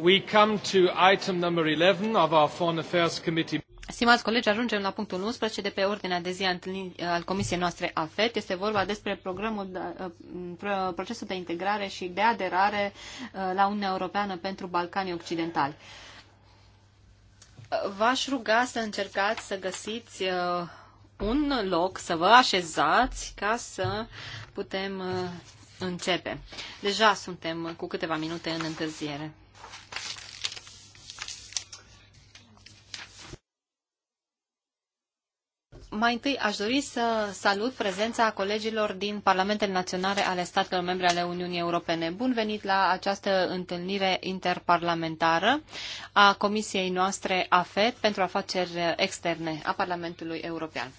We come to item number 11 of our Foreign Affairs Committee. Stimați colegi, ajungem la punctul 11 de pe ordinea de zi al comisiei noastre AFET. Este vorba despre programul, uh, procesul de integrare și de aderare uh, la Uniunea Europeană pentru Balcanii Occidentali. Uh, v-aș ruga să încercați să găsiți un loc, să vă așezați ca să putem începe. Deja suntem cu câteva minute în întârziere. Mai întâi aș dori să salut prezența colegilor din Parlamentele Naționale ale statelor membre ale Uniunii Europene. Bun venit la această întâlnire interparlamentară a Comisiei noastre AFET pentru afaceri externe a Parlamentului European.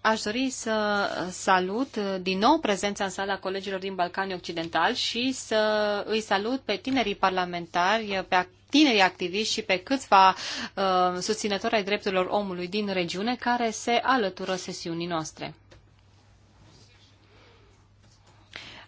Aș dori să salut din nou prezența în sala colegilor din Balcanii Occidental și să îi salut pe tinerii parlamentari, pe tinerii activiști și pe câțiva uh, susținători ai drepturilor omului din regiune care se alătură sesiunii noastre.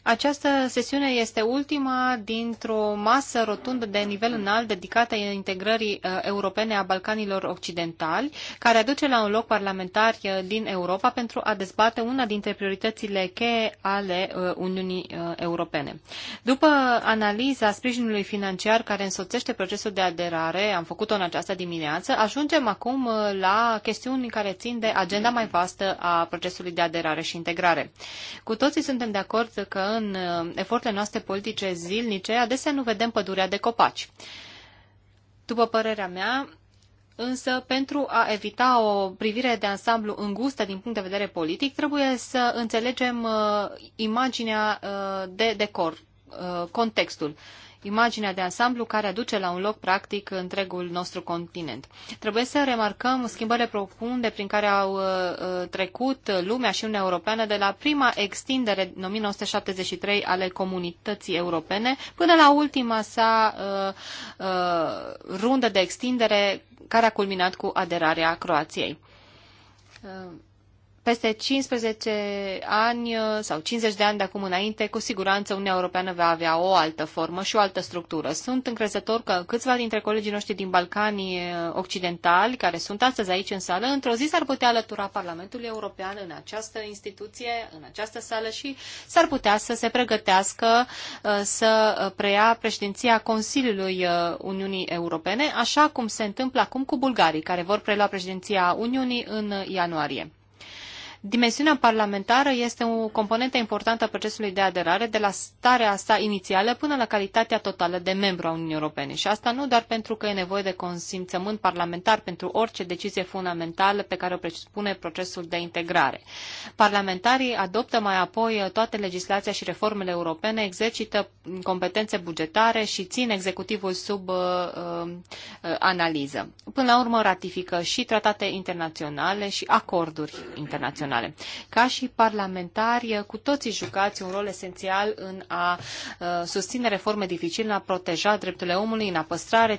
Această sesiune este ultima dintr-o masă rotundă de nivel înalt dedicată integrării uh, europene a Balcanilor Occidentali, care aduce la un loc parlamentar uh, din Europa pentru a dezbate una dintre prioritățile cheie ale uh, Uniunii Europene. După analiza sprijinului financiar care însoțește procesul de aderare, am făcut-o în această dimineață, ajungem acum la chestiuni care țin de agenda mai vastă a procesului de aderare și integrare. Cu toții suntem de acord că în uh, eforturile noastre politice zilnice, adesea nu vedem pădurea de copaci. După părerea mea, însă pentru a evita o privire de ansamblu îngustă din punct de vedere politic, trebuie să înțelegem uh, imaginea uh, de decor, contextul imaginea de ansamblu care aduce la un loc practic întregul nostru continent. Trebuie să remarcăm schimbările profunde prin care au uh, uh, trecut lumea și Uniunea Europeană de la prima extindere în 1973 ale comunității europene până la ultima sa uh, uh, rundă de extindere care a culminat cu aderarea Croației. Uh, peste 15 ani uh, sau 50 de ani de acum înainte, cu siguranță Uniunea Europeană va avea o altă formă și o altă structură. Sunt încrezător că câțiva dintre colegii noștri din Balcanii uh, Occidentali, care sunt astăzi aici în sală, într-o zi s-ar putea alătura Parlamentului European în această instituție, în această sală și s-ar putea să se pregătească uh, să preia președinția Consiliului Uniunii Europene, așa cum se întâmplă acum cu bulgarii, care vor prelua președinția Uniunii în ianuarie. Dimensiunea parlamentară este o componentă importantă a procesului de aderare, de la starea sa inițială până la calitatea totală de membru a Uniunii Europene. Și asta nu doar pentru că e nevoie de consimțământ parlamentar pentru orice decizie fundamentală pe care o presupune procesul de integrare. Parlamentarii adoptă mai apoi toate legislația și reformele europene, exercită competențe bugetare și țin executivul sub uh, uh, analiză. Până la urmă ratifică și tratate internaționale și acorduri internaționale naționale. Ca și parlamentari, cu toții jucați un rol esențial în a uh, susține reforme dificile, în a proteja drepturile omului, în a păstra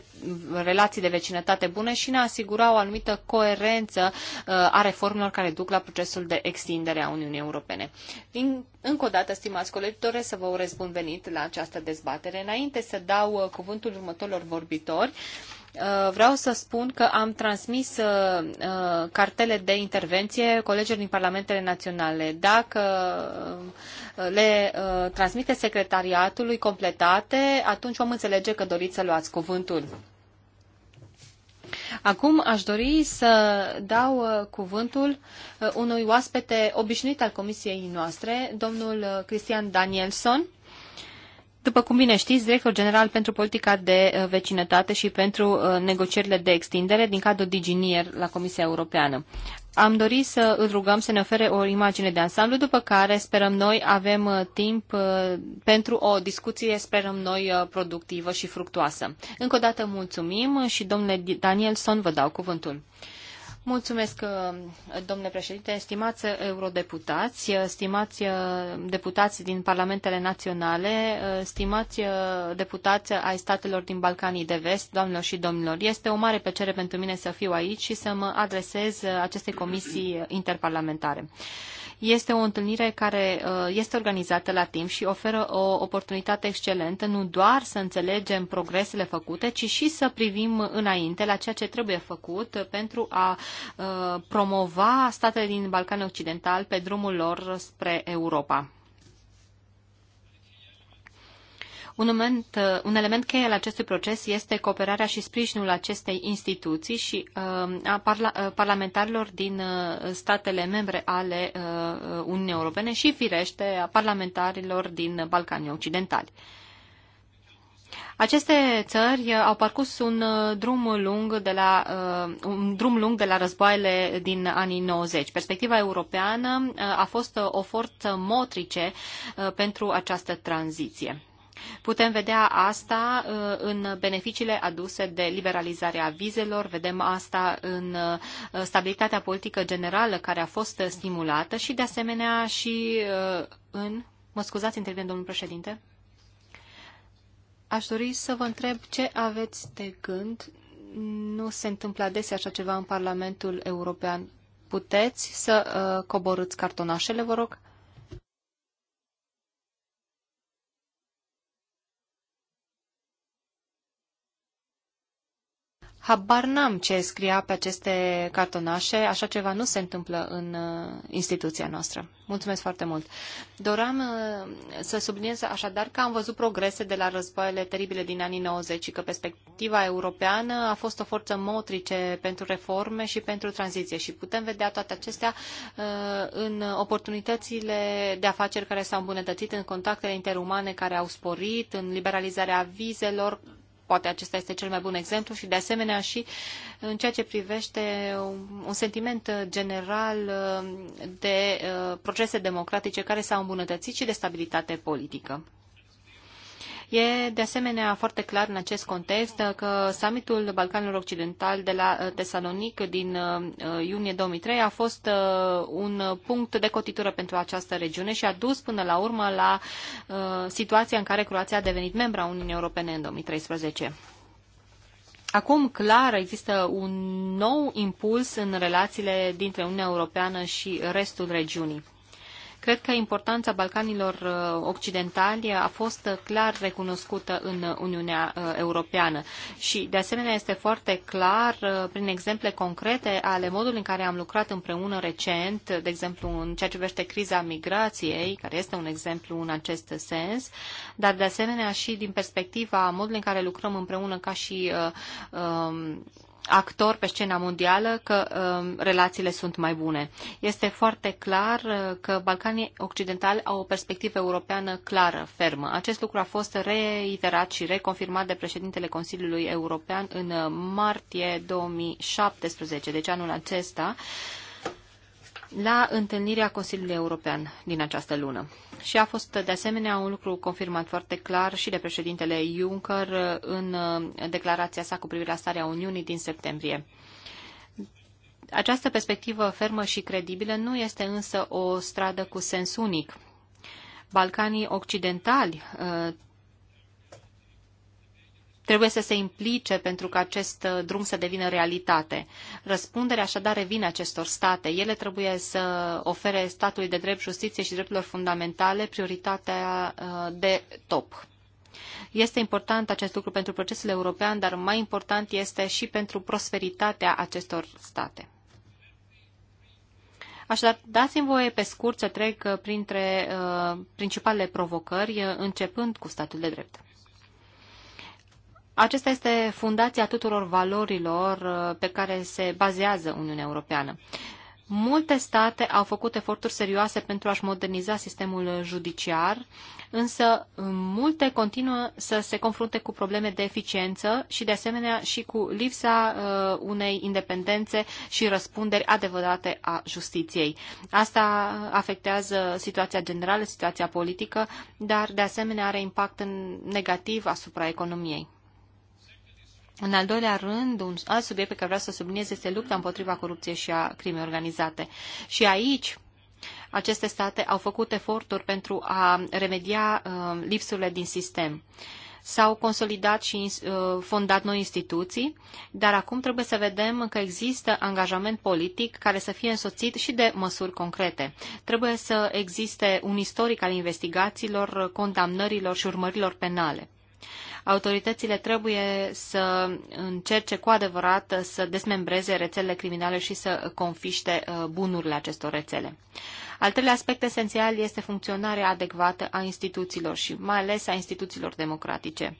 relații de vecinătate bune și în a asigura o anumită coerență uh, a reformelor care duc la procesul de extindere a Uniunii Europene. Din, încă o dată, stimați colegi, doresc să vă urez bun venit la această dezbatere. Înainte să dau uh, cuvântul următorilor vorbitori, Uh, vreau să spun că am transmis uh, uh, cartele de intervenție colegilor din Parlamentele Naționale. Dacă le transmite secretariatului completate, atunci vom înțelege că doriți să luați cuvântul. Acum aș dori să dau cuvântul unui oaspete obișnuit al comisiei noastre, domnul Cristian Danielson după cum bine știți, director general pentru politica de uh, vecinătate și pentru uh, negocierile de extindere din cadrul Diginier la Comisia Europeană. Am dorit să îl rugăm să ne ofere o imagine de ansamblu, după care sperăm noi avem uh, timp pentru o discuție, sperăm noi, productivă și fructuoasă. Încă o dată mulțumim și domnule Danielson vă dau cuvântul. Mulțumesc, uh, domnule președinte, stimați eurodeputați, uh, stimați uh, deputați din parlamentele naționale, stimați deputați ai statelor din Balcanii de Vest, doamnelor și domnilor. Este o mare plăcere pentru mine să fiu aici și să mă adresez acestei comisii interparlamentare. Este o întâlnire care uh, este organizată la timp și oferă o oportunitate excelentă nu doar să înțelegem progresele făcute, ci și să privim înainte la ceea ce trebuie făcut pentru a uh, promova statele din Balcanul Occidental pe drumul lor spre Europa. Un, moment, uh, un element cheie al acestui proces este cooperarea și sprijinul acestei instituții și uh, a parla, uh, parlamentarilor din statele membre ale Uniunii Europene și, firește, a parlamentarilor din Balcanii Occidentali. Aceste țări au parcurs un drum lung de la, un drum lung de la războaiele din anii 90. Perspectiva europeană a fost o forță motrice pentru această tranziție. Putem vedea asta uh, în beneficiile aduse de liberalizarea vizelor, vedem asta în uh, stabilitatea politică generală care a fost stimulată și, de asemenea, și uh, în. Mă scuzați, intervine domnul președinte. Aș dori să vă întreb ce aveți de gând. Nu se întâmplă adesea așa ceva în Parlamentul European. Puteți să uh, coborâți cartonașele, vă rog? Habar n-am ce scria pe aceste cartonașe, așa ceva nu se întâmplă în uh, instituția noastră. Mulțumesc foarte mult. Doram uh, să subliniez așadar că am văzut progrese de la războaiele teribile din anii 90 și că perspectiva europeană a fost o forță motrice pentru reforme și pentru tranziție și putem vedea toate acestea uh, în oportunitățile de afaceri care s-au îmbunătățit, în contactele interumane care au sporit, în liberalizarea vizelor Poate acesta este cel mai bun exemplu și de asemenea și în ceea ce privește un sentiment general uh, de uh, procese democratice care s-au îmbunătățit și de stabilitate politică. E de asemenea foarte clar în acest context că summitul Balcanilor Occidental de la uh, Tesalonic din uh, iunie 2003 a fost uh, un punct de cotitură pentru această regiune și a dus până la urmă la situația în care Croația a devenit membra Uniunii Europene în 2013. Acum, clar, există un nou impuls în relațiile dintre Uniunea Europeană și restul regiunii. Cred că importanța Balcanilor uh, Occidentali a fost uh, clar recunoscută în uh, Uniunea Europeană și, de asemenea, este foarte clar prin exemple concrete ale modului în care am lucrat împreună recent, de exemplu, în ceea ce privește criza migrației, care este un exemplu în acest sens, dar, de asemenea, și din perspectiva modului în care lucrăm împreună ca și uh, um, Actor pe scena mondială că um, relațiile sunt mai bune. Este foarte clar uh, că Balcanii Occidentali au o perspectivă europeană clară, fermă. Acest lucru a fost reiterat și reconfirmat de președintele Consiliului European în uh, martie 2017, deci anul acesta, uh, la întâlnirea Consiliului European din această lună. Și a fost, de asemenea, un lucru confirmat foarte clar și de președintele Juncker în uh, declarația sa cu privire la starea Uniunii din septembrie. Această perspectivă fermă și credibilă nu este însă o stradă cu sens unic. Balcanii occidentali uh, trebuie să se implice pentru că acest uh, drum să devină realitate. Răspunderea așadar revine acestor state. Ele trebuie să ofere statului de drept, justiție și drepturilor fundamentale prioritatea uh, de top. Este important acest lucru pentru procesul european, dar mai important este și pentru prosperitatea acestor state. Așadar, dați-mi voie pe scurt să trec uh, printre uh, principalele provocări, începând cu statul de drept. Acesta este fundația tuturor valorilor uh, pe care se bazează Uniunea Europeană. Multe state au făcut eforturi serioase pentru a-și moderniza sistemul judiciar, însă uh, multe continuă să se confrunte cu probleme de eficiență și, de asemenea, și cu lipsa uh, unei independențe și răspunderi adevărate a justiției. Asta afectează situația generală, situația politică, dar, de asemenea, are impact negativ asupra economiei. În al doilea rând, un alt subiect pe care vreau să subliniez este lupta împotriva corupției și a crimei organizate. Și aici, aceste state au făcut eforturi pentru a remedia uh, lipsurile din sistem. S-au consolidat și uh, fondat noi instituții, dar acum trebuie să vedem că există angajament politic care să fie însoțit și de măsuri concrete. Trebuie să existe un istoric al investigațiilor, condamnărilor și urmărilor penale. Autoritățile trebuie să încerce cu adevărat să desmembreze rețelele criminale și să confiște uh, bunurile acestor rețele. Al treilea aspect esențial este funcționarea adecvată a instituțiilor și mai ales a instituțiilor democratice.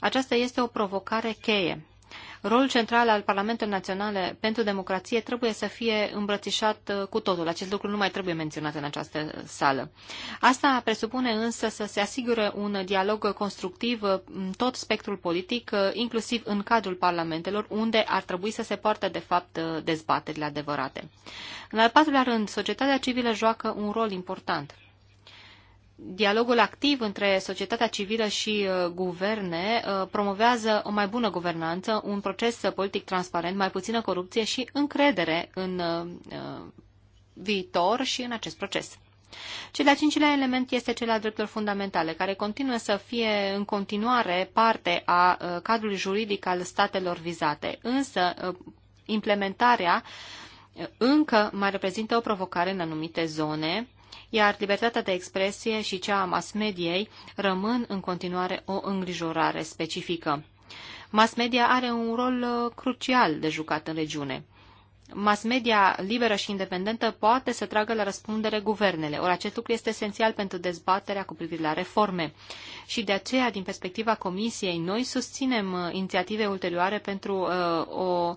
Aceasta este o provocare cheie Rolul central al Parlamentului Național pentru Democrație trebuie să fie îmbrățișat uh, cu totul. Acest lucru nu mai trebuie menționat în această sală. Asta presupune însă să se asigure un dialog constructiv uh, în tot spectrul politic, uh, inclusiv în cadrul parlamentelor, unde ar trebui să se poartă de fapt dezbaterile adevărate. În al patrulea rând, societatea civilă joacă un rol important dialogul activ între societatea civilă și uh, guverne uh, promovează o mai bună guvernanță, un proces uh, politic transparent, mai puțină corupție și încredere în viitor și în acest proces. Cel de-al cincilea element este cel al drepturilor fundamentale, care continuă să fie în continuare parte a cadrului juridic al statelor vizate, însă implementarea încă mai reprezintă o provocare în anumite zone, iar libertatea de expresie și cea a mass-mediei rămân în continuare o îngrijorare specifică. Mass media are un rol uh, crucial de jucat în regiune mass media liberă și independentă poate să tragă la răspundere guvernele. Ori acest lucru este esențial pentru dezbaterea cu privire la reforme. Și de aceea, din perspectiva Comisiei, noi susținem uh, inițiative ulterioare pentru uh, o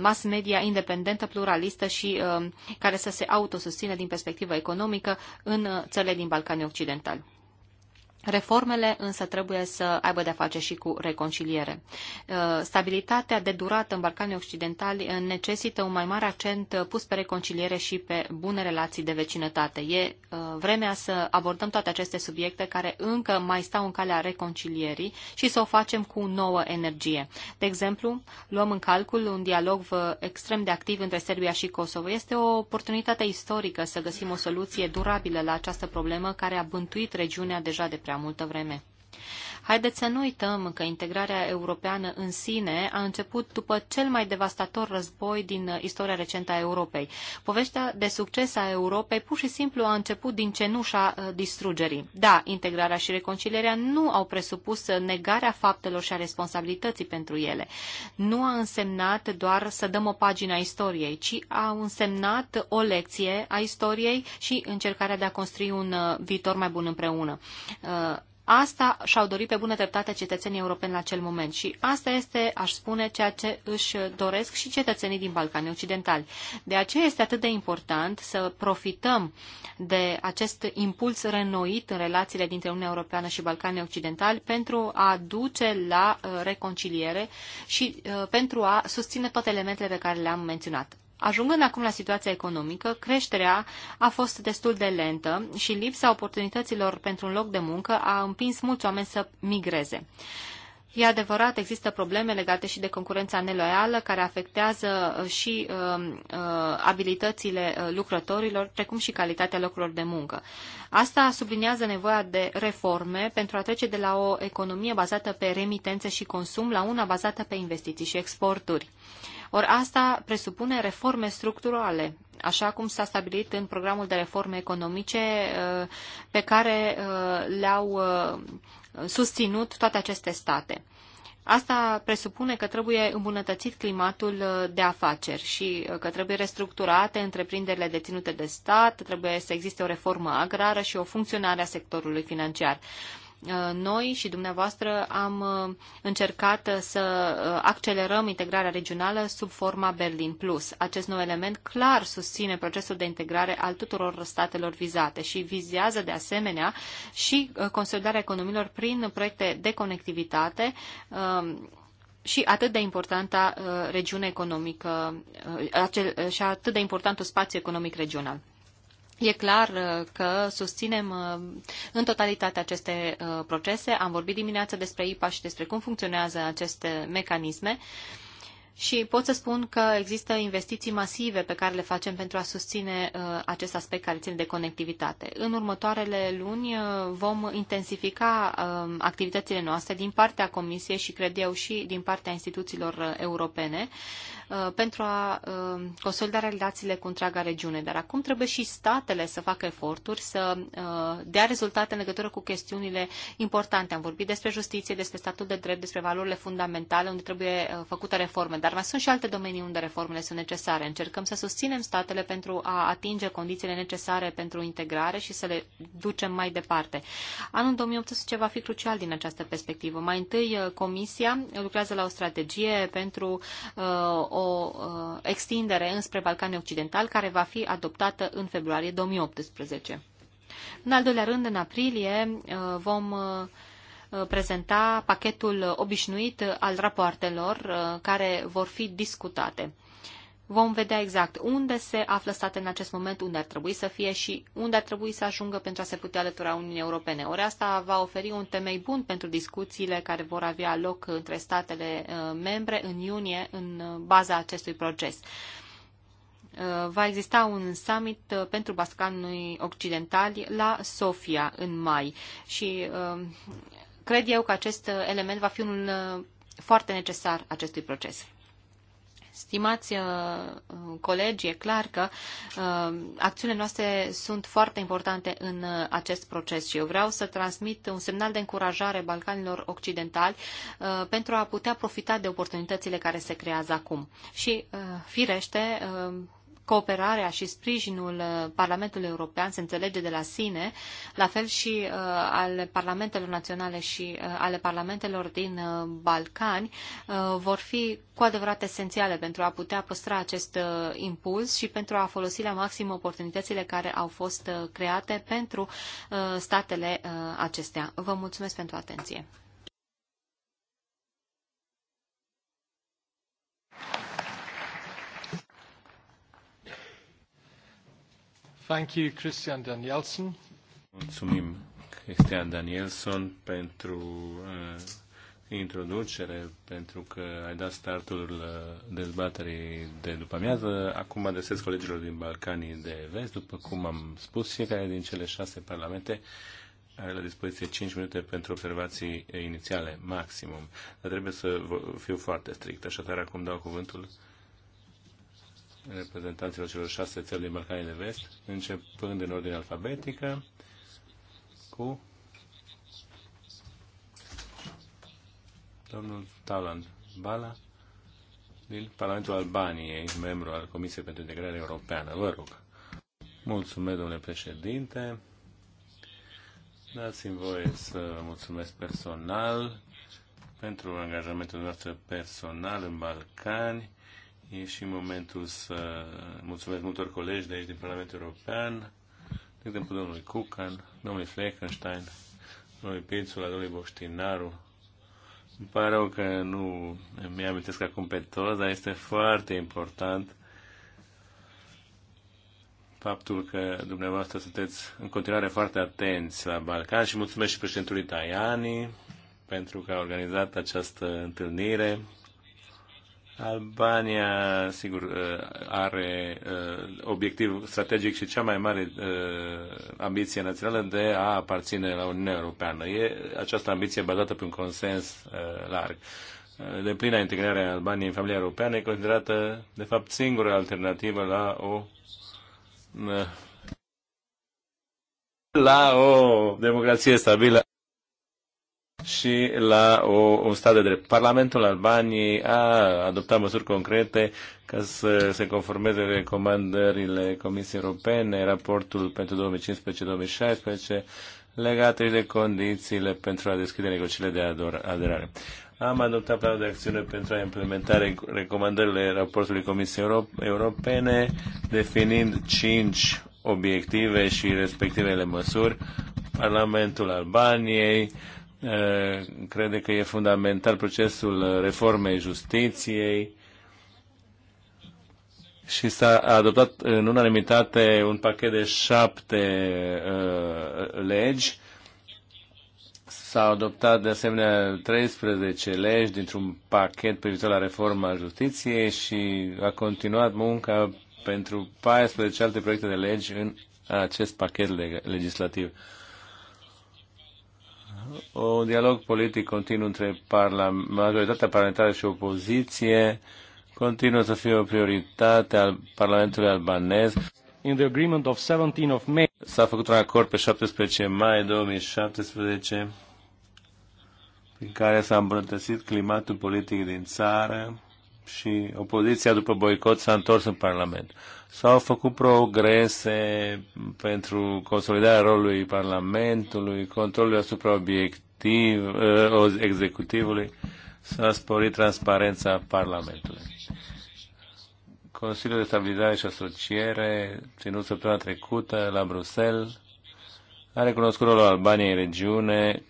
mass media independentă, pluralistă și uh, care să se autosustină din perspectivă economică în uh, țările din Balcanii Occidentali. Reformele însă trebuie să aibă de-a face și cu reconciliere. Uh, stabilitatea de durată în Balcanii Occidentali uh, necesită un mai mare accent uh, pus pe reconciliere și pe bune relații de vecinătate. E vremea să abordăm toate aceste subiecte care încă mai stau în calea reconcilierii și să o facem cu nouă energie. De exemplu, luăm în calcul un dialog extrem de activ între Serbia și Kosovo. Este o oportunitate istorică să găsim o soluție durabilă la această problemă care a bântuit regiunea deja de prea prea multă vreme. Haideți să nu uităm că integrarea europeană în sine a început după cel mai devastator război din uh, istoria recentă a Europei. Povestea de succes a Europei pur și simplu a început din cenușa uh, distrugerii. Da, integrarea și reconcilierea nu au presupus uh, negarea faptelor și a responsabilității pentru ele. Nu a însemnat doar să dăm o pagină a istoriei, ci au însemnat o lecție a istoriei și încercarea de a construi un viitor mai bun împreună. Asta și-au dorit pe bună dreptate cetățenii europeni la acel moment și asta este, aș spune, ceea ce își doresc și cetățenii din Balcanii Occidentali. De aceea este atât de important să profităm de acest impuls renoit în relațiile dintre Uniunea Europeană și Balcanii Occidentali pentru a duce la uh, reconciliere și uh, pentru a susține toate elementele pe care le-am menționat. Ajungând acum la situația economică, creșterea a fost destul de lentă și lipsa oportunităților pentru un loc de muncă a împins mulți oameni să migreze. E adevărat, există probleme legate și de concurența neloială, care afectează uh, și uh, uh abilitățile uh, lucrătorilor, precum și calitatea locurilor de muncă. Asta subliniază nevoia de reforme pentru a trece de la o economie bazată pe remitențe și consum la una bazată pe investiții și exporturi. Uh, ori asta presupune reforme structurale, așa cum s-a stabilit în programul de reforme economice uh, pe care uh, le-au uh, susținut toate aceste state. Asta presupune că trebuie îmbunătățit climatul de afaceri și că trebuie restructurate întreprinderile deținute de stat, trebuie să existe o reformă agrară și o funcționare a sectorului financiar. Uh, noi și dumneavoastră am uh, încercat uh, să accelerăm integrarea regională sub forma Berlin Plus. Acest nou element clar susține procesul de integrare al tuturor statelor vizate și vizează de asemenea și consolidarea economiilor prin proiecte de conectivitate și atât de importantă regiune economică și atât de importantul spațiu economic regional. E clar uh, că susținem uh, în totalitate aceste uh, procese. Am vorbit dimineața despre IPA și despre cum funcționează aceste mecanisme. Și pot să spun că există investiții masive pe care le facem pentru a susține uh, acest aspect care ține de conectivitate. În următoarele luni uh, vom intensifica uh, activitățile noastre din partea Comisiei și, cred eu, și din partea instituțiilor europene Uh, pentru a uh, consolida relațiile cu întreaga regiune. Dar acum trebuie și statele să facă eforturi, să uh, dea rezultate în legătură cu chestiunile importante. Am vorbit despre justiție, despre statul de drept, despre valorile fundamentale, unde trebuie făcute reforme. Dar mai sunt și alte domenii unde reformele sunt necesare. Încercăm să susținem statele pentru a atinge condițiile necesare pentru integrare și să le ducem mai departe. Anul 2018 va fi crucial din această perspectivă. Mai întâi, Comisia lucrează la o strategie pentru uh, o o uh, extindere înspre Balcanii Occidental, care va fi adoptată în februarie 2018. În al doilea rând, în aprilie, uh, vom uh, prezenta pachetul obișnuit al rapoartelor care vor fi discutate. Vom vedea exact unde se află statele în acest moment, unde ar trebui să fie și unde ar trebui să ajungă pentru a se putea alătura Uniunii Europene. Ori asta va oferi un temei bun pentru discuțiile care vor avea loc între statele uh, membre în iunie în uh, baza acestui proces. Uh, va exista un summit pentru Bascanului Occidentali la Sofia în mai și cred eu că acest element va fi un foarte necesar acestui proces. Stimați uh, uh, colegi, e clar că uh, acțiunile noastre sunt foarte importante în acest proces și eu vreau să transmit un semnal de încurajare Balcanilor Occidentali pentru a putea profita de oportunitățile care se creează acum. Și, firește, cooperarea și sprijinul uh, Parlamentului European se înțelege de la sine, la fel și uh, ale Parlamentelor Naționale și uh, ale Parlamentelor din uh, Balcani, uh, vor fi cu adevărat esențiale pentru a putea păstra acest uh, impuls și pentru a folosi la maxim oportunitățile care au fost uh, create pentru uh, statele uh, acestea. Vă mulțumesc pentru atenție. Thank you, Christian Danielson. Mulțumim, Cristian Danielson, pentru uh, introducere, pentru că ai dat startul uh, dezbaterii de după amiază. Acum adresez colegilor din Balcanii de Vest. După cum am spus, fiecare din cele șase parlamente are la dispoziție 5 minute pentru observații inițiale, maximum. Dar trebuie să fiu foarte strict, așadar acum dau cuvântul reprezentanților celor șase țări din Balcanii de Vest, începând în ordine alfabetică, cu domnul Talan Bala din Parlamentul Albaniei, membru al Comisiei pentru Integrare Europeană. Vă rog. Mulțumesc, domnule președinte. Dați-mi voie să mulțumesc personal pentru angajamentul nostru personal în Balcani E și momentul să mulțumesc multor colegi de aici din Parlamentul European, de exemplu domnului Cucan, domnului Fleckenstein, domnului Pițula, domnului Boștinaru. Îmi pare rău că nu mi amintesc acum pe toți, dar este foarte important faptul că dumneavoastră sunteți în continuare foarte atenți la Balcan și mulțumesc și președintului Tajani pentru că a organizat această întâlnire Albania, sigur, uh, are uh, obiectiv strategic și cea mai mare uh, ambiție națională de a aparține la Uniunea Europeană. E această ambiție bazată pe un consens larg. De plină integrare a Albaniei în familia europeană e considerată, de fapt, singura alternativă la o la o democrație stabilă și la o, un stat de drept. Parlamentul Albaniei a adoptat măsuri concrete ca să se conformeze recomandările Comisiei Europene, raportul pentru 2015-2016, legate de condițiile pentru a deschide negocierile de aderare. Am adoptat planul de acțiune pentru a implementa recomandările raportului Comisiei Europene, definind cinci obiective și respectivele măsuri. Parlamentul Albaniei crede că e fundamental procesul reformei justiției și s-a adoptat în unanimitate un pachet de șapte uh, legi. s a adoptat de asemenea 13 legi dintr-un pachet privitor la reforma justiției și a continuat munca pentru 14 alte proiecte de legi în acest pachet legislativ un dialog politic continuu între parla- majoritatea parlamentară și opoziție continuă să fie o prioritate al Parlamentului albanez. In the agreement of 17 of May. S-a făcut un acord pe 17 mai 2017 prin care s-a îmbunătățit climatul politic din țară și opoziția după boicot s-a întors în Parlament. S-au făcut progrese pentru consolidarea rolului Parlamentului, controlul asupra obiectiv, uh, executivului, s-a sporit transparența Parlamentului. Consiliul de Stabilizare și Asociere, ținut săptămâna trecută la Bruxelles, a recunoscut rolul Albaniei în regiune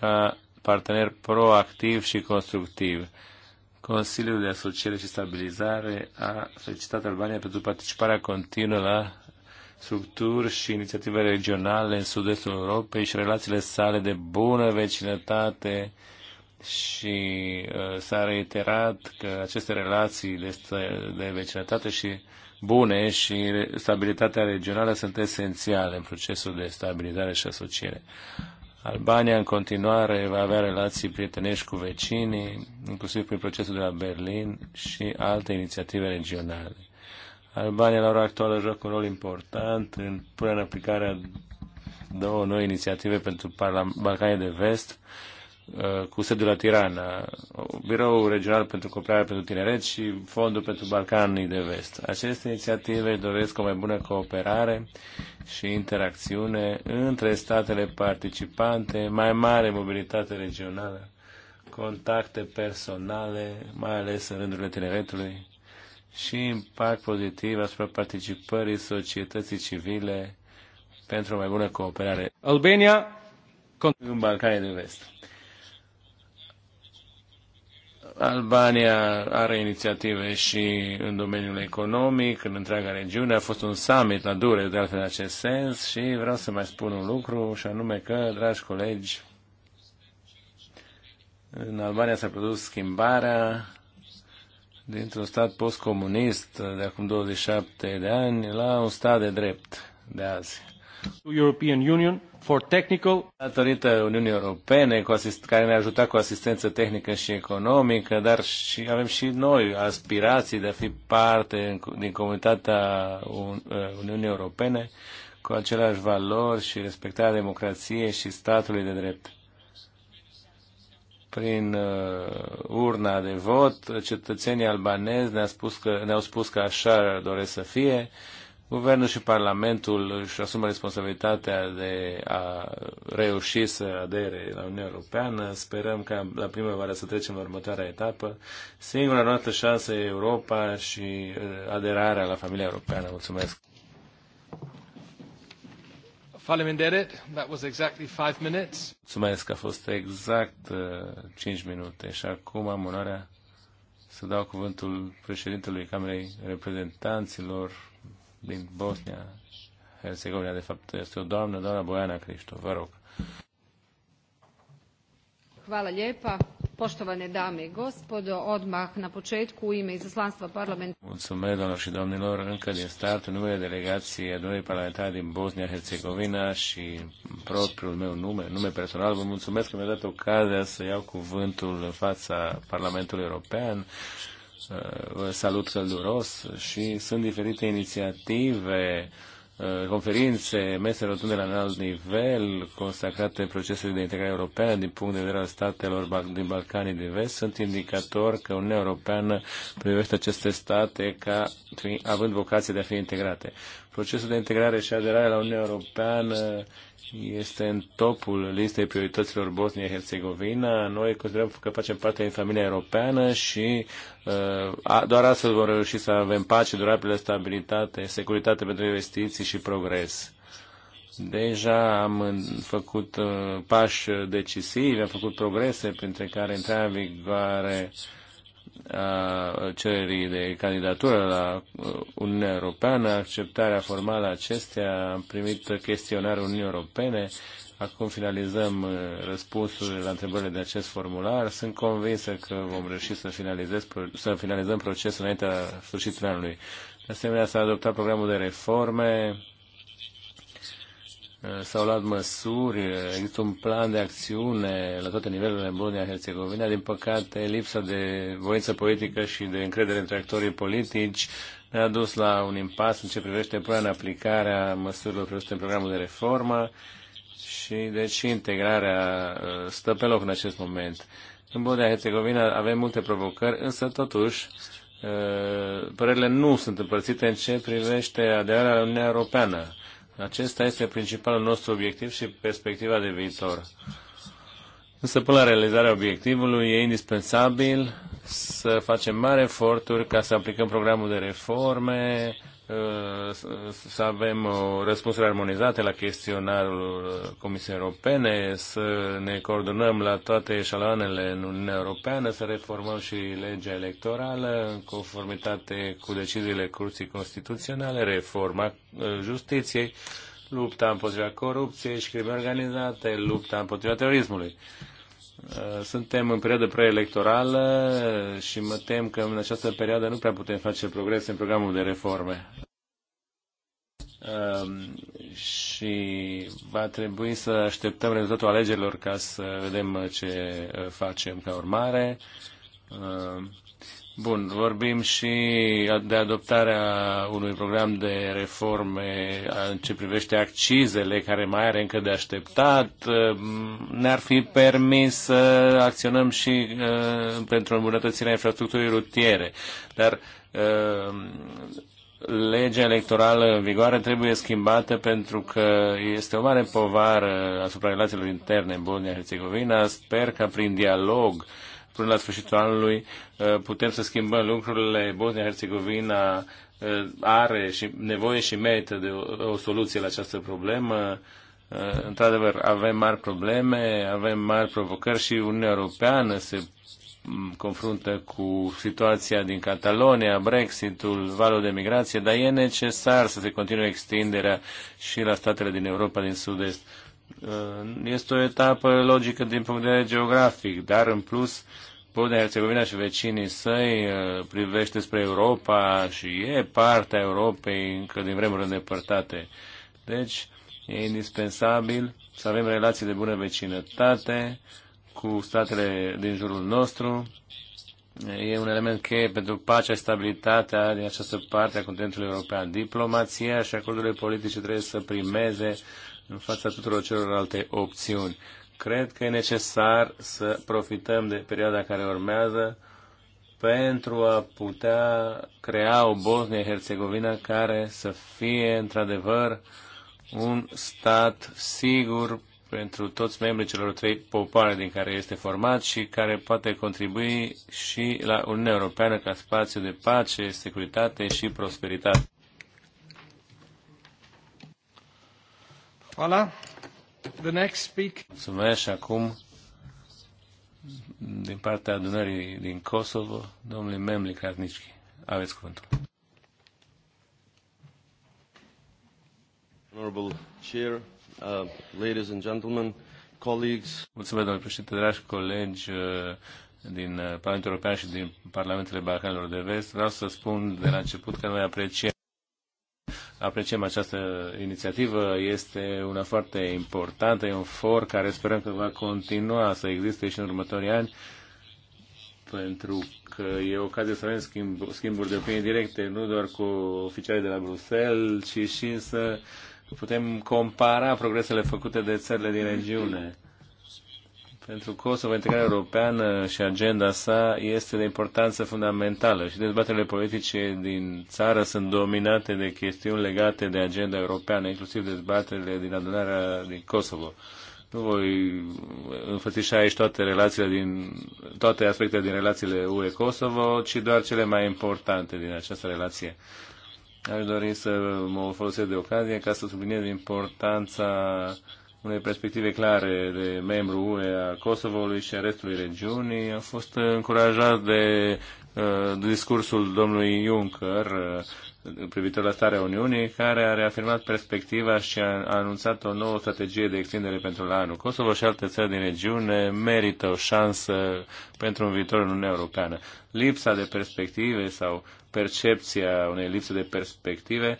ca partener proactiv și constructiv Consiliul de Asociere și Stabilizare a felicitat Albania pentru participarea continuă la structuri și inițiative regionale în sud-estul Europei și relațiile sale de bună vecinătate și uh, s-a reiterat că aceste relații de, de vecinătate și bune și stabilitatea regională sunt esențiale în procesul de stabilizare și asociere. Albania în continuare va avea relații prietenești cu vecinii, inclusiv prin procesul de la Berlin și alte inițiative regionale. Albania la ora actuală joacă un rol important în punerea în aplicare a două noi inițiative pentru Balcanii de Vest, Uh, cu sediul la Tirana, uh, Biroul Regional pentru Cooperare pentru Tineret și Fondul pentru Balcanii de Vest. Aceste inițiative doresc o mai bună cooperare și interacțiune între statele participante, mai mare mobilitate regională, contacte personale, mai ales în rândurile tineretului, și impact pozitiv asupra participării societății civile pentru o mai bună cooperare. Albania în Balcanii de Vest. Albania are inițiative și în domeniul economic, în întreaga regiune. A fost un summit la Dure, de altfel, în acest sens și vreau să mai spun un lucru, și anume că, dragi colegi, în Albania s-a produs schimbarea dintr-un stat postcomunist de acum 27 de ani la un stat de drept de azi. Datorită Uniunii Europene, cu asist- care ne-a ajutat cu asistență tehnică și economică, dar și avem și noi aspirații de a fi parte din comunitatea uh, Uniunii Europene cu aceleași valori și respectarea democrației și statului de drept prin uh, urna de vot, cetățenii albanezi ne-au spus, că, ne spus că așa doresc să fie Guvernul și Parlamentul își asumă responsabilitatea de a reuși să adere la Uniunea Europeană. Sperăm ca la primăvară să trecem la următoarea etapă. Singura noastră șansă e Europa și uh, aderarea la familia europeană. Mulțumesc! Mulțumesc, că a fost exact uh, 5 minute și acum am onoarea să dau cuvântul președintelui Camerei Reprezentanților, din Bosnia, Herzegovina, de fapt este o doamnă, doamna Bojana Cristo, vă rog. Hvala lijepa. Poštovane dame i gospodo, odmah na početku u ime izaslanstva parlamenta... Mulțumesc, doamnelor și domnilor, încă din start, în numele delegației adunării parlamentare din Bosnia-Herzegovina și propriul meu nume, nume personal, vă mulțumesc că mi-a dat ocazia să iau cuvântul în fața Parlamentului European vă salut călduros și sunt diferite inițiative, uh, conferințe, mese rotunde la înalt nivel, consacrate procesului de integrare europeană din punct de vedere al statelor din Balcanii de Vest, sunt indicator că Uniunea Europeană privește aceste state ca având vocație de a fi integrate. Procesul de integrare și aderare la Uniunea Europeană este în topul listei priorităților Bosnia-Herzegovina. Noi considerăm că facem parte din familia europeană și uh, doar astfel vom reuși să avem pace, durabilă stabilitate, securitate pentru investiții și progres. Deja am făcut uh, pași decisivi, am făcut progrese, printre care intra în vigoare uh, a cererii de candidatură la uh, Uniunea Europeană, acceptarea formală a acestea, am primit chestionarul Uniunii Europene, acum finalizăm uh, răspunsurile la întrebările de acest formular. Sunt convinsă că vom reuși să, finalizez, să finalizăm procesul înaintea sfârșitului anului. De asemenea, s-a adoptat programul de reforme Eh, s-au luat măsuri, eh, există un plan de acțiune la toate nivelurile în Bosnia-Herzegovina. Din păcate, lipsa de voință politică și de încredere între actorii politici ne-a dus la un impas în ce privește până în aplicarea măsurilor prevăzute în programul de reformă și deci integrarea eh, stă pe loc în acest moment. În Bosnia-Herzegovina avem multe provocări, însă totuși părerile nu sunt împărțite în ce privește aderarea la Uniunea Europeană acesta este principalul nostru obiectiv și perspectiva de viitor. Însă până la realizarea obiectivului e indispensabil să facem mari eforturi ca să aplicăm programul de reforme, Uh, să avem uh, răspunsuri armonizate la chestionarul uh, Comisiei Europene, să ne coordonăm la toate eșaloanele în Uniunea Europeană, să reformăm și legea electorală în conformitate cu deciziile Curții Constituționale, reforma justiției, lupta împotriva corupției și crime organizate, lupta împotriva terorismului. Eh, suntem în perioadă preelectorală și mă tem că în această perioadă nu prea putem face progrese în programul de reforme. Ehm, și va trebui să așteptăm rezultatul alegerilor ca să vedem ce eh, facem ca urmare. Ehm, Bun, vorbim și de adoptarea unui program de reforme în ce privește accizele, care mai are încă de așteptat. Ne-ar fi permis să acționăm și uh, pentru îmbunătățirea infrastructurii rutiere, dar uh, legea electorală în vigoare trebuie schimbată pentru că este o mare povară asupra relațiilor interne în Bosnia-Herzegovina. Sper că prin dialog uh, până la sfârșitul anului uh, putem să schimbăm lucrurile. Bosnia-Herzegovina uh, are și nevoie și merită de o, o soluție la această problemă. Uh, într-adevăr, avem mari probleme, avem mari provocări și Uniunea Europeană se confruntă cu situația din Catalonia, Brexitul, valul de migrație, dar e necesar să se continue extinderea și la statele din Europa din Sud-Est. Este o etapă logică din punct de vedere geografic, dar în plus Bosnia-Herzegovina și vecinii săi uh, privește spre Europa și e partea Europei încă din vremuri îndepărtate. Deci, e indispensabil să avem relații de bună vecinătate cu statele din jurul nostru. E un element cheie pentru pacea și stabilitatea din această parte a continentului european. Diplomația și acordurile politice trebuie să primeze în fața tuturor celorlalte opțiuni cred că e necesar să profităm de perioada care urmează pentru a putea crea o Bosnia-Herzegovina care să fie într-adevăr un stat sigur pentru toți membrii celor trei popoare din care este format și care poate contribui și la Uniunea Europeană ca spațiu de pace, securitate și prosperitate. Voilà. The next speak... Mulțumesc și acum din partea adunării din Kosovo, domnule Memli Karnicki. Aveți cuvântul. Honorable Chair, uh, ladies and gentlemen, colleagues. Mulțumesc, domnule președinte, dragi colegi, uh, din uh, Parlamentul European și din Parlamentele Balcanilor de Vest. Vreau să spun de la început că noi apreciem apreciem această inițiativă. Este una foarte importantă, e un for care sperăm că va continua să existe și în următorii ani, pentru că e ocazia să avem schimb, schimburi de opinii directe, nu doar cu oficialii de la Bruxelles, ci și să putem compara progresele făcute de țările din regiune. Pentru Kosovo, integrarea europeană și agenda sa este de importanță fundamentală și dezbaterile politice din țară sunt dominate de chestiuni legate de agenda europeană, inclusiv dezbaterile din adunarea din Kosovo. Nu voi înfățișa aici toate relațiile din, toate aspectele din relațiile UE-Kosovo, ci doar cele mai importante din această relație. Aș dori să mă folosesc de ocazie ca să subliniez importanța uh, unei perspective clare de membru UE a Kosovoului și a restului regiunii. a fost încurajat de, de uh, discursul domnului Juncker uh, privitor la starea Uniunii, care a reafirmat perspectiva și a anunțat o nouă strategie de extindere pentru la anul. Kosovo și alte țări din regiune merită o șansă pentru un viitor în Uniunea Europeană. Lipsa de perspective sau percepția unei lipse de perspective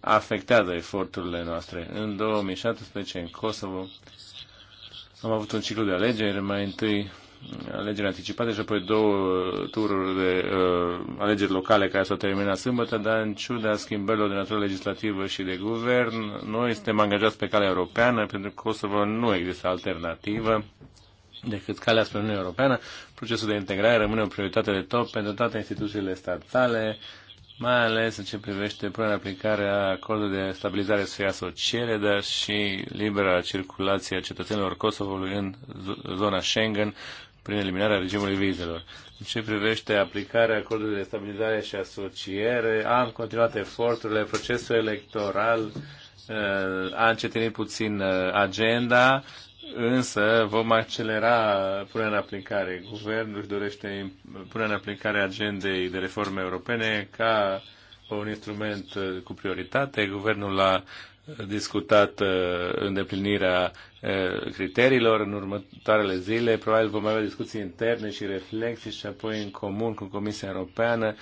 afectează eforturile noastre. În 2017, în Kosovo, am avut un ciclu de alegeri, mai întâi alegeri anticipate și apoi două tururi de uh, alegeri locale care s-au terminat sâmbătă, dar în ciuda schimbărilor de natură legislativă și de guvern, noi suntem angajați pe calea europeană, pentru că Kosovo nu există alternativă decât calea spre Uniunea Europeană. Procesul de integrare rămâne o prioritate de top pentru toate instituțiile statale, uh, mai ales în ce privește până aplicarea acordului de stabilizare și asociere, dar și libera circulație a cetățenilor Kosovului în zona Schengen prin eliminarea regimului vizelor. În ce privește aplicarea acordului de stabilizare și asociere, am continuat eforturile, procesul electoral eh, a încetinit puțin eh, agenda, însă vom accelera punerea în aplicare. Guvernul își dorește punerea în aplicare agendei de reforme europene ca un instrument uh, cu prioritate. Guvernul a discutat uh, îndeplinirea uh, criteriilor în următoarele zile. Probabil vom avea discuții interne și reflexii și apoi în comun cu Comisia Europeană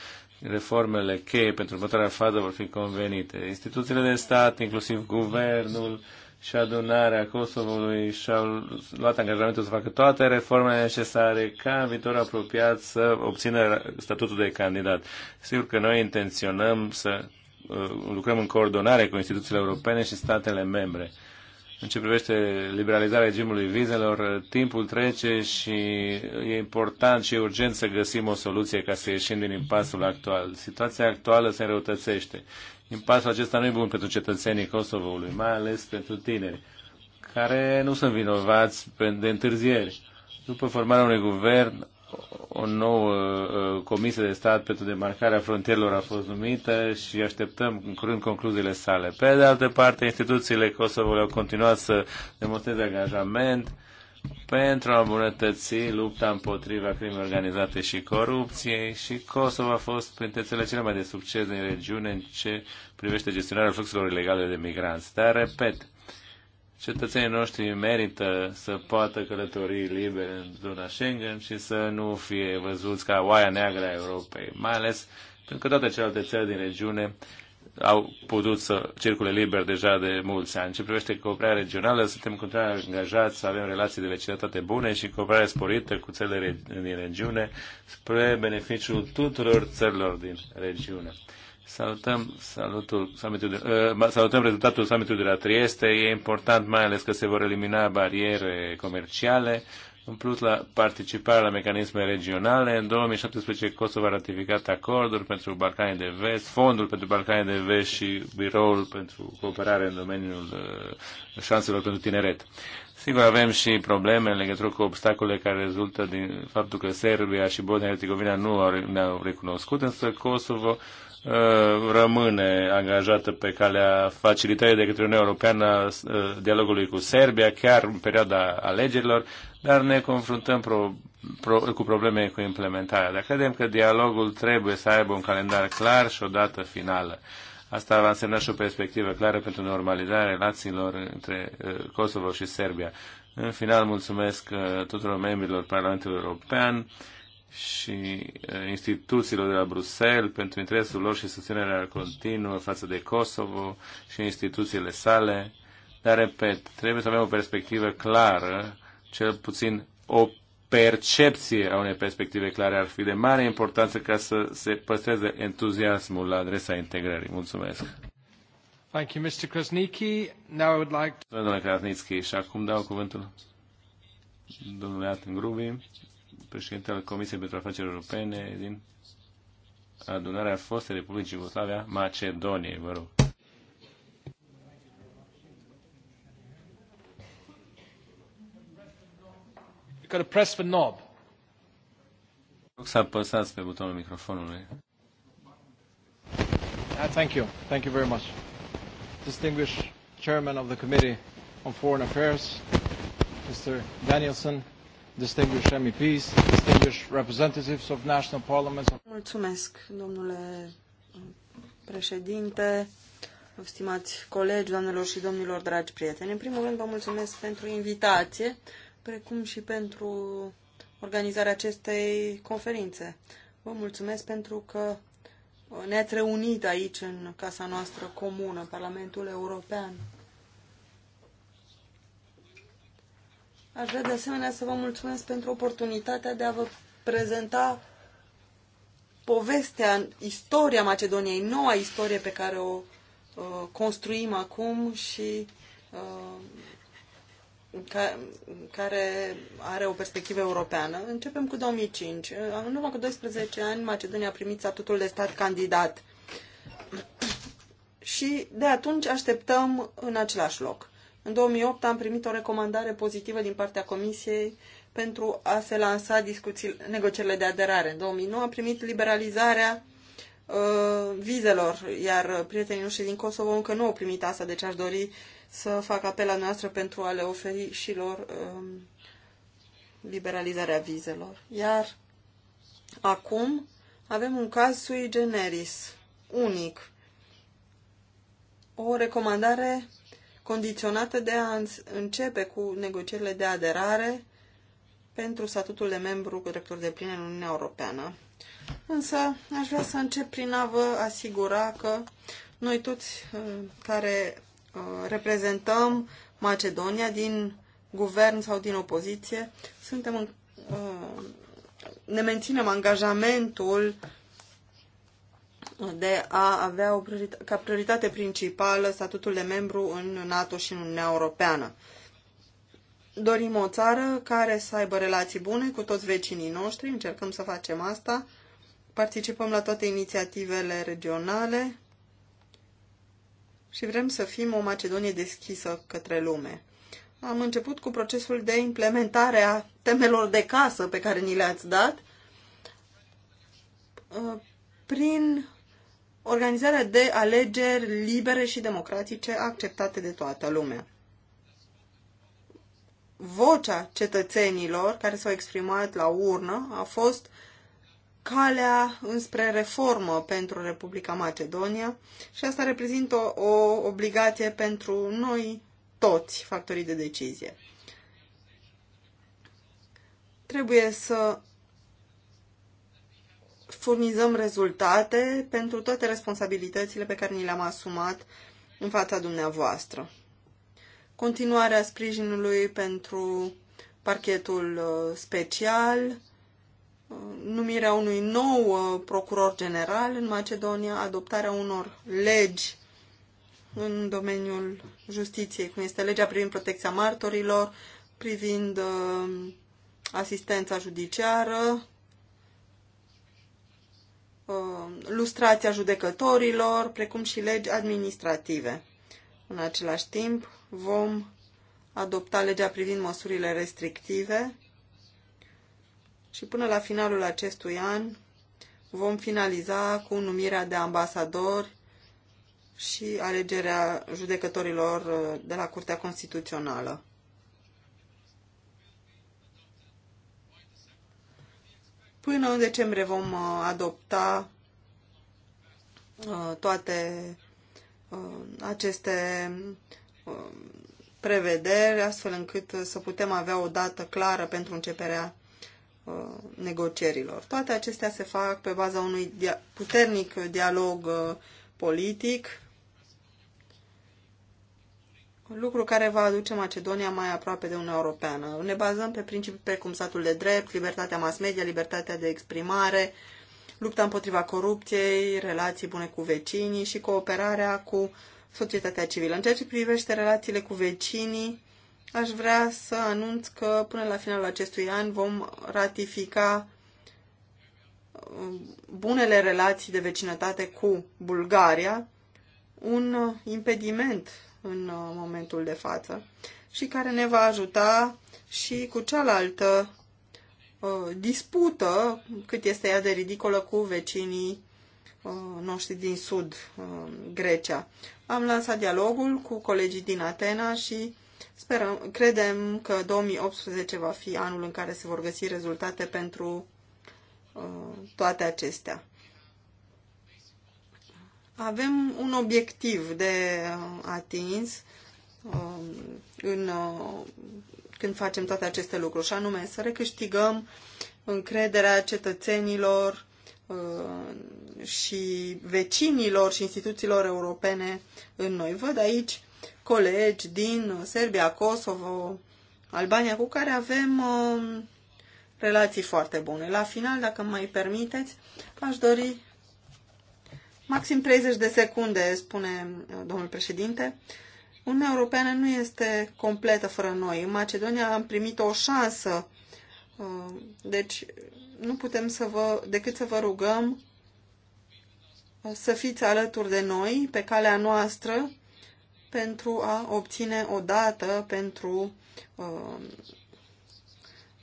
reformele cheie pentru următoarea fază vor fi convenite. Instituțiile de stat, inclusiv guvernul, și adunarea Kosovului și-au luat angajamentul să facă toate reformele necesare ca în viitor apropiat să obțină statutul de candidat. Sigur că noi intenționăm să uh, lucrăm în coordonare cu instituțiile europene și statele membre. În ce privește liberalizarea regimului vizelor, uh, timpul trece și e important și e urgent să găsim o soluție ca să ieșim din impasul actual. Situația actuală se înrăutățește Impasul acesta nu e bun pentru cetățenii Kosovoului, mai ales pentru tineri, care nu sunt vinovați de întârzieri. După formarea unui guvern, o nouă uh, comisie de stat pentru demarcarea frontierelor a fost numită și așteptăm în curând concluziile sale. Pe de altă parte, instituțiile Kosovo au continuat să demonstreze angajament pentru a îmbunătăți lupta împotriva crimei organizate și corupției și Kosovo a fost printre cele cele mai de succes din regiune în ce privește gestionarea fluxurilor ilegale de migranți. Dar, repet, cetățenii noștri merită să poată călători liber în zona Schengen și să nu fie văzuți ca oaia neagră a Europei, mai ales pentru că toate celelalte țări din regiune au putut să circule liber deja de mulți ani. Ce privește cooperarea regională, suntem cu angajați să avem relații de vecinătate bune și cooperare sporită cu țările din regiune spre beneficiul tuturor țărilor din regiune. Salutăm, salutul, summitul de, uh, salutăm rezultatul summitului de la Trieste. E important mai ales că se vor elimina bariere comerciale în plus, la participarea la mecanisme regionale, în 2017 Kosovo a ratificat acorduri pentru Balcanii de Vest, fondul pentru Balcanii de Vest și biroul pentru cooperare în domeniul uh, șanselor pentru tineret. Sigur, avem și probleme în legătură cu obstacole care rezultă din faptul că Serbia și Bosnia-Herzegovina nu au, ne-au recunoscut, însă Kosovo uh, rămâne angajată pe calea facilitării de către Uniunea Europeană uh, dialogului cu Serbia, chiar în perioada alegerilor, dar ne confruntăm pro, pro, cu probleme cu implementarea. Dar credem că dialogul trebuie să aibă un calendar clar și o dată finală. Asta va însemna și o perspectivă clară pentru normalizarea relațiilor între uh, Kosovo și Serbia. În final, mulțumesc uh, tuturor membrilor Parlamentului European și uh, instituțiilor de la Bruxelles pentru interesul lor și susținerea continuă față de Kosovo și instituțiile sale. Dar, repet, trebuie să avem o perspectivă clară cel puțin o percepție a unei perspective clare ar fi de mare importanță ca să se păstreze entuziasmul la adresa integrării. Mulțumesc! Thank you, Mr. Krasniki. Now I would like to... Domnule Krasnitsky, și acum dau cuvântul domnului Atin Grubi, președinte al Comisiei pentru Afaceri Europene din adunarea fostei Republicii Iugoslavia, Macedonie, vă rog. got to press the knob. Să pe butonul microfonului. Uh, thank you. Thank you very much. Distinguished Chairman of the Committee on Foreign Affairs, Mr. Danielson, distinguished MEPs, distinguished representatives of national parliaments. Mulțumesc, domnule președinte, stimați colegi, doamnelor și domnilor, dragi prieteni. În primul rând, vă mulțumesc pentru invitație precum și pentru organizarea acestei conferințe. Vă mulțumesc pentru că ne-ați reunit aici, în casa noastră comună, Parlamentul European. Aș vrea de asemenea să vă mulțumesc pentru oportunitatea de a vă prezenta povestea, istoria Macedoniei, noua istorie pe care o uh, construim acum și uh, care are o perspectivă europeană. Începem cu 2005. În urmă cu 12 ani, Macedonia a primit statutul de stat candidat. Și de atunci așteptăm în același loc. În 2008 am primit o recomandare pozitivă din partea Comisiei pentru a se lansa discuții, negocierile de aderare. În 2009 am primit liberalizarea uh, vizelor, iar prietenii noștri din Kosovo încă nu au primit asta, deci aș dori uh, să facă apela noastră pentru a le oferi și lor um, liberalizarea vizelor. Iar acum avem un caz sui generis, unic, o recomandare condiționată de a începe cu negocierile de aderare pentru statutul de membru cu drepturi de plin în Uniunea Europeană. Însă aș vrea să încep prin a vă asigura că noi toți um, care Uh, reprezentăm Macedonia din guvern sau din opoziție, suntem în, uh, ne menținem angajamentul de a avea o priorita- ca prioritate principală statutul de membru în NATO și în Uniunea Europeană. Dorim o țară care să aibă relații bune cu toți vecinii noștri, încercăm să facem asta, participăm la toate inițiativele regionale, și vrem să fim o Macedonie deschisă către lume. Am început cu procesul de implementare a temelor de casă pe care ni le-ați dat uh, prin organizarea de alegeri libere și democratice acceptate de toată lumea. Vocea cetățenilor care s-au exprimat la urnă a fost uh, calea înspre reformă pentru Republica Macedonia și asta reprezintă o, o obligație pentru noi toți factorii de decizie. Trebuie să furnizăm rezultate pentru toate responsabilitățile pe care ni le-am asumat în fața dumneavoastră. Continuarea sprijinului pentru parchetul uh, special, numirea unui nou uh, procuror general în Macedonia, adoptarea unor legi în domeniul justiției, cum este legea privind protecția martorilor, privind uh, asistența judiciară, uh, lustrația judecătorilor, precum și legi administrative. În același timp, vom adopta legea privind măsurile restrictive, și până la finalul acestui an vom finaliza cu numirea de ambasadori și alegerea judecătorilor uh, de la Curtea Constituțională. Până în decembrie vom uh, adopta uh, toate aceste prevederi, astfel încât să putem avea o dată clară pentru începerea Uh, negocierilor. Toate acestea se fac pe baza unui dia puternic dialog uh, politic, lucru care va aduce Macedonia mai aproape de Uniunea Europeană. Ne bazăm pe principii precum statul de drept, libertatea mass media, libertatea de exprimare, lupta împotriva corupției, relații bune cu vecinii și cooperarea cu societatea civilă. În ceea ce privește relațiile cu vecinii, aș vrea să anunț că până la finalul acestui an vom ratifica uh, bunele relații de vecinătate cu Bulgaria, un uh, impediment în uh, momentul de față și care ne va ajuta și cu cealaltă dispută cât este ea de ridicolă cu vecinii noștri din sud, Grecia. Am lansat dialogul cu colegii din Atena și Sperăm, credem că 2018 va fi anul în care se vor găsi rezultate pentru uh, toate acestea. Avem un obiectiv de uh, atins uh, în, uh, când facem toate aceste lucruri, și anume să recâștigăm încrederea cetățenilor uh, și vecinilor și instituțiilor europene în noi. Văd aici colegi din Serbia, Kosovo, Albania, cu care avem um, relații foarte bune. La final, dacă mai permiteți, aș dori maxim 30 de secunde, spune uh, domnul președinte. Uniunea Europeană nu este completă fără noi. În Macedonia am primit o șansă, uh, deci nu putem să vă, decât să vă rugăm uh, să fiți alături de noi pe calea noastră pentru a obține o dată pentru uh,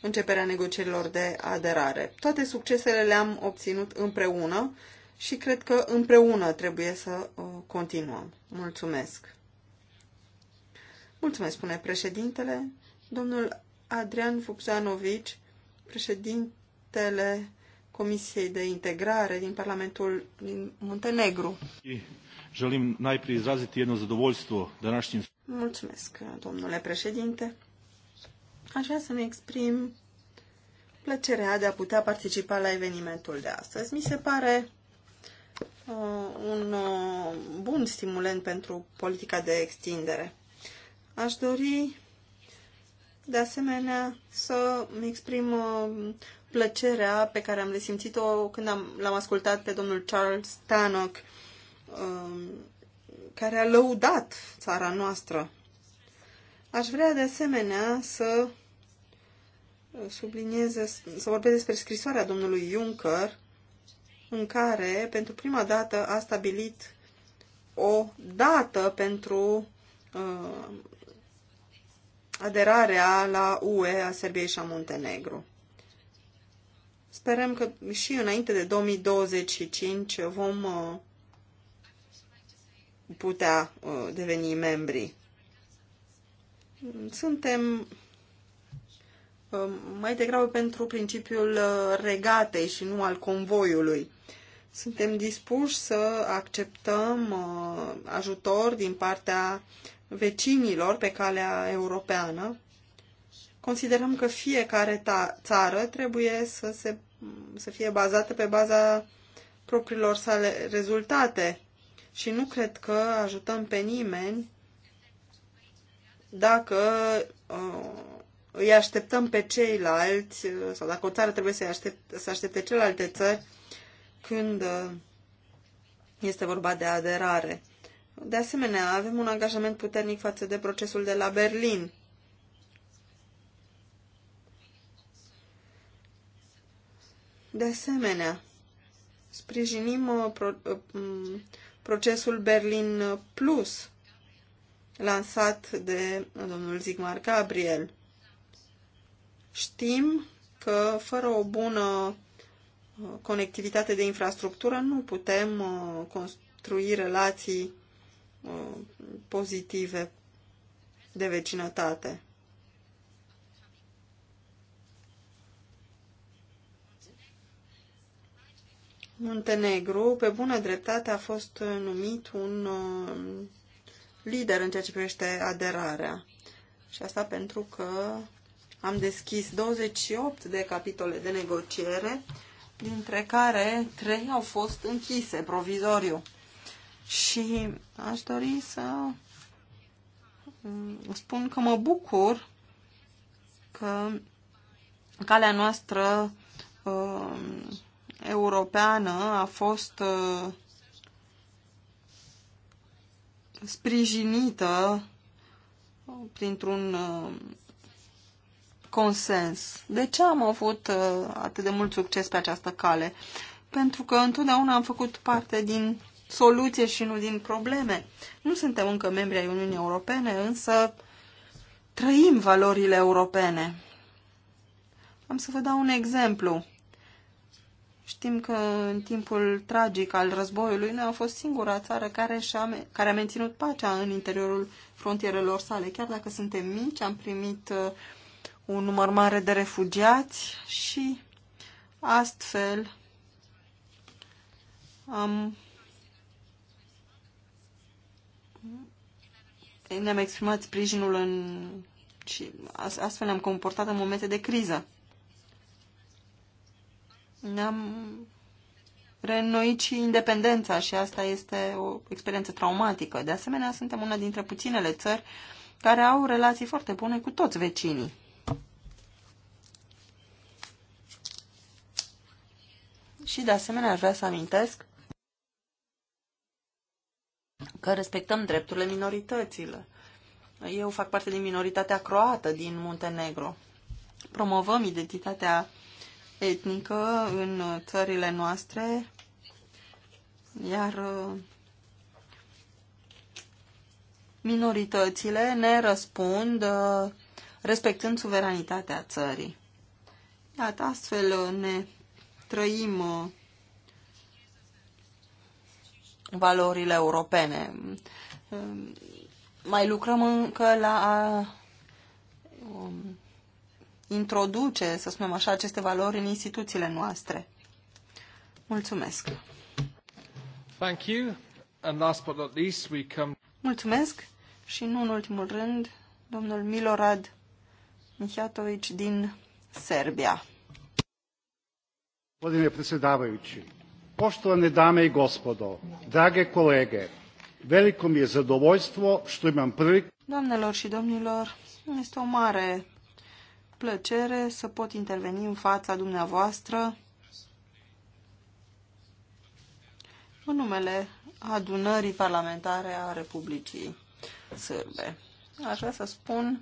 începerea negocierilor de aderare. Toate succesele le-am obținut împreună și cred că împreună trebuie să uh, continuăm. Mulțumesc! Mulțumesc, spune președintele. Domnul Adrian Vupzanovici, președintele Comisiei de Integrare din Parlamentul din Muntenegru želim najprije izraziti jedno zadovoljstvo današnjim... Mulțumesc, domnule președinte. Aș vrea să-mi exprim plăcerea de a putea participa la evenimentul de astăzi. Mi se pare uh, un uh, bun stimulent pentru politica de extindere. Aș dori de asemenea să mi exprim uh, plăcerea pe care am resimțit-o când am, l-am ascultat pe domnul Charles Tannock Um, care a lăudat țara noastră. Aș vrea de asemenea să subliniez, să vorbesc despre scrisoarea domnului Juncker, în care pentru prima dată a stabilit o dată pentru uh, aderarea la UE a Serbiei și a Muntenegru. Sperăm că și înainte de 2025 vom uh, putea uh, deveni membri. Suntem uh, mai degrabă pentru principiul uh, regatei și nu al convoiului. Suntem dispuși să acceptăm ajutor din partea vecinilor pe calea europeană. Considerăm că fiecare țară trebuie să, se, să fie bazată pe baza propriilor sale rezultate și nu cred că ajutăm pe nimeni dacă uh, îi așteptăm pe ceilalți uh, sau dacă o țară trebuie să, aștept, să aștepte celelalte țări când uh, este vorba de aderare. De asemenea, avem un angajament puternic față de procesul de la Berlin. De asemenea, sprijinim uh, pro, uh, mm, procesul Berlin Plus, lansat de domnul Zigmar Gabriel. Știm că fără o bună uh, conectivitate de infrastructură nu putem uh, construi relații uh, pozitive de vecinătate. Muntenegru, pe bună dreptate, a fost numit un um, lider în ceea ce privește aderarea. Și asta pentru că am deschis 28 de capitole de negociere, dintre care 3 au fost închise provizoriu. Și aș dori să um, spun că mă bucur că calea noastră um, europeană a fost uh, sprijinită printr-un uh, consens. De ce am avut uh, atât de mult succes pe această cale? Pentru că întotdeauna am făcut parte din soluție și nu din probleme. Nu suntem încă membri ai Uniunii Europene, însă trăim valorile europene. Am să vă dau un exemplu. Știm că în timpul tragic al războiului noi am fost singura țară care, și-a, care a menținut pacea în interiorul frontierelor sale. Chiar dacă suntem mici, am primit uh, un număr mare de refugiați și astfel am ne-am exprimat sprijinul în, și astfel ne-am comportat în momente de criză ne-am reînnoit și independența și asta este o experiență traumatică. De asemenea, suntem una dintre puținele țări care au relații foarte bune cu toți vecinii. Și de asemenea aș vrea să amintesc că respectăm drepturile minorităților. Eu fac parte din minoritatea croată din Muntenegro. Promovăm identitatea etnică în uh, țările noastre, iar uh, minoritățile ne răspund uh, respectând suveranitatea țării. Iată, astfel ne trăim valorile europene. Mai lucrăm încă la um, introduce, să spunem așa, aceste valori în instituțiile noastre. Mulțumesc! Thank you. And last but not least, we come... Mulțumesc și nu în ultimul rând, domnul Milorad Mihatovic din Serbia. Gospodine predsjedavajući, poštovane dame i gospodo, drage kolege, veliko mi je zadovoljstvo što imam priliku... Domnilor și domnilor, este o mare plăcere să pot interveni în fața dumneavoastră în numele adunării parlamentare a Republicii Sârbe. Aș vrea să spun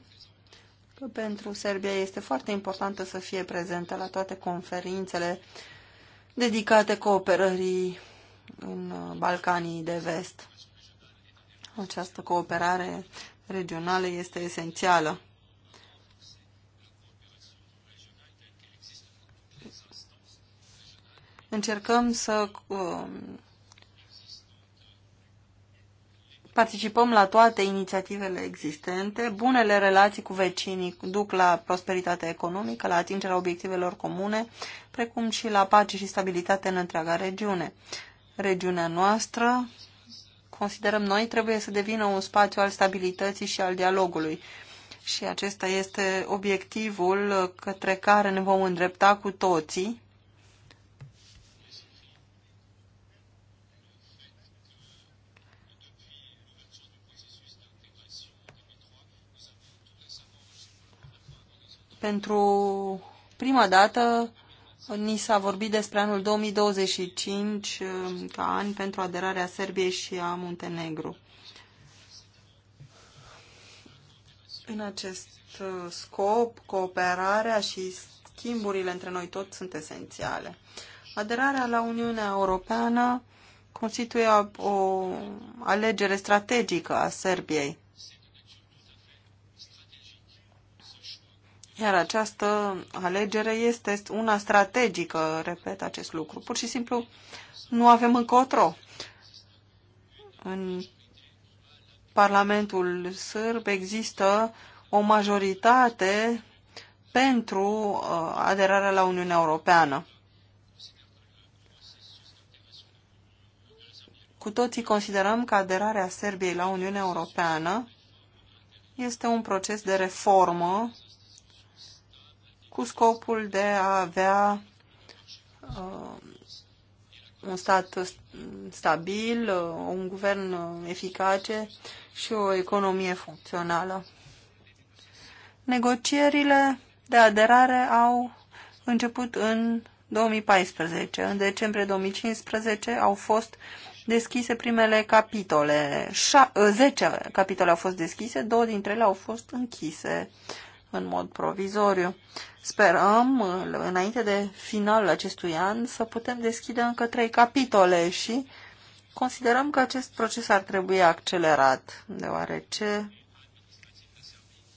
că pentru Serbia este foarte importantă să fie prezentă la toate conferințele dedicate cooperării în Balcanii de Vest. Această cooperare regională este esențială. încercăm să um, participăm la toate inițiativele existente. Bunele relații cu vecinii duc la prosperitate economică, la atingerea obiectivelor comune, precum și la pace și stabilitate în întreaga regiune. Regiunea noastră, considerăm noi, trebuie să devină un spațiu al stabilității și al dialogului. Și acesta este obiectivul către care ne vom îndrepta cu toții Pentru prima dată ni s-a vorbit despre anul 2025 uh, ca an pentru aderarea Serbiei și a Muntenegru. În acest uh, scop, cooperarea și schimburile între noi toți sunt esențiale. Aderarea la Uniunea Europeană constituie o alegere strategică a Serbiei. Iar această alegere este una strategică, repet acest lucru. Pur și simplu nu avem încotro. În Parlamentul Sârb există o majoritate pentru uh, aderarea la Uniunea Europeană. Cu toții considerăm că aderarea Serbiei la Uniunea Europeană este un proces de reformă cu scopul de a avea uh, un stat stabil, uh, un guvern uh, eficace și o economie funcțională. Negocierile de aderare au început în 2014. În decembrie 2015 au fost deschise primele capitole. 10 capitole au fost deschise, două dintre ele au fost închise în mod provizoriu. Sperăm, înainte de finalul acestui an, să putem deschide încă trei capitole și considerăm că acest proces ar trebui accelerat, deoarece,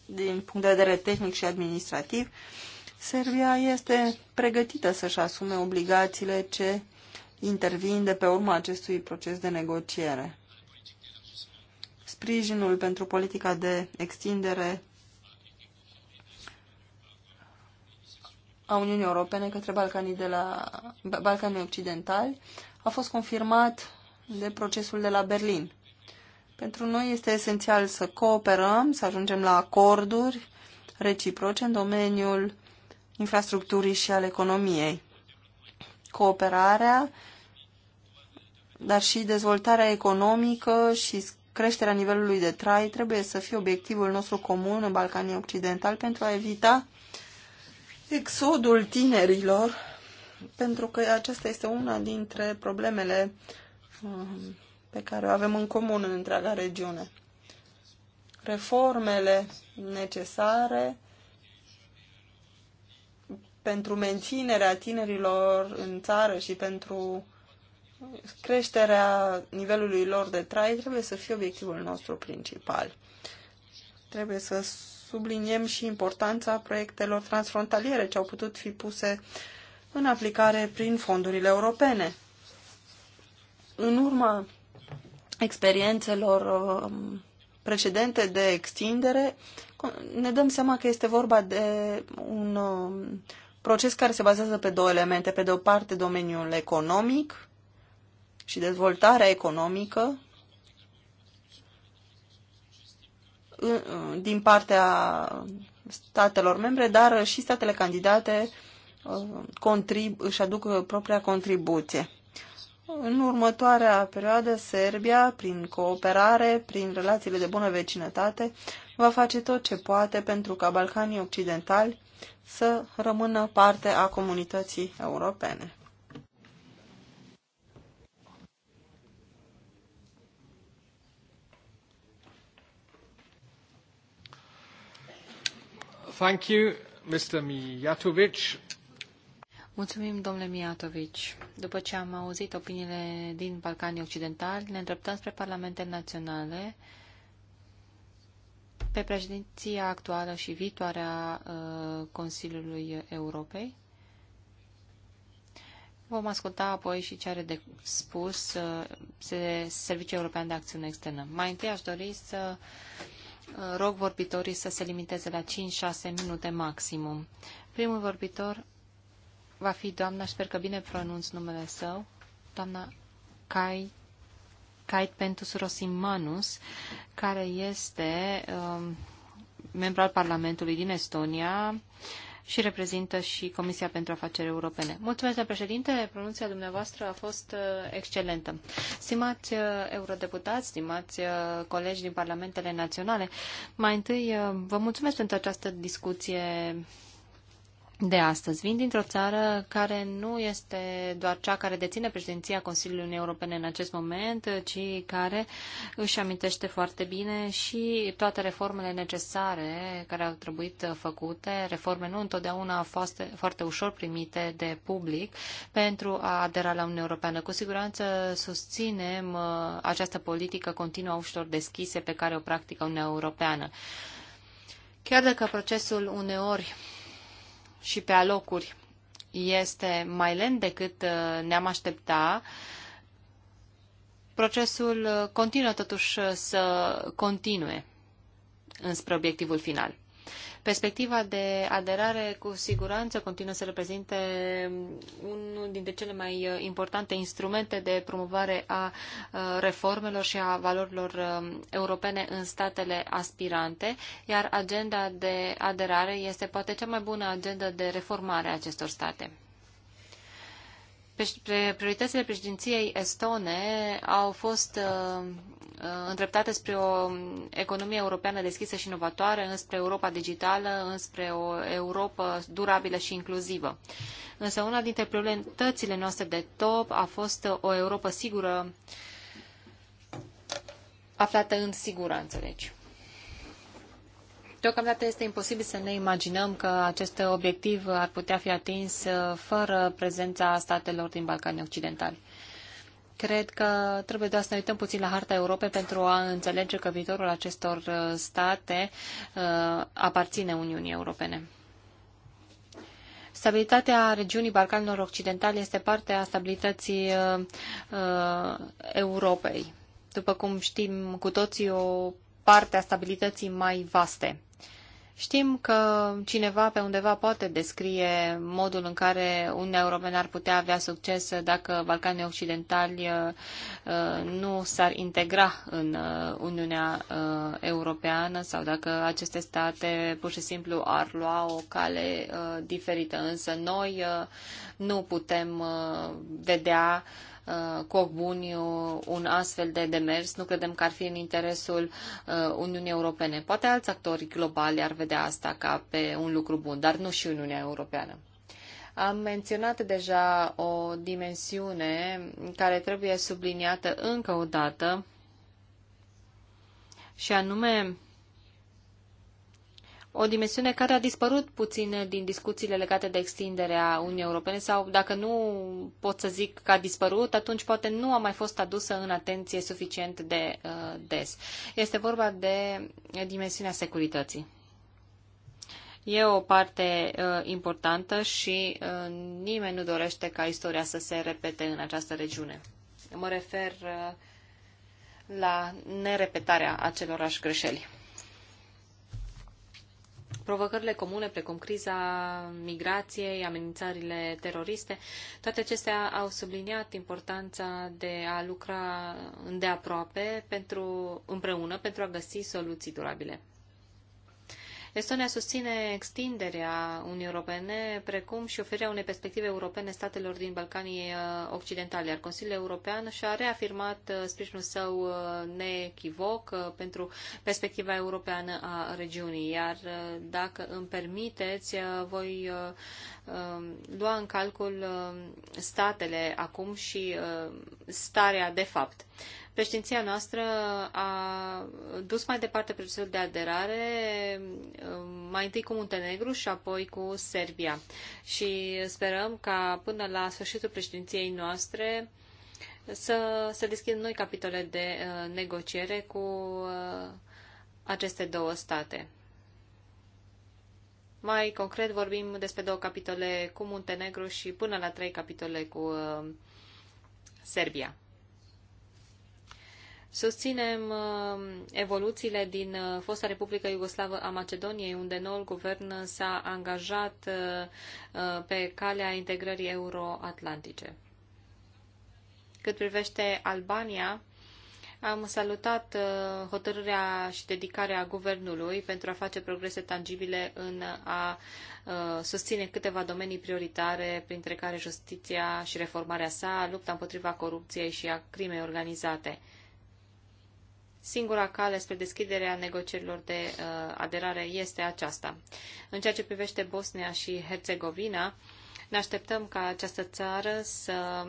din punct de vedere tehnic și administrativ, Serbia este pregătită să-și asume obligațiile ce intervin de pe urma acestui proces de negociere. Sprijinul pentru politica de extindere a Uniunii Europene către Balcanii, de la, Balcanii Occidentali a fost confirmat de procesul de la Berlin. Pentru noi este esențial să cooperăm, să ajungem la acorduri reciproce în domeniul infrastructurii și al economiei. Cooperarea, dar și dezvoltarea economică și creșterea nivelului de trai trebuie să fie obiectivul nostru comun în Balcanii Occidentali pentru a evita exodul tinerilor, pentru că aceasta este una dintre problemele um, pe care o avem în comun în întreaga regiune. Reformele necesare pentru menținerea tinerilor în țară și pentru creșterea nivelului lor de trai trebuie să fie obiectivul nostru principal. Trebuie să subliniem și importanța proiectelor transfrontaliere ce au putut fi puse în aplicare prin fondurile europene. În urma experiențelor um, precedente de extindere, ne dăm seama că este vorba de un um, proces care se bazează pe două elemente. Pe de o parte, domeniul economic și dezvoltarea economică, din partea statelor membre, dar și statele candidate uh, contrib, își aduc propria contribuție. În următoarea perioadă, Serbia, prin cooperare, prin relațiile de bună vecinătate, va face tot ce poate pentru ca Balcanii Occidentali să rămână parte a comunității europene. Thank you, Mr. Mijatovic. Mulțumim, domnule Mijatovic. După ce am auzit opiniile din Balcanii Occidentali, ne îndreptăm spre parlamentele naționale pe președinția actuală și viitoarea uh, Consiliului Europei. Vom asculta apoi și ce are de spus uh, Serviciul European de Acțiune Externă. Mai întâi aș dori să uh, rog vorbitorii să se limiteze la 5-6 minute maximum. Primul vorbitor va fi doamna, sper că bine pronunț numele său, doamna Kai, Kai Pentus Rosimanus, care este uh, membru al Parlamentului din Estonia, uh, și reprezintă și Comisia pentru Afaceri Europene. Mulțumesc, doamnă președinte, pronunția dumneavoastră a fost uh, excelentă. Stimați uh, eurodeputați, stimați uh, colegi din Parlamentele Naționale, mai întâi vă mulțumesc pentru această discuție de astăzi. Vin dintr-o țară care nu este doar cea care deține președinția Consiliului Uniunii Europene în acest moment, ci care își amintește foarte bine și toate reformele necesare care au trebuit făcute. Reforme nu întotdeauna au fost foarte ușor primite de public pentru a adera la Uniunea Europeană. Cu siguranță susținem uh, această politică continuă a ușilor deschise pe care o practică Uniunea Europeană. Chiar dacă procesul uneori și pe alocuri este mai lent decât uh, ne-am aștepta, procesul uh, continuă totuși uh, să continue înspre obiectivul final. Perspectiva de aderare cu siguranță continuă să reprezinte unul dintre cele mai uh, importante instrumente de promovare a uh, reformelor și a valorilor um, europene în statele aspirante, iar agenda de aderare este poate cea mai bună agenda de reformare a acestor state prioritățile președinției estone au fost uh, uh, îndreptate spre o economie europeană deschisă și inovatoare, înspre Europa digitală, înspre o Europa durabilă și inclusivă. Însă una dintre prioritățile noastre de top a fost o Europa sigură, aflată în siguranță, deci. Deocamdată este imposibil să ne imaginăm că acest obiectiv ar putea fi atins uh, fără prezența statelor din Balcanii Occidentali. Cred că trebuie doar să ne uităm puțin la harta Europei pentru a înțelege că viitorul acestor uh, state uh, aparține Uniunii Europene. Stabilitatea regiunii Balcanilor Occidentale este parte a stabilității uh, Europei. După cum știm cu toții, o parte a stabilității mai vaste. Știm că cineva pe undeva poate descrie modul în care Uniunea Europeană ar putea avea succes dacă Balcanii Occidentali uh, nu s-ar integra în uh, Uniunea uh, Europeană sau dacă aceste state pur și simplu ar lua o cale diferită. Însă noi nu putem vedea Uh, cu buni uh, un astfel de demers. Nu credem că ar fi în interesul uh, Uniunii Europene. Poate alți actori globali ar vedea asta ca pe un lucru bun, dar nu și Uniunea Europeană. Am menționat deja o dimensiune care trebuie subliniată încă o dată și anume o dimensiune care a dispărut puțin din discuțiile legate de extinderea Uniunii Europene sau, dacă nu pot să zic că a dispărut, atunci poate nu a mai fost adusă în atenție suficient de uh, des. Este vorba de dimensiunea securității. E o parte uh, importantă și uh, nimeni nu dorește ca istoria să se repete în această regiune. Mă refer uh, la nerepetarea acelorași greșeli provocările comune, precum criza migrației, amenințările teroriste, toate acestea au subliniat importanța de a lucra îndeaproape pentru, împreună pentru a găsi soluții durabile. Estonia susține extinderea Uniunii Europene, precum și oferirea unei perspective europene statelor din Balcanii uh, Occidentale, iar Consiliul European și-a reafirmat uh, sprijinul său uh, neechivoc pentru perspectiva europeană a regiunii. Iar dacă îmi permiteți, voi um, lua în calcul um, statele acum și starea de fapt. Președinția noastră a dus mai departe procesul de aderare, um, mai întâi cu Muntenegru și apoi cu Serbia. Și sperăm ca până la sfârșitul președinției noastre să se deschidă noi capitole de uh, negociere cu uh, aceste două state. Mai concret vorbim despre două capitole cu Muntenegru și până la trei capitole cu uh, Serbia. Susținem uh, evoluțiile din uh, fosta Republică Iugoslavă a Macedoniei, unde noul guvern s-a angajat uh, pe calea integrării euroatlantice. Cât privește Albania, am salutat hotărârea și dedicarea guvernului pentru a face progrese tangibile în a susține câteva domenii prioritare, printre care justiția și reformarea sa, lupta împotriva corupției și a crimei organizate singura cale spre deschiderea negocierilor de uh, aderare este aceasta. În ceea ce privește Bosnia și Herțegovina, ne așteptăm ca această țară să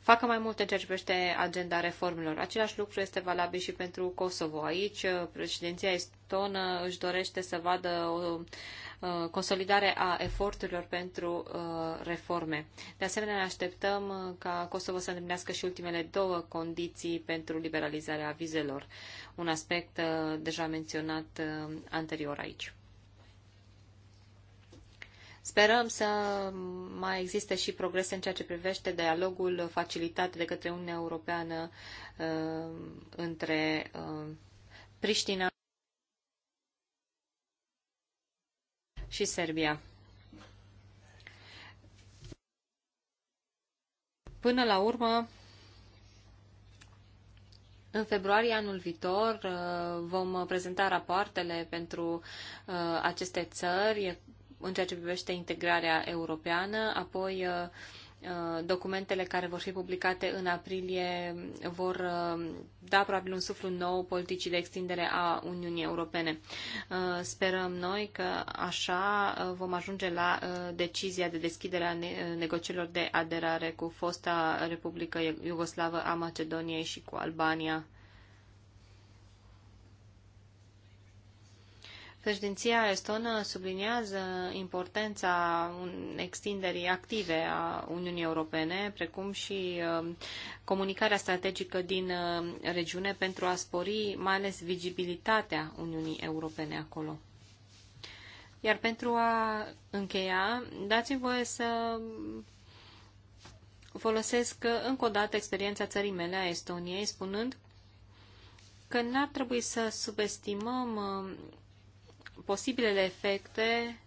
facă mai multe în ceea ce privește agenda reformelor. Același lucru este valabil și pentru Kosovo. Aici, uh, președinția estonă își dorește să vadă o Uh, consolidare a eforturilor pentru uh, reforme. De asemenea, ne așteptăm uh, ca Kosovo să îndeplinească și ultimele două condiții pentru liberalizarea vizelor, un aspect deja menționat anterior aici. Sperăm să mai existe și progrese în ceea ce privește dialogul facilitat de către Uniunea Europeană între Priștina și Serbia. Până la urmă, în februarie anul viitor uh, vom prezenta rapoartele pentru uh, aceste țări în ceea ce privește integrarea europeană, apoi uh, Uh, documentele care vor fi publicate în aprilie vor uh, da probabil un suflu nou politicii de extindere a Uniunii Europene. Uh, sperăm noi că așa vom ajunge la decizia de deschidere a negocierilor de aderare cu fosta Republică Iugoslavă a Macedoniei și cu Albania Președinția estonă subliniază importanța extinderii active a Uniunii Europene, precum și uh, comunicarea strategică din uh, regiune pentru a spori mai ales vigibilitatea Uniunii Europene acolo. Iar pentru a încheia, dați-mi voie să folosesc uh, încă o dată experiența țării mele a Estoniei, spunând că n-ar trebui să subestimăm posibilele efecte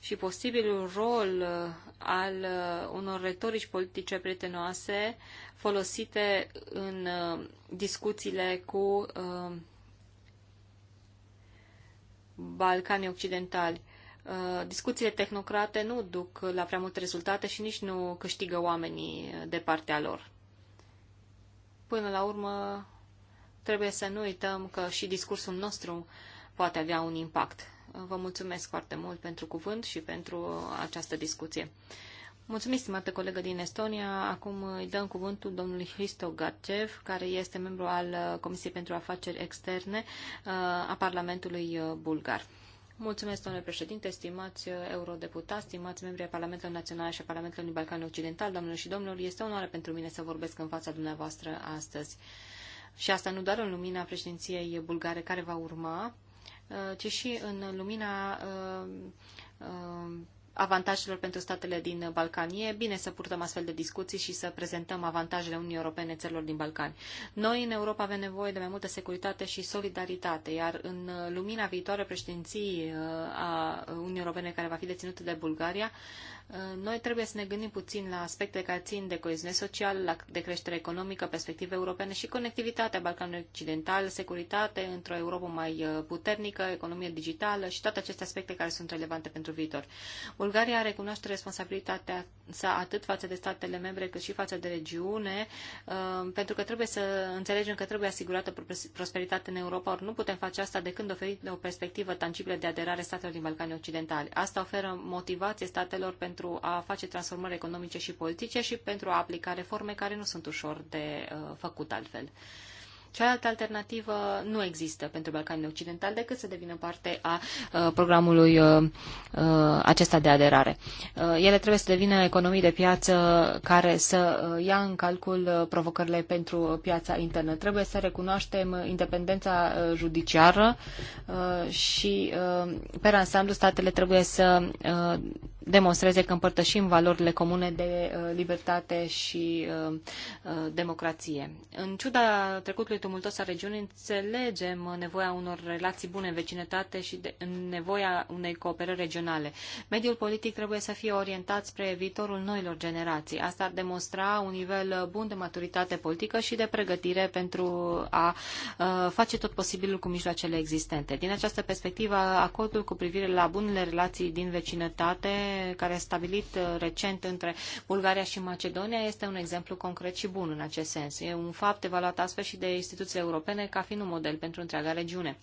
și posibilul rol uh, al uh, unor retorici politice prietenoase folosite în uh, discuțiile cu Balcanii Occidentali. Discuțiile tehnocrate nu duc la prea multe rezultate și nici nu câștigă oamenii de partea lor. Până la urmă, trebuie să nu uităm că și discursul nostru uh, poate avea un impact. Vă mulțumesc foarte mult pentru cuvânt și pentru această discuție. Mulțumim, stimată colegă din Estonia. Acum îi dăm cuvântul domnului Hristo Gatchev care este membru al Comisiei pentru Afaceri Externe uh, a Parlamentului uh, Bulgar. Mulțumesc, domnule președinte, stimați uh, eurodeputați, stimați membri ai Parlamentului Național și a Parlamentului Balcan Occidental, domnilor și domnilor, este o onoare pentru mine să vorbesc în fața dumneavoastră astăzi. Și asta nu doar în lumina președinției bulgare care va urma, Uh, ci și în lumina uh, uh, avantajelor pentru statele din Balcani. E bine să purtăm astfel de discuții și să prezentăm avantajele Uniunii Europene țărilor din Balcani. Noi în Europa avem nevoie de mai multă securitate și solidaritate, iar în lumina viitoare președinții a Uniunii Europene care va fi deținută de Bulgaria, Uh, noi trebuie să ne gândim puțin la aspecte care țin de coeziune socială, de creștere economică, perspective europene și conectivitatea Balcanului Occidental, securitate într-o Europa mai uh, puternică, economie digitală și toate aceste aspecte care sunt relevante pentru viitor. Bulgaria recunoaște responsabilitatea sa atât față de statele membre cât și față de regiune, uh, pentru că trebuie să înțelegem că trebuie asigurată prosperitate în Europa, ori nu putem face asta decând oferind o perspectivă tangibilă de aderare statelor din Balcanii Occidentali. Asta oferă motivație statelor pentru pentru a face transformări economice și politice și pentru a aplica reforme care nu sunt ușor de uh, făcut altfel. Cealaltă alternativă nu există pentru Balcanii Occidentali decât să devină parte a uh, programului uh, uh, acesta de aderare. Ele trebuie să devină economii de piață care să ia în calcul provocările pentru piața internă. Trebuie să recunoaștem independența judiciară și, pe ansamblu, statele trebuie să demonstreze că împărtășim valorile comune de libertate și democrație. În ciuda trecutului tumultos al regiunii, înțelegem nevoia unor relații bune în vecinătate și de, nevoia unei cooperări regionale. Mediul politic trebuie să fie orientat spre viitorul noilor generații. Asta ar demonstra un nivel bun de maturitate politică și de pregătire pentru a, a face tot posibilul cu mijloacele existente. Din această perspectivă, acordul cu privire la bunele relații din vecinătate, care a stabilit recent între Bulgaria și Macedonia, este un exemplu concret și bun în acest sens. E un fapt evaluat astfel și de instituțiile europene ca fiind un model pentru întreaga regiune.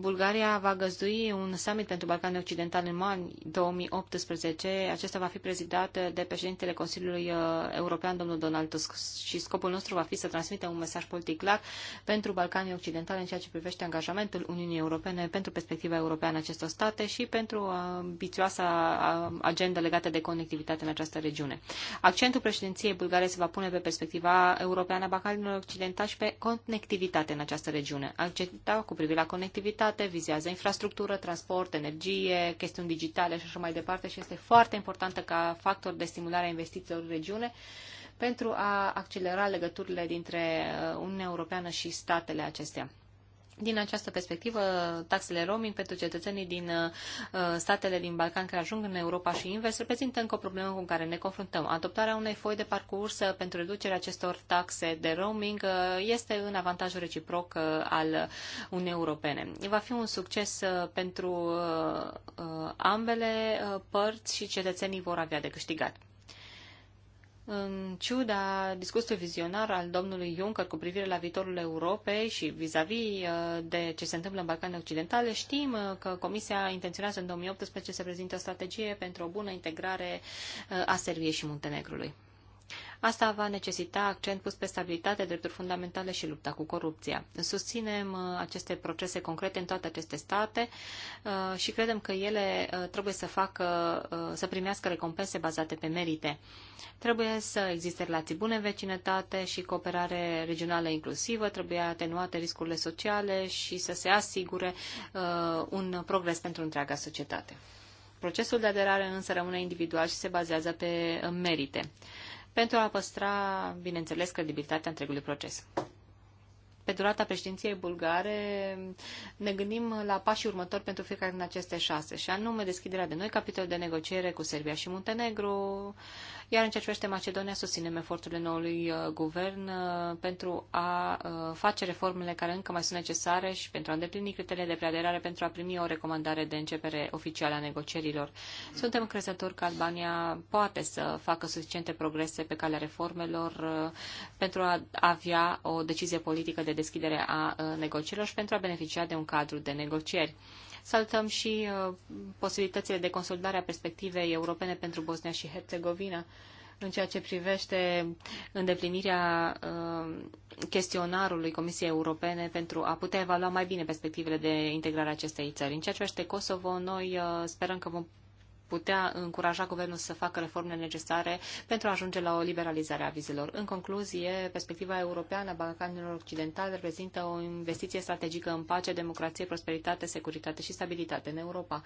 Bulgaria va găzdui un summit pentru Balcanii Occidentali în mai 2018. Acesta va fi prezidat de președintele Consiliului uh, European, domnul Donald Tusk. Și scopul nostru va fi să transmitem un mesaj politic clar pentru Balcanii Occidentali în ceea ce privește angajamentul Uniunii Europene pentru perspectiva europeană acestor state și pentru ambițioasa uh, agenda legată de conectivitate în această regiune. Accentul președinției bulgare se va pune pe perspectiva europeană a Balcanilor Occidentali și pe conectivitate în această regiune. Agenda cu privire la conectivitate conectivitate, vizează infrastructură, transport, energie, chestiuni digitale și așa mai departe și este foarte importantă ca factor de stimulare a investițiilor în regiune pentru a accelera legăturile dintre uh, Uniunea Europeană și statele acestea. Din această perspectivă, taxele roaming pentru cetățenii din uh, statele din Balcan care ajung în Europa și invers reprezintă încă o problemă cu care ne confruntăm. Adoptarea unei foi de parcurs uh, pentru reducerea acestor taxe de roaming uh, este în avantajul reciproc al Uniunii Europene. Va fi un succes pentru ambele părți și cetățenii vor avea de câștigat în ciuda discursului vizionar al domnului Juncker cu privire la viitorul Europei și vis-a-vis -vis uh, de ce se întâmplă în Balcanii Occidentale, știm uh, că Comisia intenționează în 2018 să prezinte o strategie pentru o bună integrare uh, a Serbiei și Muntenegrului. Asta va necesita accent pus pe stabilitate, drepturi fundamentale și lupta cu corupția. Susținem uh, aceste procese concrete în toate aceste state uh, și credem că ele uh, trebuie să facă, să primească recompense bazate pe merite. Trebuie să existe relații bune în vecinătate și cooperare regională inclusivă, trebuie atenuate riscurile sociale și să se asigure un progres pentru întreaga societate. Procesul de aderare însă rămâne individual și se bazează pe merite pentru a păstra, bineînțeles, credibilitatea întregului proces pe durata președinției bulgare ne gândim la pașii următori pentru fiecare din aceste șase, și anume deschiderea de noi capitole de negociere cu Serbia și Muntenegru, iar în ceea ce privește Macedonia, susținem eforturile noului uh, guvern uh, pentru a uh, face reformele care încă mai sunt necesare și pentru a îndeplini criteriile de preaderare pentru a primi o recomandare de începere oficială a negocierilor. Suntem crezători că Albania poate să facă suficiente progrese pe calea reformelor pentru a avea o decizie politică de deschidere a uh, negocierilor și pentru a beneficia de un cadru de negocieri. Salutăm și uh, posibilitățile de consolidare a perspectivei europene pentru Bosnia și Herțegovina în ceea ce privește îndeplinirea uh, chestionarului Comisiei Europene pentru a putea evalua mai bine perspectivele de integrare a acestei țări. În ceea ce privește Kosovo, noi sperăm că vom putea încuraja guvernul să facă reformele necesare pentru a ajunge la o liberalizare a vizelor. În concluzie, perspectiva europeană a Balcanilor Occidentale reprezintă o investiție strategică în pace, democrație, prosperitate, securitate și stabilitate în Europa.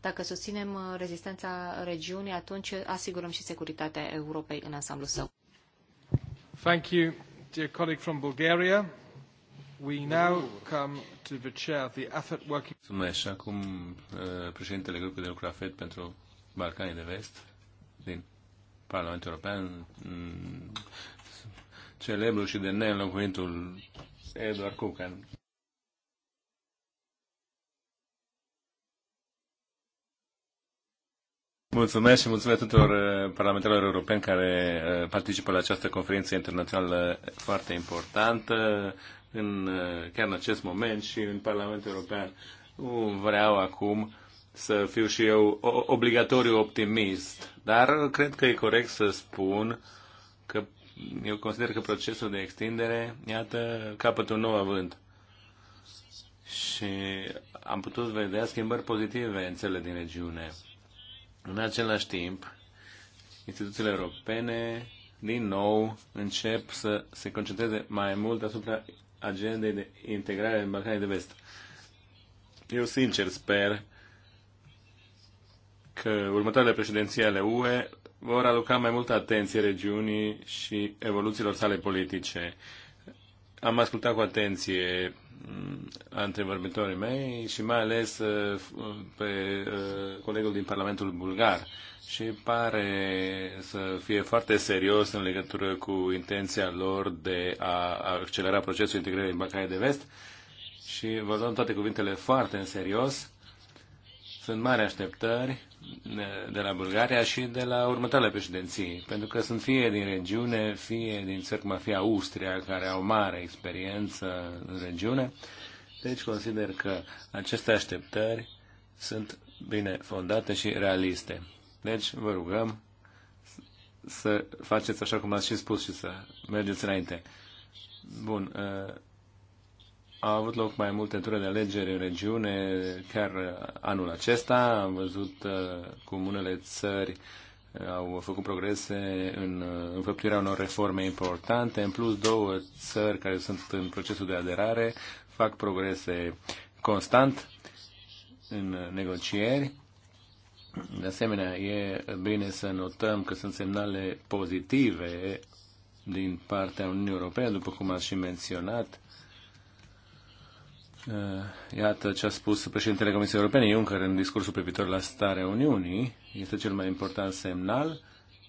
Dacă susținem rezistența regiunii, atunci asigurăm și securitatea Europei în ansamblu său. Thank you, dear colleague from Bulgaria. We now come to the chair of the AFET working... Mulțumesc. Și acum uh, președintele grupului de lucru AFET pentru Balcanii de Vest, din Parlamentul European, mm, celebrul și de neînlocuitul Edward Cucan. Mulțumesc și mulțumesc tuturor uh, parlamentarilor europeni care uh, participă la această conferință internațională foarte importantă, în, uh, chiar în acest moment și în Parlamentul European. vreau acum să fiu și eu obligatoriu optimist, dar cred că e corect să spun că eu consider că procesul de extindere, iată, capătă un nou avânt. Și am putut vedea schimbări pozitive în țările din regiune. În același timp, instituțiile europene din nou încep să se concentreze mai mult asupra agendei de integrare în Balcanii de Vest. Eu sincer sper că următoarele președinții ale UE vor aloca mai multă atenție regiunii și evoluțiilor sale politice. Am ascultat cu atenție mm, antrevorbitorii mei și mai ales uh, pe uh, colegul din Parlamentul Bulgar și pare să fie foarte serios în legătură cu intenția lor de a accelera procesul integrării în Balcanii de Vest și vă luăm toate cuvintele foarte în serios. Sunt mari așteptări de la Bulgaria și de la următoarele președinții, pentru că sunt fie din regiune, fie din țări cum fie Austria, care au mare experiență în regiune. Deci consider că aceste așteptări sunt bine fondate și realiste. Deci vă rugăm să faceți așa cum ați și spus și să mergeți înainte. Bun. Uh, a avut loc mai multe ture de alegeri în regiune, chiar anul acesta. Am văzut uh, cum unele țări uh, au făcut progrese în uh, înfăptuirea unor reforme importante. În plus, două țări care sunt în procesul de aderare fac progrese constant în negocieri. De asemenea, e bine să notăm că sunt semnale pozitive din partea Uniunii Europene, după cum ați și menționat, Eh, iată ce a spus președintele Comisiei Europene Juncker în discursul privitor la starea Uniunii. Este cel mai important semnal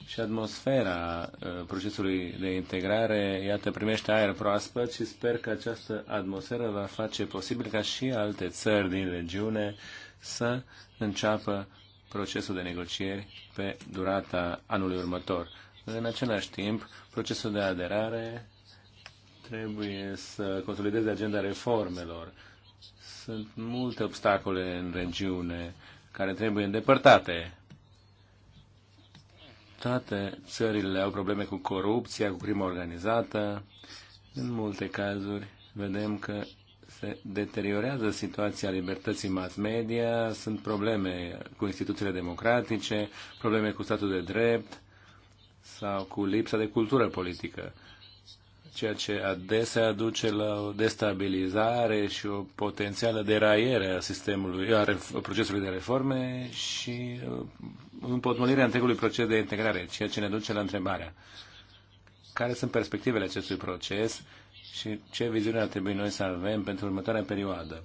și atmosfera eh, procesului de integrare, iată, primește aer proaspăt și sper că această atmosferă va face posibil ca și alte țări din regiune să înceapă procesul de negocieri pe durata anului următor. În același timp, procesul de aderare trebuie să consolideze agenda reformelor. Sunt multe obstacole în regiune care trebuie îndepărtate. Toate țările au probleme cu corupția, cu crimă organizată. În multe cazuri vedem că se deteriorează situația libertății mass media, sunt probleme cu instituțiile democratice, probleme cu statul de drept sau cu lipsa de cultură politică ceea ce adesea duce la o destabilizare și o potențială deraiere a sistemului, a procesului de reforme și uh, împotmolirea întregului proces de integrare, ceea ce ne duce la întrebarea care sunt perspectivele acestui proces și ce viziune ar trebui noi să avem pentru următoarea perioadă.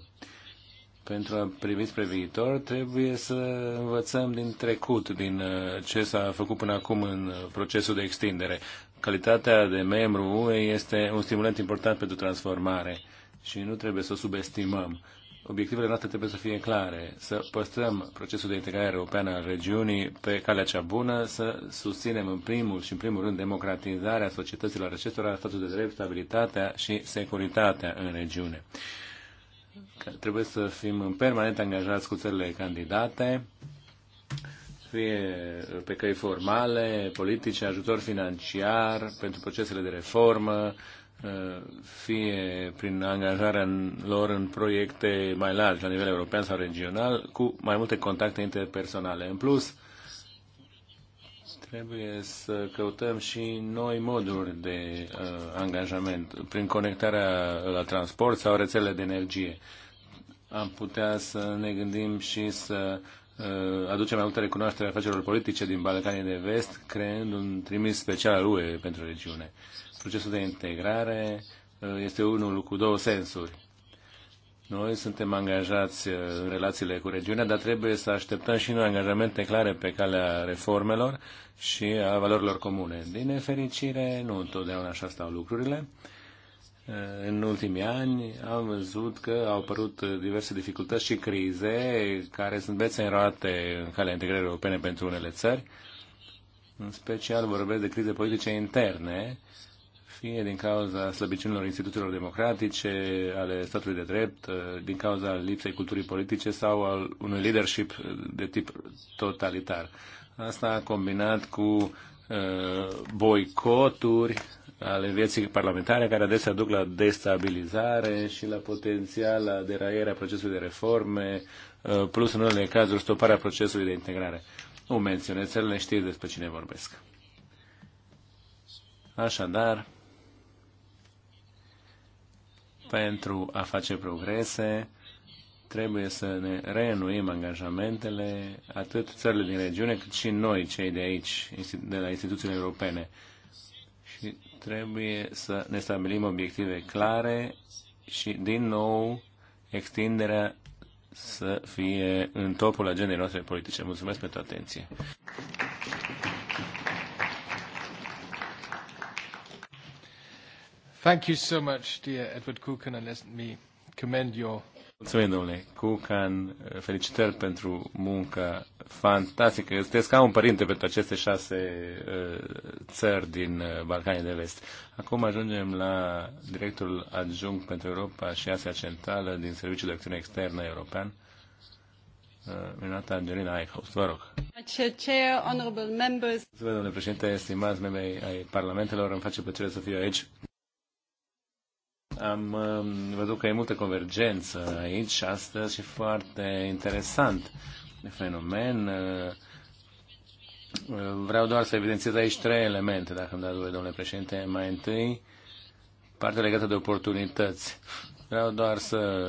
Pentru a privi spre viitor, trebuie să învățăm din trecut, din uh, ce s-a făcut până acum în uh, procesul de extindere calitatea de membru UE este un stimulant important pentru transformare și nu trebuie să o subestimăm. Obiectivele noastre trebuie să fie clare, să păstrăm procesul de integrare europeană al regiunii pe calea cea bună, să susținem în primul și în primul rând democratizarea societăților acestora, statul de drept, stabilitatea și securitatea în regiune. trebuie să fim în permanent angajați cu țările candidate, fie pe căi formale, politice, ajutor financiar pentru procesele de reformă, uh, fie prin angajarea în lor în proiecte mai largi, la nivel european sau regional, cu mai multe contacte interpersonale. În plus, trebuie să căutăm și noi moduri de uh, angajament, prin conectarea la transport sau rețele de energie. Am putea să ne gândim și să Uh, aduce mai multă recunoaștere a afacerilor politice din Balcanii de Vest, creând un trimis special al UE pentru regiune. Procesul de integrare uh, este unul cu două sensuri. Noi suntem angajați uh, în relațiile cu regiunea, dar trebuie să așteptăm și noi angajamente clare pe calea reformelor și a valorilor comune. Din nefericire, nu întotdeauna așa stau lucrurile în ultimii ani am văzut că au apărut diverse dificultăți și crize care sunt bețe în roate în calea integrării europene pentru unele țări. În special vorbesc de crize politice interne, fie din cauza slăbiciunilor instituțiilor democratice, ale statului de drept, din cauza lipsei culturii politice sau al unui leadership de tip totalitar. Asta a combinat cu uh, boicoturi ale vieții parlamentare, care adesea duc la destabilizare și la potențiala deraiere procesului de reforme, uh, plus în unele cazuri stoparea procesului de integrare. Nu menționez le știți despre cine vorbesc. Așadar, pentru a face progrese, trebuie să ne reînnoim angajamentele, atât țările din regiune, cât și noi, cei de aici, de la instituțiile europene. Trebuie să ne stabilim obiective clare și, din nou, extinderea să fie în topul agendei noastre politice. Mulțumesc pentru atenție. Thank you so much, dear Edward Cook, and let me commend your Mulțumim, domnule Cucan. Felicitări pentru munca fantastică. Sunteți ca un părinte pentru aceste șase uh, țări din uh, Balcanii de Vest. Acum ajungem la directorul adjunct pentru Europa și Asia Centrală din Serviciul de Acțiune Externă European. Renata uh, Angelina Eichhaus, vă rog. Mulțumesc, domnule președinte, estimați membrii ai Parlamentelor, îmi face plăcere să fiu aici am um, văzut că e multă convergență aici astăzi și foarte interesant fenomen. Uh, vreau doar să evidențiez aici trei elemente, dacă îmi dați voi, domnule președinte. Mai întâi, partea legată de oportunități. Vreau doar să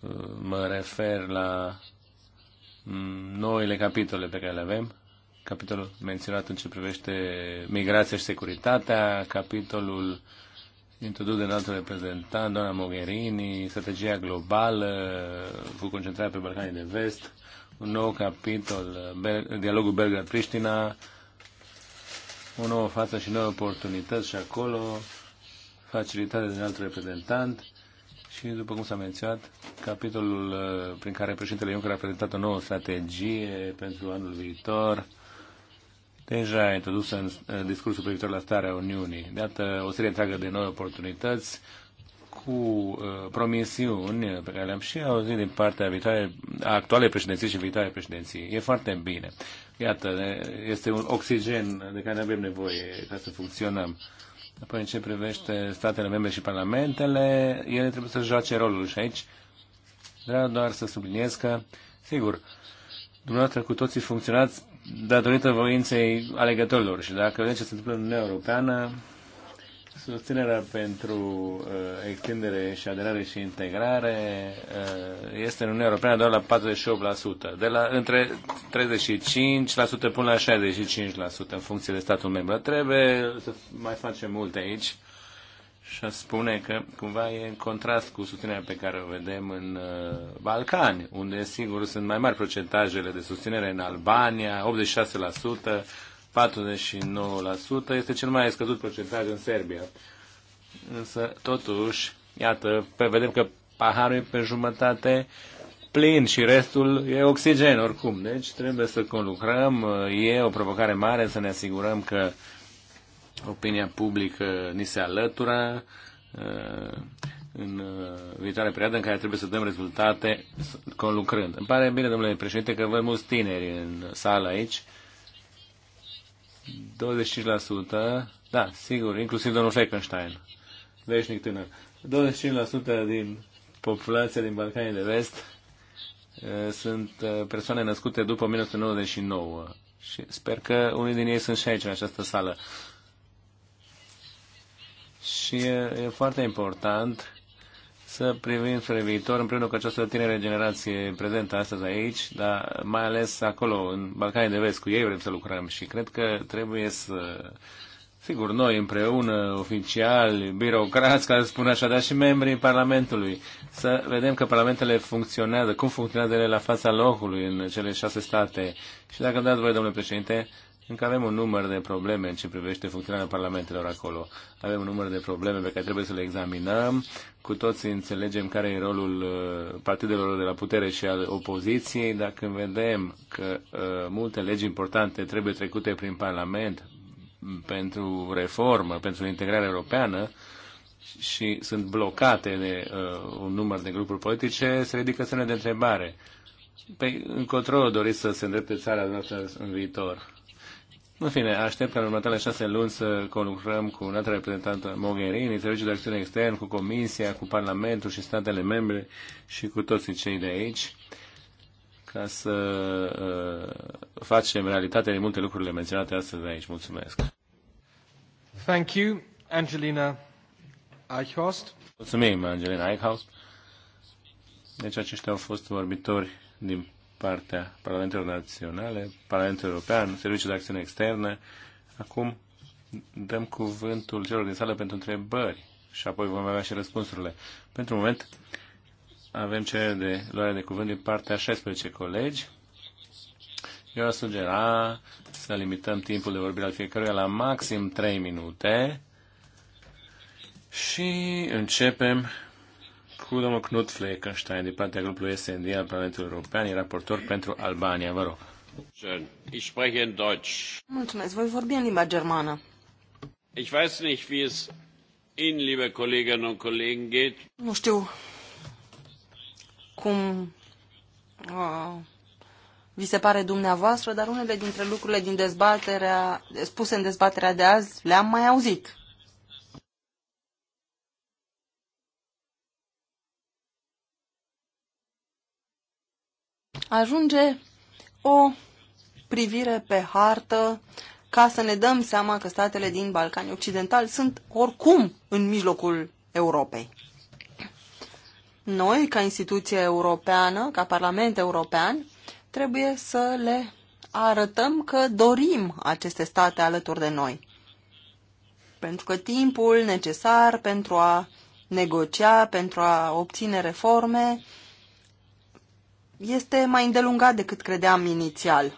uh, mă refer la mm, noile capitole pe care le avem. Capitolul menționat în ce privește migrația și securitatea, capitolul uh, introdus de înaltul reprezentant, doamna Mogherini, strategia globală cu concentrare pe Balcanii de Vest, un nou capitol, dialogul belgrad pristina o nouă față și nouă oportunități și acolo, facilitatea de înalt reprezentant și, după cum s-a menționat, capitolul uh, prin care președintele Juncker a prezentat o nouă strategie pentru anul viitor, deja introdusă în discursul privitor la starea Uniunii. de Iată o serie întreagă de noi oportunități cu uh, promisiuni pe care le-am și auzit din partea viitoare, a actualei președinții și viitoare președinții. E foarte bine. Iată, este un oxigen de care ne avem nevoie ca să funcționăm. Apoi, în ce privește statele membre și parlamentele, ele trebuie să joace rolul și aici vreau doar să subliniez că, sigur, uh, dumneavoastră cu toții funcționați datorită voinței alegătorilor și dacă vedeți ce se întâmplă în Uniunea Europeană, susținerea pentru uh, extindere și aderare și integrare uh, este în Uniunea Europeană doar la 48%, de la între 35% până la 65% în funcție de statul membru. Trebuie să mai facem multe aici și a spune că cumva e în contrast cu susținerea pe care o vedem în uh, Balcani, unde sigur sunt mai mari procentajele de susținere în Albania, 86%, 49%, este cel mai scăzut procentaj în Serbia. Însă, totuși, iată, pe vedem că paharul e pe jumătate plin și restul e oxigen oricum. Deci trebuie să conlucrăm, e o provocare mare să ne asigurăm că uh, opinia publică ni se alătură uh, în uh, viitoare perioadă în care trebuie să dăm rezultate conlucrând. Îmi pare bine, domnule președinte, că văd mulți tineri în sală aici. 25%, da, sigur, inclusiv domnul Feckenstein, veșnic tânăr. 25% din populația din Balcanii de Vest uh, sunt persoane născute după 1999 și sper că unii din ei sunt și aici, în această sală și e, e foarte important să privim spre viitor împreună cu această tinere generație prezentă astăzi aici, dar mai ales acolo, în Balcanii de Vest, cu ei vrem să lucrăm și cred că trebuie să, sigur, noi împreună, oficiali, birocrați, ca să spun așa, dar și membrii Parlamentului, să vedem că Parlamentele funcționează, cum funcționează ele la fața locului în cele șase state. Și dacă îmi dați voi, domnule președinte, încă avem un număr de probleme în ce privește funcționarea parlamentelor acolo. Avem un număr de probleme pe care trebuie să le examinăm. Cu toți înțelegem care e rolul uh, partidelor de la putere și al opoziției. când vedem că uh, multe legi importante trebuie trecute prin Parlament pentru reformă, pentru integrare europeană, și sunt blocate de uh, un număr de grupuri politice, se ridică semne de întrebare. pe păi, încotro doriți să se îndrepte țara noastră în viitor? În fine, aștept ca în următoarele șase luni să conlucrăm cu un alt reprezentant Mogherini, Serviciul de Acțiune Extern, cu Comisia, cu Parlamentul și statele membre și cu toți cei de aici ca să uh, facem realitate de multe lucrurile menționate astăzi de aici. Mulțumesc! Thank you, Angelina Eichhorst. Mulțumim, Angelina Eichhorst. Deci aceștia au fost vorbitori din partea Parlamentelor Naționale, Parlamentul European, Serviciul de Acțiune Externă. Acum dăm cuvântul celor din sală pentru întrebări și apoi vom avea și răspunsurile. Pentru moment avem cerere de luare de cuvânt din partea 16 colegi. Eu aș sugera să limităm timpul de vorbire al fiecăruia la maxim 3 minute și începem cu domnul Knut Fleckenstein din partea grupului SND al Parlamentului European, e raportor pentru Albania. Vă rog. Ich spreche in Deutsch. Mulțumesc. Voi vorbi în limba germană. Ich weiß nicht, wie es Ihnen, liebe Kolleginnen und Kollegen, geht. Nu știu cum uh, vi se pare dumneavoastră, dar unele dintre lucrurile din dezbaterea, spuse în dezbaterea de azi le-am mai auzit. ajunge o privire pe hartă ca să ne dăm seama că statele din Balcanii Occidentali sunt oricum în mijlocul Europei. Noi, ca instituție europeană, ca Parlament European, trebuie să le arătăm că dorim aceste state alături de noi. Pentru că timpul necesar pentru a negocia, pentru a obține reforme, este mai îndelungat decât credeam inițial.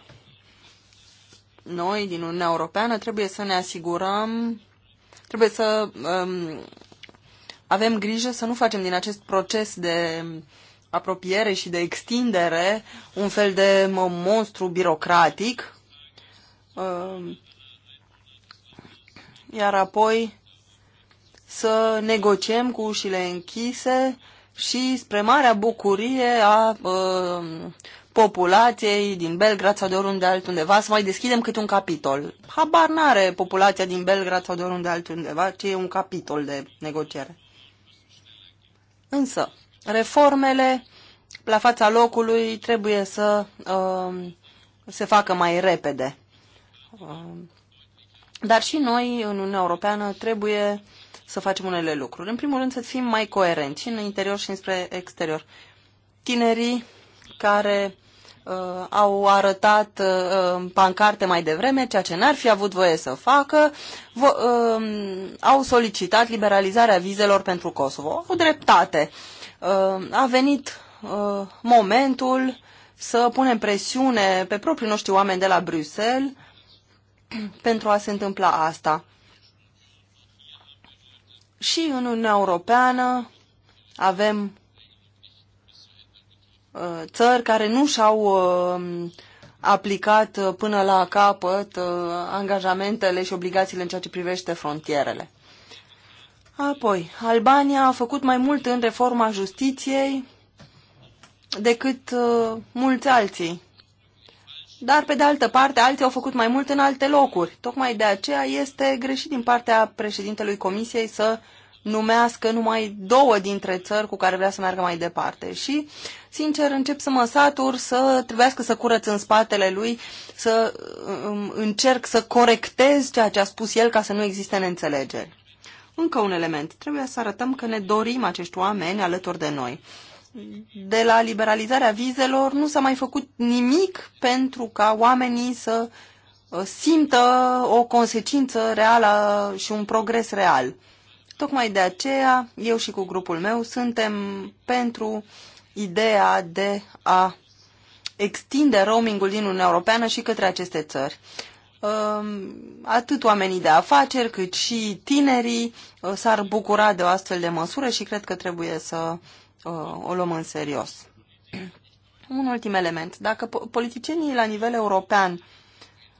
Noi, din Uniunea Europeană, trebuie să ne asigurăm, trebuie să um, avem grijă să nu facem din acest proces de apropiere și de extindere un fel de monstru birocratic, um, iar apoi să negociem cu ușile închise și spre marea bucurie a uh, populației din Belgrad sau de oriunde altundeva, să mai deschidem câte un capitol. Habar n-are populația din Belgrad sau de oriunde altundeva, ce e un capitol de negociere. Însă, reformele la fața locului trebuie să uh, se facă mai repede. Uh, dar și noi, în Uniunea Europeană, trebuie să facem unele lucruri. În primul rând, să fim mai coerenți în interior și înspre exterior. Tinerii care uh, au arătat uh, pancarte mai devreme, ceea ce n-ar fi avut voie să facă, vo- uh, au solicitat liberalizarea vizelor pentru Kosovo. Au dreptate. Uh, a venit uh, momentul să punem presiune pe proprii noștri oameni de la Bruxelles pentru a se întâmpla asta și în Uniunea Europeană avem uh, țări care nu și-au uh, aplicat uh, până la capăt angajamentele și obligațiile în ceea ce privește frontierele. Apoi, Albania a făcut mai mult în reforma justiției decât mulți alții dar pe de altă parte alții au făcut mai mult în alte locuri. Tocmai de aceea este greșit din partea președintelui Comisiei să numească numai două dintre țări cu care vrea să meargă mai departe. Și, sincer, încep să mă satur să trebuiască să curăț în spatele lui, să um, încerc să corectez ceea ce a spus el ca să nu existe neînțelegeri. Încă un element. Trebuie să arătăm că ne dorim acești oameni alături de noi de la liberalizarea vizelor nu s-a mai făcut nimic pentru ca oamenii să uh, simtă o consecință reală și un progres real. Tocmai de aceea, eu și cu grupul meu suntem pentru ideea de a extinde roamingul din Uniunea Europeană și către aceste țări. Um, atât oamenii de afaceri cât și tinerii uh, s-ar bucura de o astfel de măsură și cred că trebuie să Uh, o luăm în serios. Un ultim element. Dacă politicienii la nivel european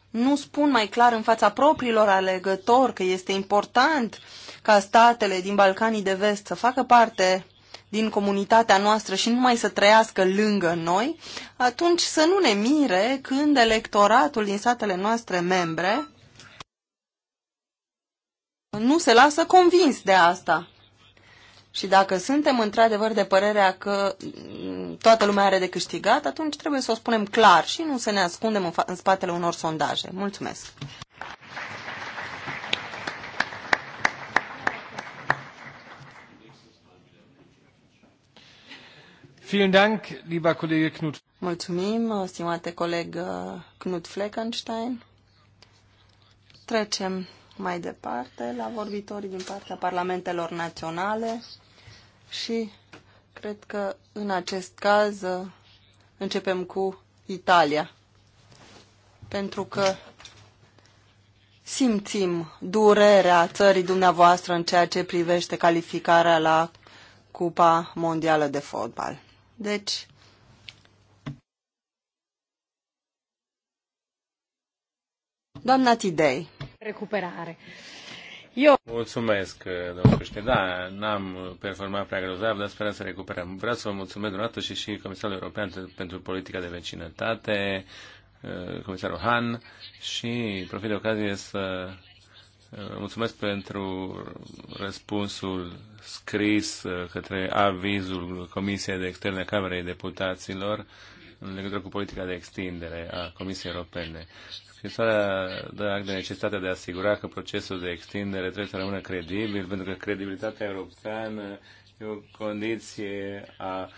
nu spun mai clar în fața propriilor alegători că este important ca statele din Balcanii de Vest să facă parte din comunitatea noastră și nu mai să trăiască lângă noi, atunci să nu ne mire când electoratul din statele noastre membre nu se lasă convins de asta. Și dacă suntem într-adevăr de părerea că toată lumea are de câștigat, atunci trebuie să o spunem clar și nu să ne ascundem în, în spatele unor sondaje. Mulțumesc! Mulțumim, stimate coleg uh, Knut Fleckenstein. Trecem mai departe la vorbitorii din partea parlamentelor naționale și cred că în acest caz începem cu Italia. Pentru că simțim durerea țării dumneavoastră în ceea ce privește calificarea la Cupa Mondială de Fotbal. Deci, doamna Tidei. Recuperare. Eu... Mulțumesc, domnul președinte. Da, n-am performat prea grozav, dar sperăm să recuperăm. Vreau să vă mulțumesc dumneavoastră, și și Comisarul European pentru Politica de Vecinătate, eh, Comisarul Han, și profit de ocazie să eh, mulțumesc pentru răspunsul scris eh, către avizul Comisiei de Externe a Camerei Deputaților în legătură cu politica de extindere a Comisiei Europene. Scrisoarea dă act de necesitatea de a asigura că procesul de extindere trebuie să rămână credibil, pentru că credibilitatea europeană e o condiție a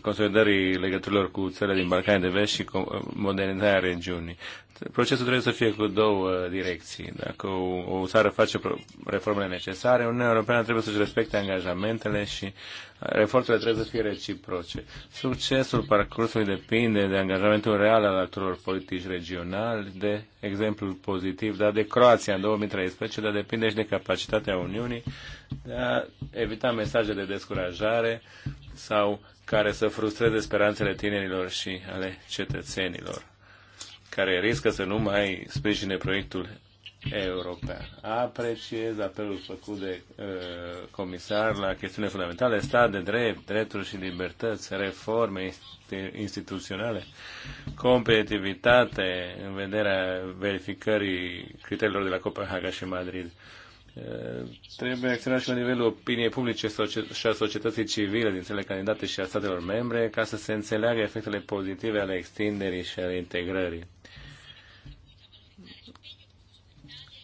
consolidării legăturilor cu țările din Balcani de Vest și modernizarea regiunii. Procesul trebuie să fie cu două direcții. Dacă o, o țară face reformele necesare, Uniunea Europeană trebuie să-și respecte angajamentele și eforturile trebuie să fie reciproce. Succesul parcursului depinde de angajamentul real al actorilor politici regionali, de exemplu pozitiv dar de Croația în 2013, dar depinde și de capacitatea Uniunii de a evita mesaje de descurajare sau care să frustreze speranțele tinerilor și ale cetățenilor, care riscă să nu mai sprijine proiectul european. Apreciez apelul făcut de uh, comisar la chestiune fundamentale, stat de drept, drepturi și libertăți, reforme instituționale, competitivitate în vederea verificării criteriilor de la Copenhaga și Madrid. Uh, trebuie acționat și la nivelul opiniei publice și a societății civile din cele candidate și a statelor membre ca să se înțeleagă efectele pozitive ale extinderii și ale integrării.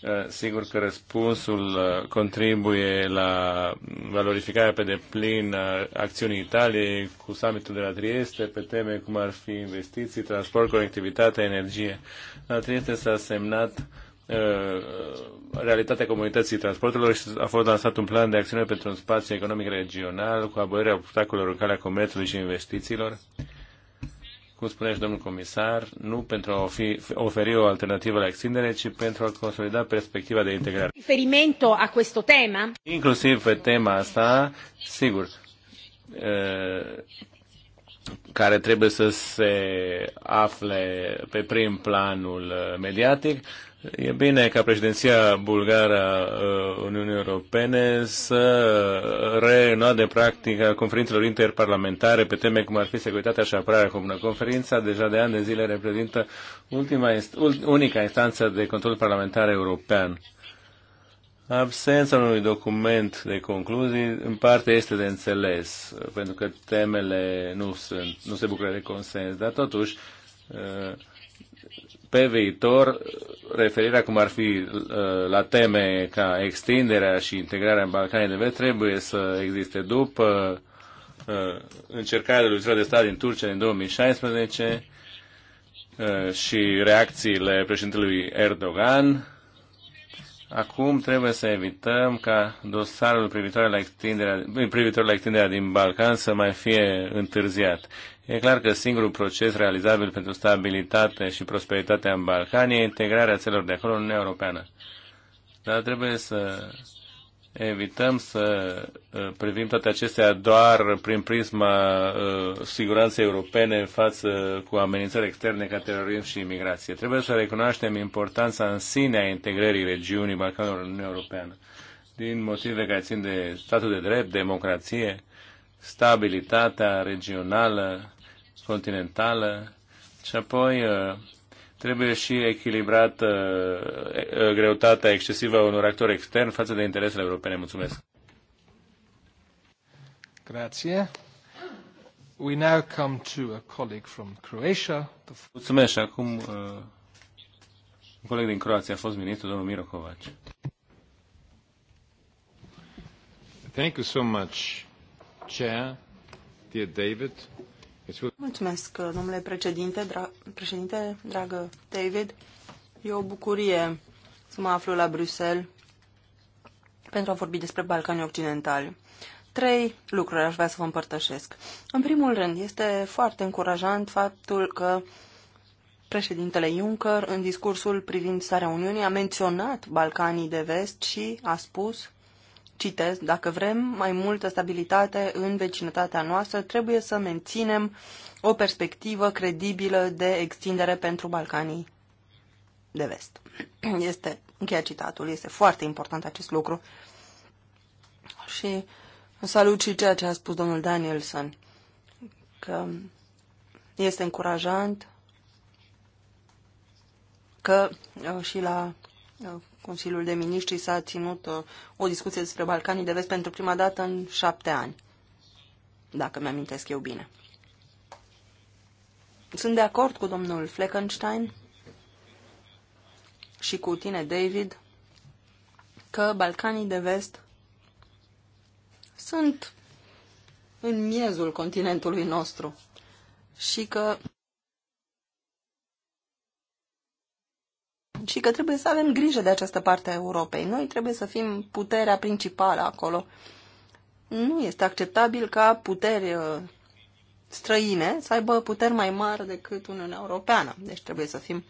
Uh, sigur că răspunsul uh, contribuie la valorificarea pe deplin a uh, acțiunii Italiei cu summitul de la Trieste pe teme cum ar fi investiții, transport, conectivitate, energie. La Trieste s-a semnat Uh, realitatea comunității transporturilor și a fost lansat un plan de acțiune pentru un spațiu economic regional cu abolirea obstacolelor în calea comerțului și investițiilor. Cum spunea și domnul comisar, nu pentru a oferi o alternativă la extindere, ci pentru a consolida perspectiva de integrare. Referimento a questo tema? Inclusiv pe tema asta, sigur, uh, care trebuie să se afle pe prim planul mediatic, E bine ca președinția bulgară a ă, Uniunii Europene să reînnoade practica conferințelor interparlamentare pe teme cum ar fi securitatea și apărarea comună. Conferința deja de ani de zile reprezintă ultima, unica instanță de control parlamentar european. Absența unui document de concluzii în parte este de înțeles, pentru că temele nu, sunt, nu se bucură de consens, dar totuși ă, pe viitor referirea cum ar fi uh, la teme ca extinderea și integrarea în Balcanii de Vest trebuie să existe după uh, încercarea de lucirea de stat din Turcia din 2016 uh, și reacțiile președintelui Erdogan. Acum trebuie să evităm ca dosarul privitor la extinderea, privitor la extinderea din Balcan să mai fie întârziat. E clar că singurul proces realizabil pentru stabilitate și prosperitatea în Balcani e integrarea țelor de acolo în Uniunea Europeană. Dar trebuie să evităm să uh, privim toate acestea doar prin prisma uh, siguranței europene în față cu amenințări externe ca terorism și imigrație. Trebuie să recunoaștem importanța în sine a integrării regiunii Balcanilor în Uniunea Europeană, din motive care țin de statul de drept, democrație, stabilitatea regională, continentală și apoi uh, trebuie și echilibrată uh, greutatea excesivă a unor actori externi față de interesele europene. Mulțumesc! Grazie. We now come to a colleague from Croatia. The... Mulțumesc. Acum uh, un coleg din Croația a fost ministru, domnul Miro Kovac. Thank you so much, Chair, dear David. Mulțumesc, domnule președinte, dra- președinte, dragă David. E o bucurie să mă aflu la Bruxelles pentru a vorbi despre Balcanii Occidentali. Trei lucruri aș vrea să vă împărtășesc. În primul rând, este foarte încurajant faptul că președintele Juncker, în discursul privind starea Uniunii, a menționat Balcanii de Vest și a spus Citez, dacă vrem mai multă stabilitate în vecinătatea noastră, trebuie să menținem o perspectivă credibilă de extindere pentru Balcanii de vest. Este, încheia citatul, este foarte important acest lucru. Și salut și ceea ce a spus domnul Danielson, că este încurajant că uh, și la uh, Consiliul de Ministri s-a ținut uh, o discuție despre Balcanii de Vest pentru prima dată în șapte ani, dacă mi-amintesc eu bine. Sunt de acord cu domnul Fleckenstein și cu tine, David, că Balcanii de Vest sunt în miezul continentului nostru și că și că trebuie să avem grijă de această parte a Europei. Noi trebuie să fim puterea principală acolo. Nu este acceptabil ca puteri uh, străine să aibă puteri mai mari decât Uniunea Europeană. Deci trebuie să fim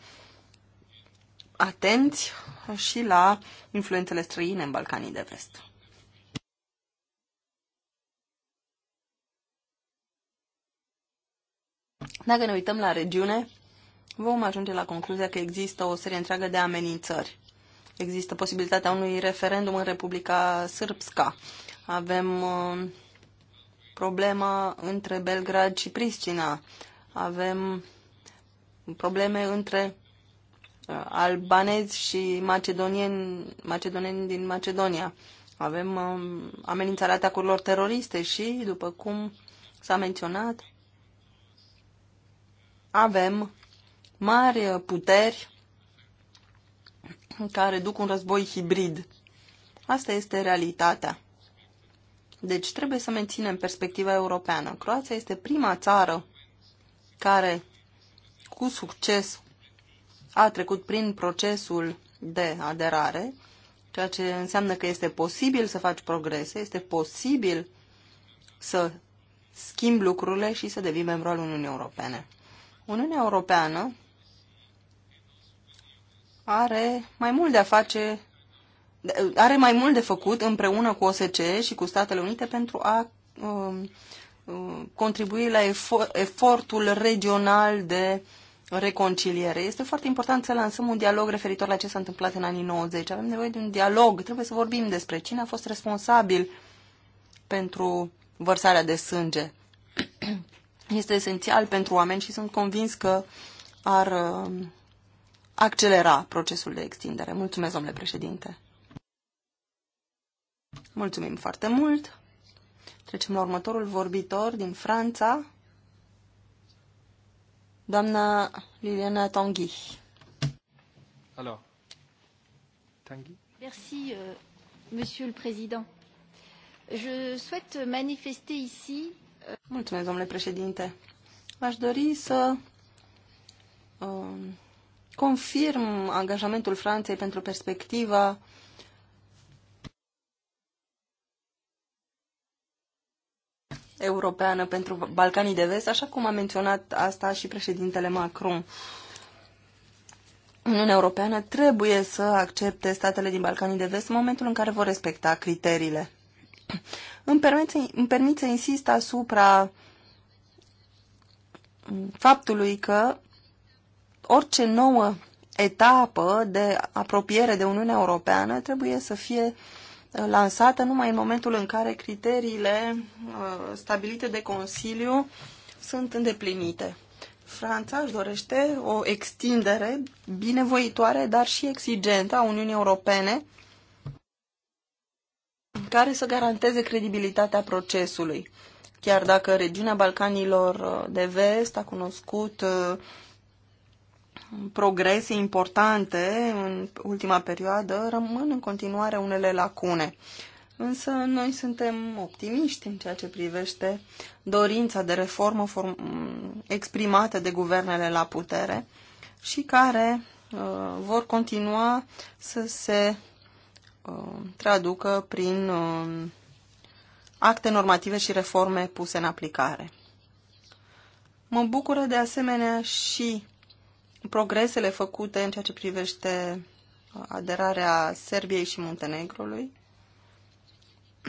atenți și la influențele străine în Balcanii de Vest. Dacă ne uităm la regiune, vom ajunge la concluzia că există o serie întreagă de amenințări. Există posibilitatea unui referendum în Republica Sârbska. Avem uh, problema între Belgrad și Pristina. Avem probleme între uh, albanezi și macedonieni, macedonieni din Macedonia. Avem um, amenințarea atacurilor teroriste și, după cum s-a menționat, avem mari puteri care duc un război hibrid. Asta este realitatea. Deci trebuie să menținem perspectiva europeană. Croația este prima țară care cu succes a trecut prin procesul de aderare, ceea ce înseamnă că este posibil să faci progrese, este posibil să schimbi lucrurile și să devii membru al Uniunii Europene. Uniunea Europeană are mai mult de a face are mai mult de făcut împreună cu OSCE și cu Statele Unite pentru a um, um contribui la efort, efortul regional de reconciliere. Este foarte important să lansăm un dialog referitor la ce s-a întâmplat în anii 90. Avem nevoie de un dialog. Trebuie să vorbim despre cine a fost responsabil pentru vărsarea de sânge. Este esențial pentru oameni și sunt convins că ar um, accelera procesul de extindere. Mulțumesc, domnule președinte. Mulțumim foarte mult. Trecem la următorul vorbitor din Franța, doamna Liliana Tanguy. Alo. Tanguy. Merci, uh, monsieur le président. Je souhaite manifester ici euh, Mulțumesc, domnule președinte. Aș dori să Uh, confirm angajamentul Franței pentru perspectiva europeană pentru Balcanii de Vest, așa cum a menționat asta și președintele Macron. Uniunea Europeană trebuie să accepte statele din Balcanii de Vest în momentul în care vor respecta criteriile. Îmi permit, să, îmi permit să insist asupra faptului că orice nouă etapă de apropiere de Uniunea Europeană trebuie să fie uh, lansată numai în momentul în care criteriile uh, stabilite de Consiliu sunt îndeplinite. Franța își dorește o extindere binevoitoare, dar și exigentă a Uniunii Europene, care să garanteze credibilitatea procesului. Chiar dacă regiunea Balcanilor uh, de Vest a cunoscut progrese importante în ultima perioadă, rămân în continuare unele lacune. Însă noi suntem optimiști în ceea ce privește dorința de reformă exprimată de guvernele la putere și care uh, vor continua să se uh, traducă prin uh, acte normative și reforme puse în aplicare. Mă bucură de asemenea și progresele făcute în ceea ce privește aderarea Serbiei și Muntenegrului,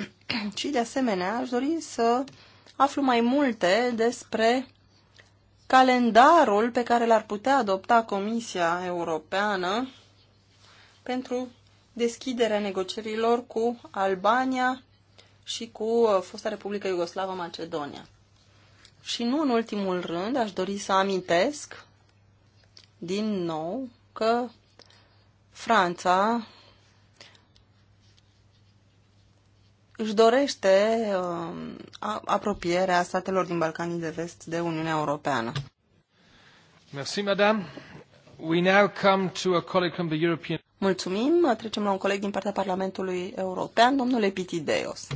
Și de asemenea aș dori să aflu mai multe despre calendarul pe care l-ar putea adopta Comisia Europeană pentru deschiderea negocierilor cu Albania și cu uh, fosta Republică Iugoslavă Macedonia. Și nu în ultimul rând, aș dori să amintesc din nou că Franța își dorește um, apropierea statelor din Balcanii de Vest de Uniunea Europeană. Merci, madame. We now come to a colleague from the European... Mulțumim. Trecem la un coleg din partea Parlamentului European, domnule Pitideos.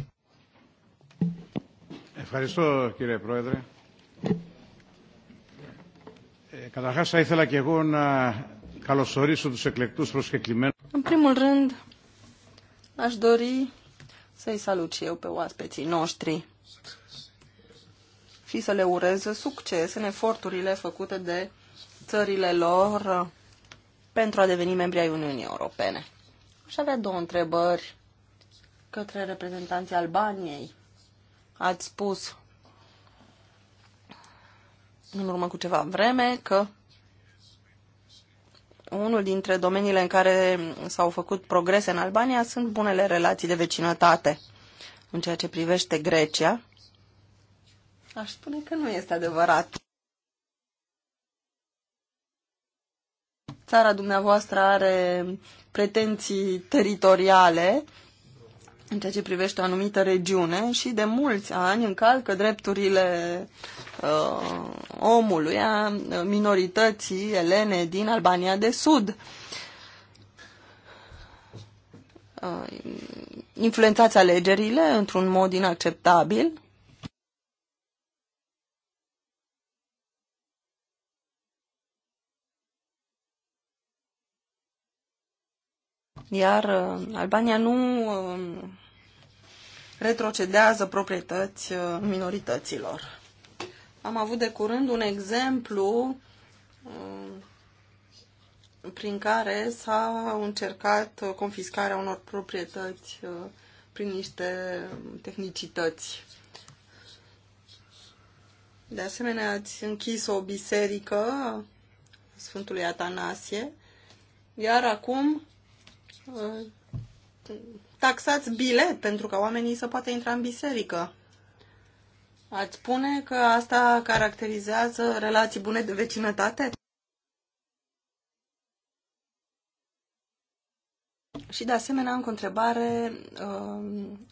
Ευχαριστώ, domnule președinte. Καταρχάς θα ήθελα και εγώ να καλωσορίσω τους εκλεκτούς προσκεκλημένους. În primul rând, aș dori să-i salut și eu pe oaspeții noștri și să le urez succes în eforturile făcute de țările lor pentru a deveni membri ai Uniunii Europene. Aș avea două întrebări către reprezentanții Albaniei. Ați spus în urmă cu ceva vreme că unul dintre domeniile în care s-au făcut progrese în Albania sunt bunele relații de vecinătate. În ceea ce privește Grecia, aș spune că nu este adevărat. Țara dumneavoastră are pretenții teritoriale în ceea ce privește o anumită regiune și de mulți ani încalcă drepturile uh, omului a minorității elene din Albania de Sud. Uh, influențați alegerile într-un mod inacceptabil iar uh, Albania nu um, retrocedează proprietăți uh, minorităților. Am avut de curând un exemplu um, prin care s-a încercat uh, confiscarea unor proprietăți prin niște tehnicități. De asemenea, ați închis o biserică Sfântului Atanasie, iar acum taxați bilet pentru ca oamenii să poată intra în biserică. Ați spune că asta caracterizează relații bune de vecinătate? Și de asemenea, încă o întrebare uh,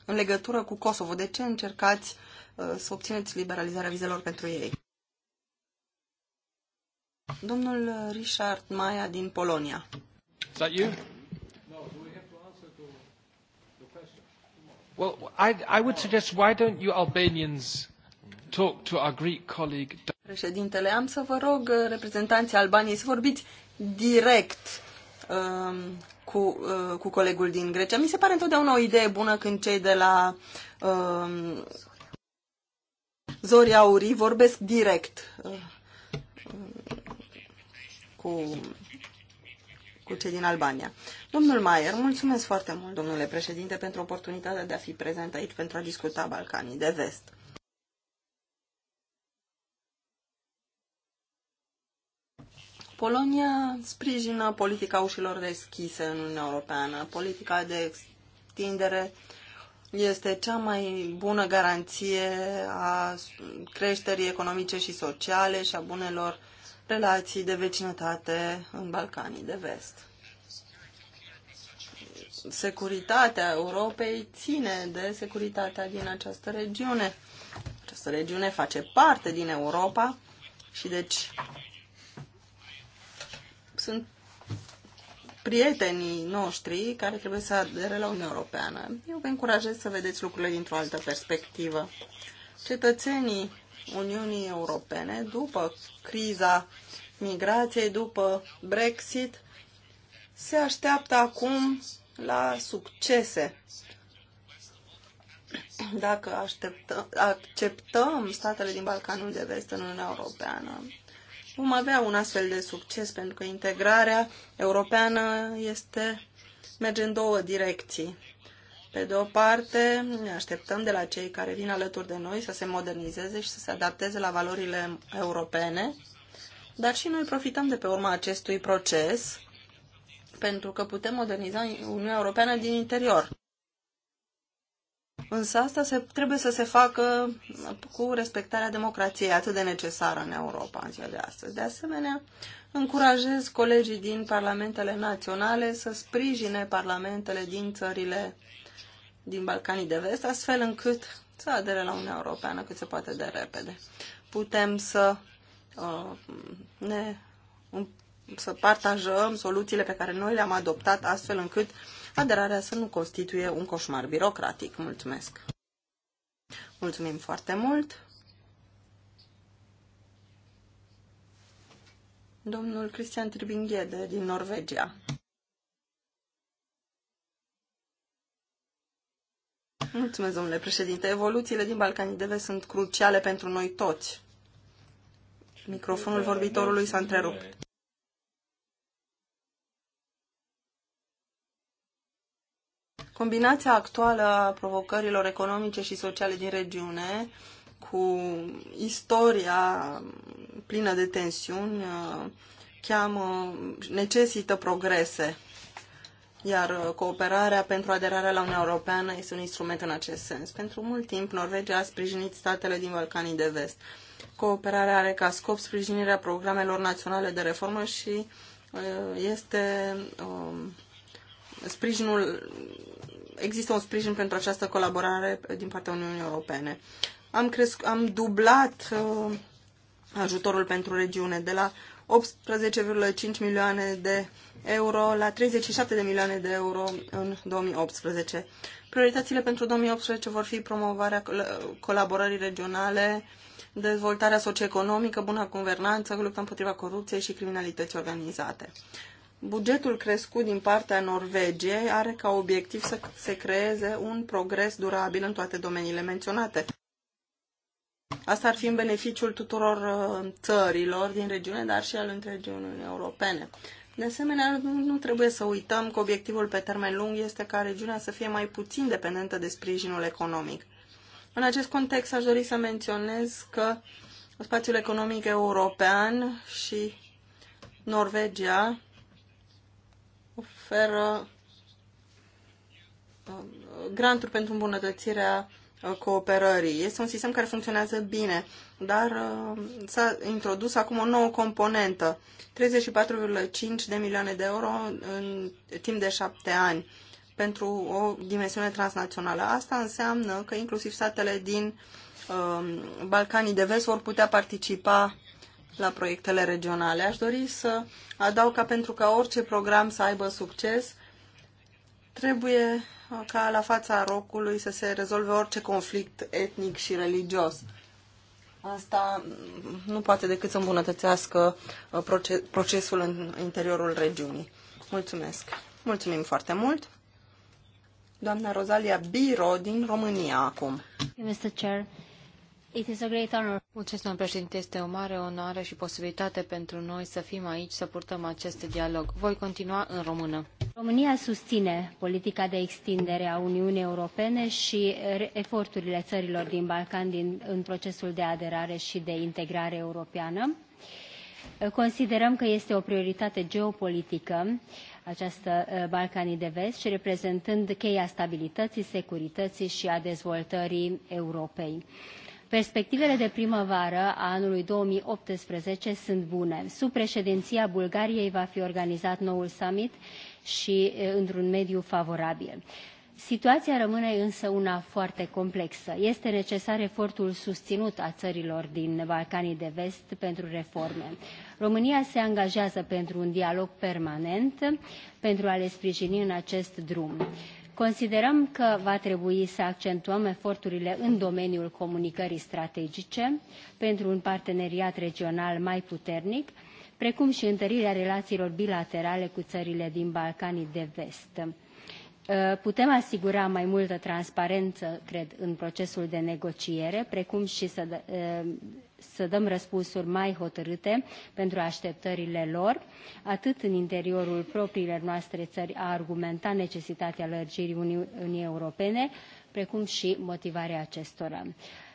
în legătură cu Kosovo. De ce încercați uh, să obțineți liberalizarea vizelor pentru ei? Domnul Richard Maia din Polonia. Is that you? Well, I, I would suggest why don't you Albanians talk to our Greek colleague. Președintele, am să vă rog, uh, reprezentanții Albaniei, să vorbiți direct um, cu, uh, cu colegul din Grecia. Mi se pare întotdeauna o idee bună când cei de la um, Zori Aurii vorbesc direct uh, cu cu cei din Albania. Domnul Maier, mulțumesc foarte mult, domnule președinte, pentru oportunitatea de a fi prezent aici pentru a discuta Balcanii de Vest. Polonia sprijină politica ușilor deschise în Uniunea Europeană. Politica de extindere este cea mai bună garanție a creșterii economice și sociale și a bunelor relații de vecinătate în Balcanii de Vest. Securitatea Europei ține de securitatea din această regiune. Această regiune face parte din Europa și deci sunt prietenii noștri care trebuie să adere la Uniunea Europeană. Eu vă încurajez să vedeți lucrurile dintr-o altă perspectivă. Cetățenii Uniunii Europene după criza migrației, după Brexit, se așteaptă acum la succese. Dacă așteptăm, acceptăm statele din Balcanul de Vest în Uniunea Europeană, vom avea un astfel de succes, pentru că integrarea europeană este, merge în două direcții. Pe de o parte, ne așteptăm de la cei care vin alături de noi să se modernizeze și să se adapteze la valorile europene, dar și noi profităm de pe urma acestui proces pentru că putem moderniza Uniunea Europeană din interior. Însă asta se, trebuie să se facă cu respectarea democrației atât de necesară în Europa în ziua de astăzi. De asemenea, încurajez colegii din parlamentele naționale să sprijine parlamentele din țările din Balcanii de Vest, astfel încât să adere la Uniunea Europeană cât se poate de repede. Putem să uh, ne să partajăm soluțiile pe care noi le-am adoptat astfel încât aderarea să nu constituie un coșmar birocratic. Mulțumesc! Mulțumim foarte mult! Domnul Cristian Tribinghede din Norvegia. Mulțumesc, domnule președinte. Evoluțiile din Balcanii de Vest sunt cruciale pentru noi toți. Microfonul vorbitorului s-a întrerupt. Combinația actuală a provocărilor economice și sociale din regiune cu istoria plină de tensiuni uh, cheamă, necesită progrese iar uh, cooperarea pentru aderarea la Uniunea Europeană este un instrument în acest sens. Pentru mult timp, Norvegia a sprijinit statele din Balcanii de Vest. Cooperarea are ca scop sprijinirea programelor naționale de reformă și uh, este um, sprijinul, există un sprijin pentru această colaborare din partea Uniunii Europene. Am, cresc, am dublat uh, ajutorul pentru regiune de la 18,5 milioane de euro la 37 de milioane de euro în 2018. Prioritățile pentru 2018 vor fi promovarea colaborării regionale, dezvoltarea socioeconomică, bună guvernanță, lupta împotriva corupției și criminalității organizate. Bugetul crescut din partea Norvegiei are ca obiectiv să se creeze un progres durabil în toate domeniile menționate Asta ar fi în beneficiul tuturor uh, țărilor din regiune, dar și al întregii Uniunii Europene. De asemenea, nu, nu trebuie să uităm că obiectivul pe termen lung este ca regiunea să fie mai puțin dependentă de sprijinul economic. În acest context, aș dori să menționez că spațiul economic european și Norvegia oferă uh, granturi pentru îmbunătățirea Uh, cooperării. Este un sistem care funcționează bine, dar uh, s-a introdus acum o nouă componentă, 34,5 de milioane de euro în timp de șapte ani pentru o dimensiune transnațională. Asta înseamnă că inclusiv statele din uh, Balcanii de Vest vor putea participa la proiectele regionale. Aș dori să adaug ca pentru ca orice program să aibă succes, trebuie ca la fața rocului să se rezolve orice conflict etnic și religios. Asta nu poate decât să îmbunătățească uh, procesul în interiorul regiunii. Mulțumesc! Mulțumim foarte mult! Doamna Rosalia Biro din România acum. Mr. Chair. It is a great honor. Mulțumesc, domnul președinte. Este o mare onoare și posibilitate pentru noi să fim aici, să purtăm acest dialog. Voi continua în română. România susține politica de extindere a Uniunii Europene și eforturile țărilor din Balcan din, în procesul de aderare și de integrare europeană. Considerăm că este o prioritate geopolitică această uh, Balcanii de Vest și reprezentând cheia stabilității, securității și a dezvoltării Europei. Perspectivele de primăvară a anului 2018 sunt bune. Sub președinția Bulgariei va fi organizat noul summit și într-un mediu favorabil. Situația rămâne însă una foarte complexă. Este necesar efortul susținut a țărilor din Balcanii de Vest pentru reforme. România se angajează pentru un dialog permanent pentru a le sprijini în acest drum. Considerăm că va trebui să accentuăm eforturile în domeniul comunicării strategice pentru un parteneriat regional mai puternic, precum și întărirea relațiilor bilaterale cu țările din Balcanii de Vest. Uh, putem asigura mai multă transparență, cred, în procesul de negociere, precum și să uh, să dăm răspunsuri mai hotărâte pentru așteptările lor, atât în interiorul propriilor noastre țări a argumenta necesitatea lărgirii Uniunii Europene, precum și motivarea acestora.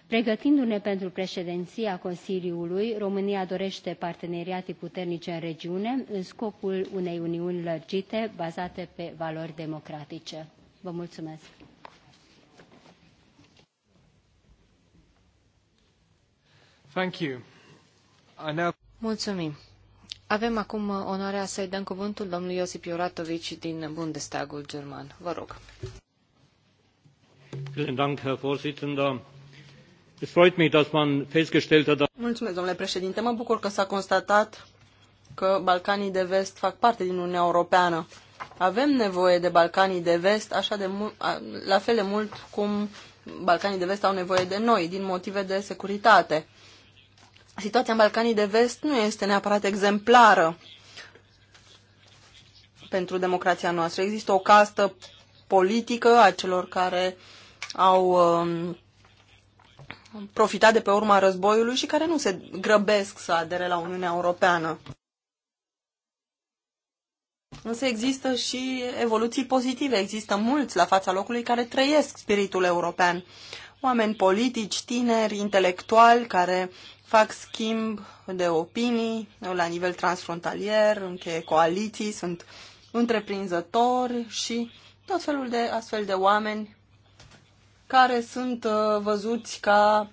Pregătindu-ne pentru președinția Consiliului, România dorește parteneriate puternice în regiune, în scopul unei uniuni lărgite, bazate pe valori democratice. Vă mulțumesc! Mulțumim. Avem acum onoarea să-i dăm cuvântul domnului Iosip Iuratovici din Bundestagul German. Vă rog. Mulțumesc, domnule președinte. Mă bucur că s-a constatat că Balcanii de Vest fac parte din Uniunea Europeană. Avem nevoie de Balcanii de Vest așa de la fel de mult cum Balcanii de Vest au nevoie de noi, din motive de securitate situația în Balcanii de Vest nu este neapărat exemplară pentru democrația noastră. Există o castă politică a celor care au um, profitat de pe urma războiului și care nu se grăbesc să adere la Uniunea Europeană. Însă există și evoluții pozitive. Există mulți la fața locului care trăiesc spiritul european. Oameni politici, tineri, intelectuali care fac schimb de opinii la nivel transfrontalier, încheie coaliții, sunt întreprinzători și tot felul de astfel de oameni care sunt uh, văzuți ca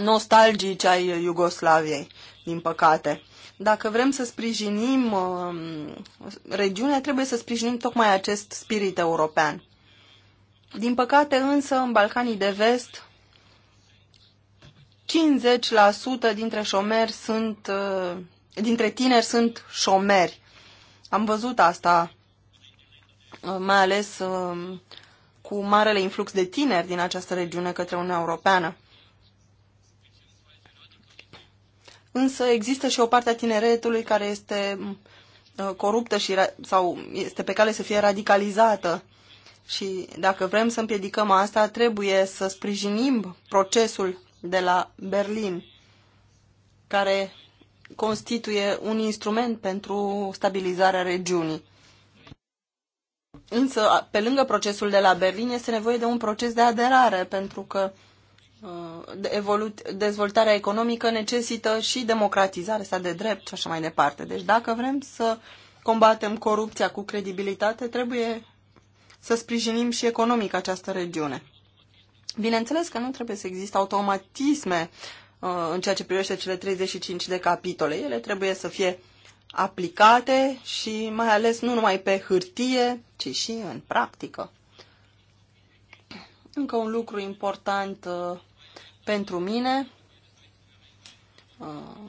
nostalgici ai Iugoslaviei, din păcate. Dacă vrem să sprijinim um, regiunea, trebuie să sprijinim tocmai acest spirit european. Din păcate, însă, în Balcanii de Vest, 50% dintre șomeri sunt, uh, dintre tineri sunt șomeri. Am văzut asta, uh, mai ales um, cu marele influx de tineri din această regiune către Uniunea Europeană. Însă există și o parte a tineretului care este uh, coruptă și, sau este pe cale să fie radicalizată. Și dacă vrem să împiedicăm asta, trebuie să sprijinim procesul de la Berlin, care constituie un instrument pentru stabilizarea regiunii. Însă, pe lângă procesul de la Berlin, este nevoie de un proces de aderare, pentru că uh, dezvoltarea economică necesită și democratizarea sa de drept și așa mai departe. Deci dacă vrem să combatem corupția cu credibilitate, trebuie să sprijinim și economic această regiune. Bineînțeles că nu trebuie să existe automatisme uh, în ceea ce privește cele 35 de capitole. Ele trebuie să fie aplicate și mai ales nu numai pe hârtie, ci și în practică. Încă un lucru important uh, pentru mine. Uh,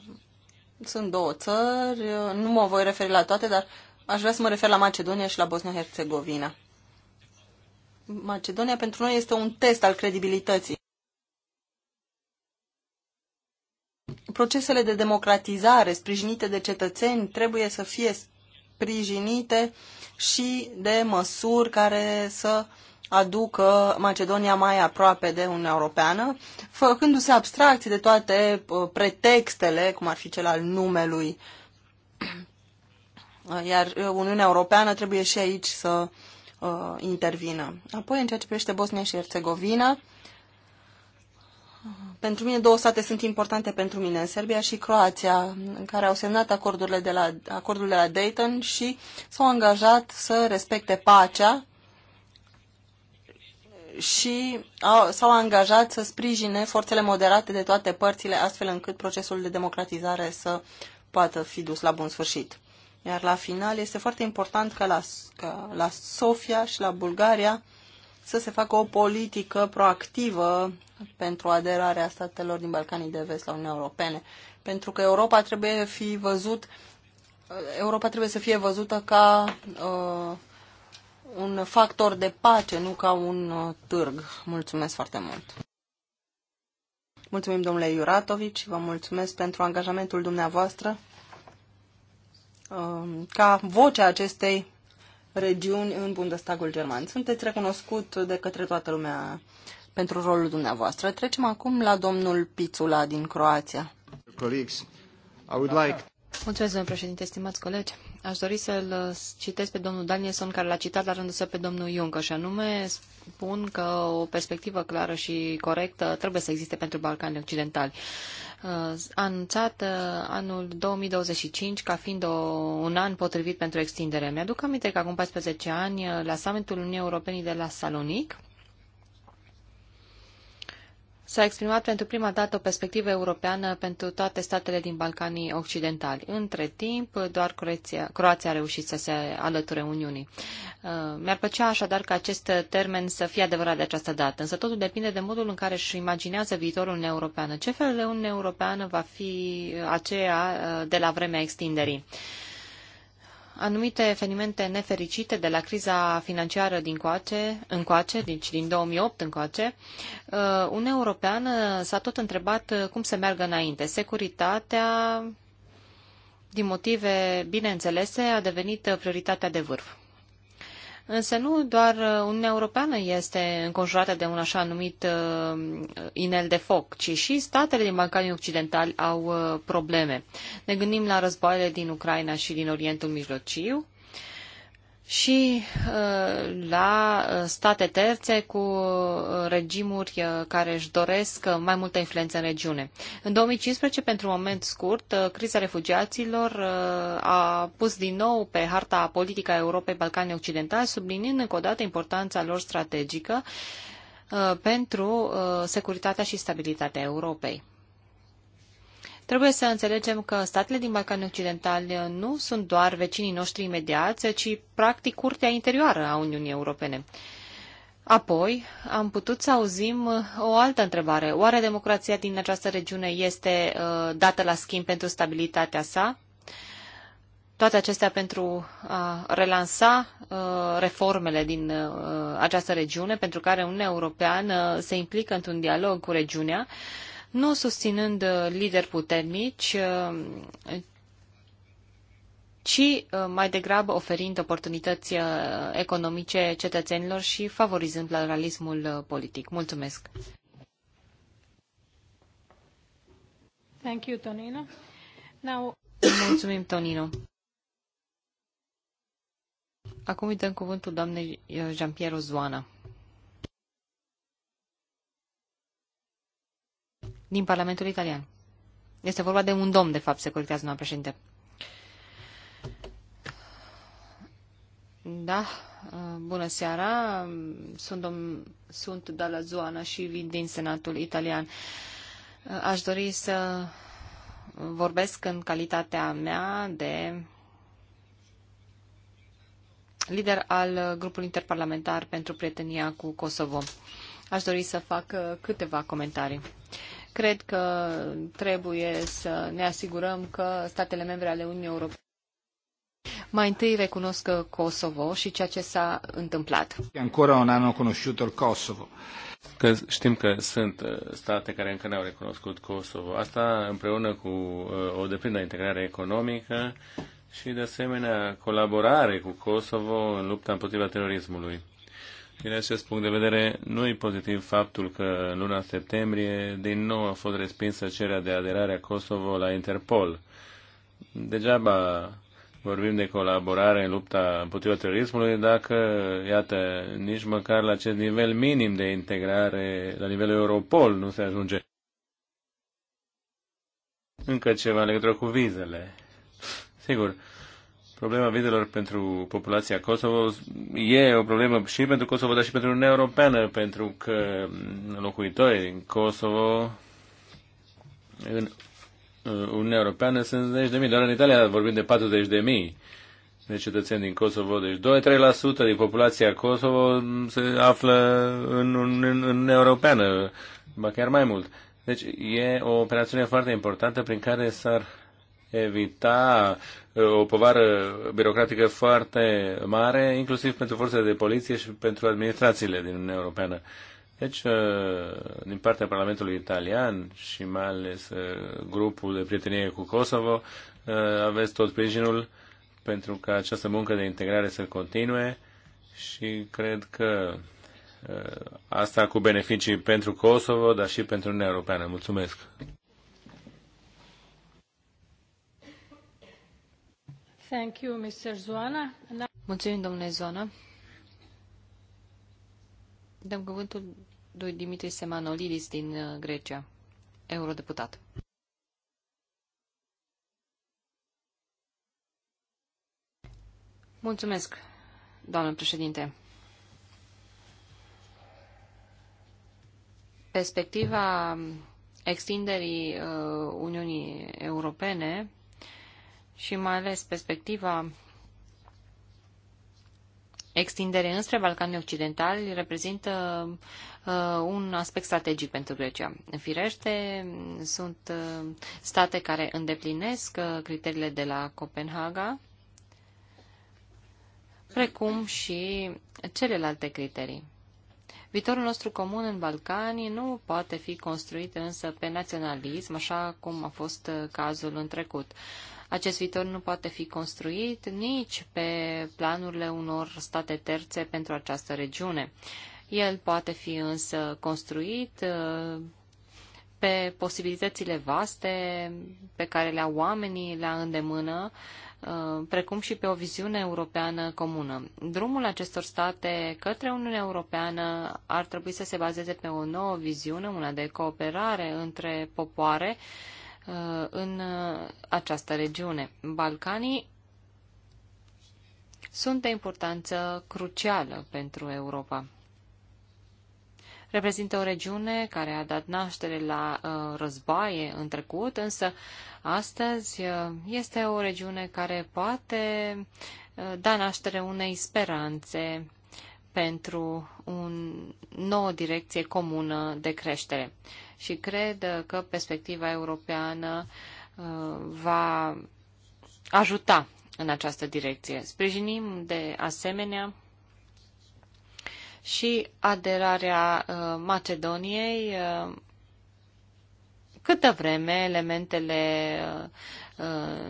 sunt două țări, nu mă voi referi la toate, dar aș vrea să mă refer la Macedonia și la Bosnia-Herzegovina. Macedonia pentru noi este un test al credibilității. Procesele de democratizare sprijinite de cetățeni trebuie să fie sprijinite și de măsuri care să aducă Macedonia mai aproape de Uniunea Europeană, făcându-se abstracții de toate uh, pretextele, cum ar fi cel al numelui. Iar uh, Uniunea Europeană trebuie și aici să uh, intervină. Apoi, în ceea ce privește Bosnia și Herțegovina, pentru mine două state sunt importante pentru mine, Serbia și Croația, în care au semnat acordurile de la, acordul de la Dayton și s-au angajat să respecte pacea și s-au angajat să sprijine forțele moderate de toate părțile, astfel încât procesul de democratizare să poată fi dus la bun sfârșit. Iar la final este foarte important ca la, ca la Sofia și la Bulgaria să se facă o politică proactivă pentru aderarea statelor din Balcanii de Vest la Uniunea Europene. Pentru că Europa trebuie fi văzut Europa trebuie să fie văzută ca uh, un factor de pace, nu ca un uh, târg. Mulțumesc foarte mult! Mulțumim, domnule Iuratovici, vă mulțumesc pentru angajamentul dumneavoastră. Um, ca vocea acestei regiuni în Bundestagul German. Sunteți recunoscut de către toată lumea pentru rolul dumneavoastră. Trecem acum la domnul Pițula din Croația. Colegi, I would like... Mulțumesc, domnule președinte, stimați colegi. Aș dori să-l citesc pe domnul Danielson, care l-a citat la rândul său pe domnul Juncker, și anume spun că o perspectivă clară și corectă trebuie să existe pentru Balcanii Occidentali. Uh, a anunțat uh, anul 2025 ca fiind o, un an potrivit pentru extindere. Mi-aduc aminte că acum 14 ani, uh, la summitul Uniunii Europene de la Salonic, s-a exprimat pentru prima dată o perspectivă europeană pentru toate statele din Balcanii Occidentali. Între timp, doar Croația, Croația a reușit să se alăture Uniunii. Uh, mi-ar plăcea așadar ca acest termen să fie adevărat de această dată, însă totul depinde de modul în care își imaginează viitorul Uniunea Europeană. Ce fel de Uniune Europeană va fi aceea uh, de la vremea extinderii? anumite evenimente nefericite de la criza financiară din coace, încoace, deci din 2008 încoace, uh, Uniunea Europeană s-a tot întrebat uh, cum se meargă înainte. Securitatea, din motive bineînțelese, a devenit uh, prioritatea de vârf. Însă nu doar uh, Uniunea Europeană este înconjurată de un așa numit uh, inel de foc, ci și statele din Balcanii Occidentali au uh, probleme. Ne gândim la războaiele din Ucraina și din Orientul Mijlociu, și uh, la uh, state terțe cu uh, regimuri care își doresc mai multă influență în regiune. În 2015, pentru un moment scurt, criza refugiaților a pus din nou pe harta politică a Europei Balcanii Occidentali, subliniind încă o dată importanța lor strategică pentru securitatea și stabilitatea Europei. Trebuie să înțelegem că statele din Balcani Occidentali nu sunt doar vecinii noștri imediați, ci practic curtea interioară a Uniunii Europene. Apoi, am putut să auzim uh, o altă întrebare. Oare democrația din această regiune este uh, dată la schimb pentru stabilitatea sa? Toate acestea pentru a relansa uh, reformele din uh, această regiune, pentru care Uniunea Europeană se implică într-un dialog cu regiunea. Uh, nu susținând uh, lideri puternici, uh, ci uh, mai degrabă oferind oportunități economice cetățenilor și favorizând pluralismul politic. Mulțumesc! Thank you, Tonino. Now... Mulțumim, Tonino. Acum îi dăm cuvântul doamnei Jean-Pierre Ozoana. din Parlamentul Italian. Este vorba de un domn, de fapt, se corectează doamna președinte. Da, bună seara. Sunt, dom- sunt Dalla Zoana și vin din Senatul Italian. Aș dori să vorbesc în calitatea mea de lider al grupului interparlamentar pentru prietenia cu Kosovo. Aș dori să fac câteva comentarii. Uh, Cred că trebuie să ne asigurăm că statele membre ale Uniunii Europene mai întâi recunosc Kosovo și ceea ce s-a întâmplat. Încă non hanno conosciuto il Kosovo. Că știm că sunt uh, state care încă n-au recunoscut Kosovo. Asta împreună cu uh, o deplină integrare economică și de asemenea colaborare cu Kosovo în lupta împotriva terorismului. Din acest punct de vedere, nu e pozitiv faptul că în luna septembrie din nou a fost respinsă cererea de aderare a Kosovo la Interpol. Degeaba vorbim de colaborare în lupta împotriva terorismului dacă, iată, nici măcar la acest nivel minim de integrare, la nivelul Europol, nu se ajunge. Încă ceva legătură cu vizele. Sigur, problema vizelor pentru populația Kosovo e o problemă și pentru Kosovo, dar și pentru Uniunea Europeană, pentru că locuitorii în Kosovo, în uh, Uniunea Europeană, sunt zeci de mii. Doar în Italia vorbim de 40 de mii de cetățeni din Kosovo. Deci 2-3% din populația Kosovo se află în Uniunea Europeană, ba chiar mai mult. Deci e o operațiune foarte importantă prin care s-ar uh, evita uh, o povară birocratică foarte mare, inclusiv pentru forțele de poliție și pentru administrațiile din Uniunea Europeană. Deci, uh, din partea Parlamentului Italian și mai ales uh, grupul de prietenie cu Kosovo, aveți tot sprijinul pentru ca această muncă de integrare să continue și cred că asta cu beneficii pentru Kosovo, dar și pentru Uniunea Europeană. Mulțumesc! Thank you, Mr. Zoana. Mulțumim, domnule Zoana. Dăm cuvântul lui Dimitri Semanolidis din uh, Grecia, eurodeputat. Mulțumesc, doamnă președinte. Perspectiva extinderii uh, Uniunii Europene și mai ales perspectiva extindere înspre Balcanii Occidentali reprezintă uh, un aspect strategic pentru Grecia. Firește, sunt uh, state care îndeplinesc uh, criteriile de la Copenhaga, precum și celelalte criterii. Viitorul nostru comun în Balcani nu poate fi construit însă pe naționalism, așa cum a fost uh, cazul în trecut. Uh, acest viitor nu poate fi construit nici pe planurile unor state terțe pentru această regiune. El poate fi însă construit uh, pe posibilitățile vaste pe care le au oamenii la îndemână, uh, precum și pe o viziune europeană comună. Drumul acestor state către Uniunea Europeană ar trebui să se bazeze pe o nouă viziune, una de cooperare între popoare, uh, Uh, în uh, această regiune. Balcanii sunt de importanță crucială pentru Europa. Reprezintă o regiune care a dat naștere la uh, războaie în trecut, însă astăzi este o regiune care poate da naștere unei speranțe pentru o nouă direcție comună de creștere. Uh, și cred că perspectiva europeană uh, va ajuta în această direcție. Sprijinim de asemenea și aderarea uh, Macedoniei uh, câtă vreme elementele uh,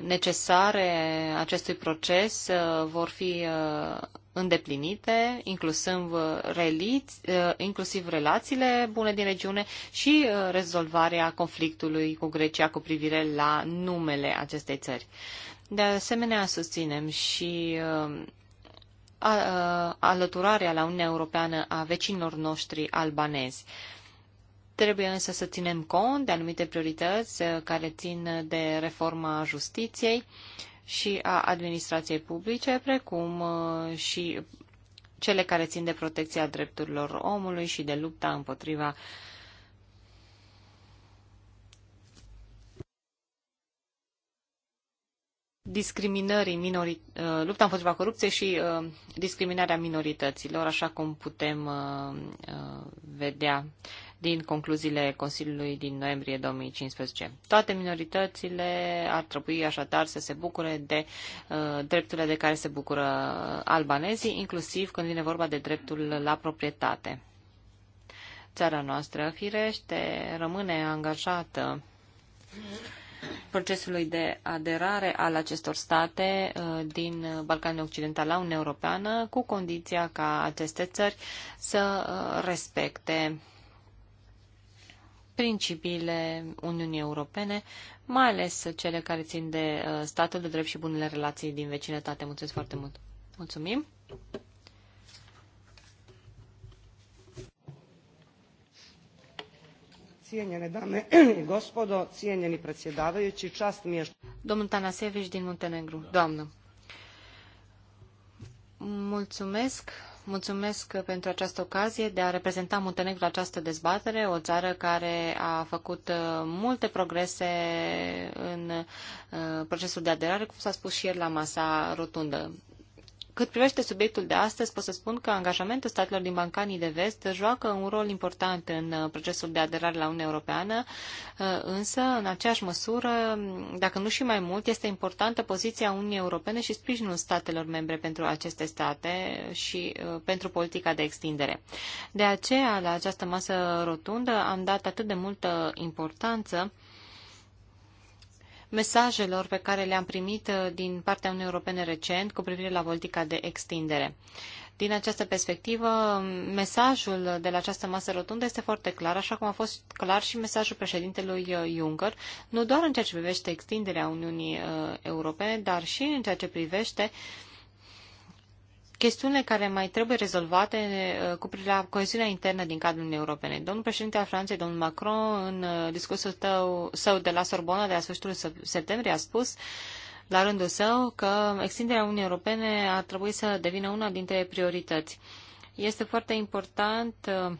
necesare acestui proces uh, vor fi uh, îndeplinite, inclusiv, reliți, inclusiv relațiile bune din regiune și rezolvarea conflictului cu Grecia cu privire la numele acestei țări. De asemenea, susținem și alăturarea la Uniunea Europeană a vecinilor noștri albanezi. Trebuie însă să ținem cont de anumite priorități uh, care țin de reforma justiției și a administrației publice, precum uh, și cele care țin de protecția drepturilor omului și de lupta împotriva discriminării minori, uh, lupta împotriva corupției și discriminarea minorităților, așa cum putem vedea din concluziile Consiliului din noiembrie 2015. Toate minoritățile ar trebui așadar să se bucure de uh, drepturile de care se bucură albanezii, inclusiv când vine vorba de dreptul la proprietate. Țara noastră, firește, rămâne angajată procesului de aderare al acestor state uh, din Balcanii Occidentali la Uniunea Europeană, cu condiția ca aceste țări să uh, respecte principiile Uniunii Europene, mai ales cele care țin de uh, statul de drept și bunele relații din vecinătate. Mulțumesc foarte mult! Mulțumim! Cijenjene dame i gospodo, cijenjeni predsjedavajući, čast mi je... Domnul Tanasević din Muntenegru. Doamnă, mulțumesc! Mulțumesc pentru această ocazie de a reprezenta Muntenegru la această dezbatere, o țară care a făcut uh, multe progrese în uh, procesul de aderare, cum s-a spus și ieri la masa rotundă. Cât privește subiectul de astăzi, pot să spun că angajamentul statelor din Balcanii de Vest joacă un rol important în uh, procesul de aderare la Uniunea Europeană, uh, însă, în aceeași măsură, dacă nu și mai mult, este importantă poziția Uniunii Europene și sprijinul statelor membre pentru aceste state și uh, pentru politica de extindere. De aceea, la această masă rotundă, am dat atât de multă importanță mesajelor pe care le-am primit uh, din partea Uniunii Europene recent cu privire la politica de extindere. Din această perspectivă, mesajul de la această masă rotundă este foarte clar, așa cum a fost clar și mesajul președintelui uh, Juncker, nu doar în ceea ce privește extinderea Uniunii uh, Europene, dar și în ceea ce privește uh, chestiune care mai trebuie rezolvate eh, cu privire la coeziunea internă din cadrul Uniunii Europene. Domnul președinte al Franței, domnul Macron, în eh, discursul tău, său de la Sorbona de la sfârșitul septembrie a spus la rândul său că extinderea Uniunii Europene ar trebui să devină una dintre priorități. Este foarte important eh,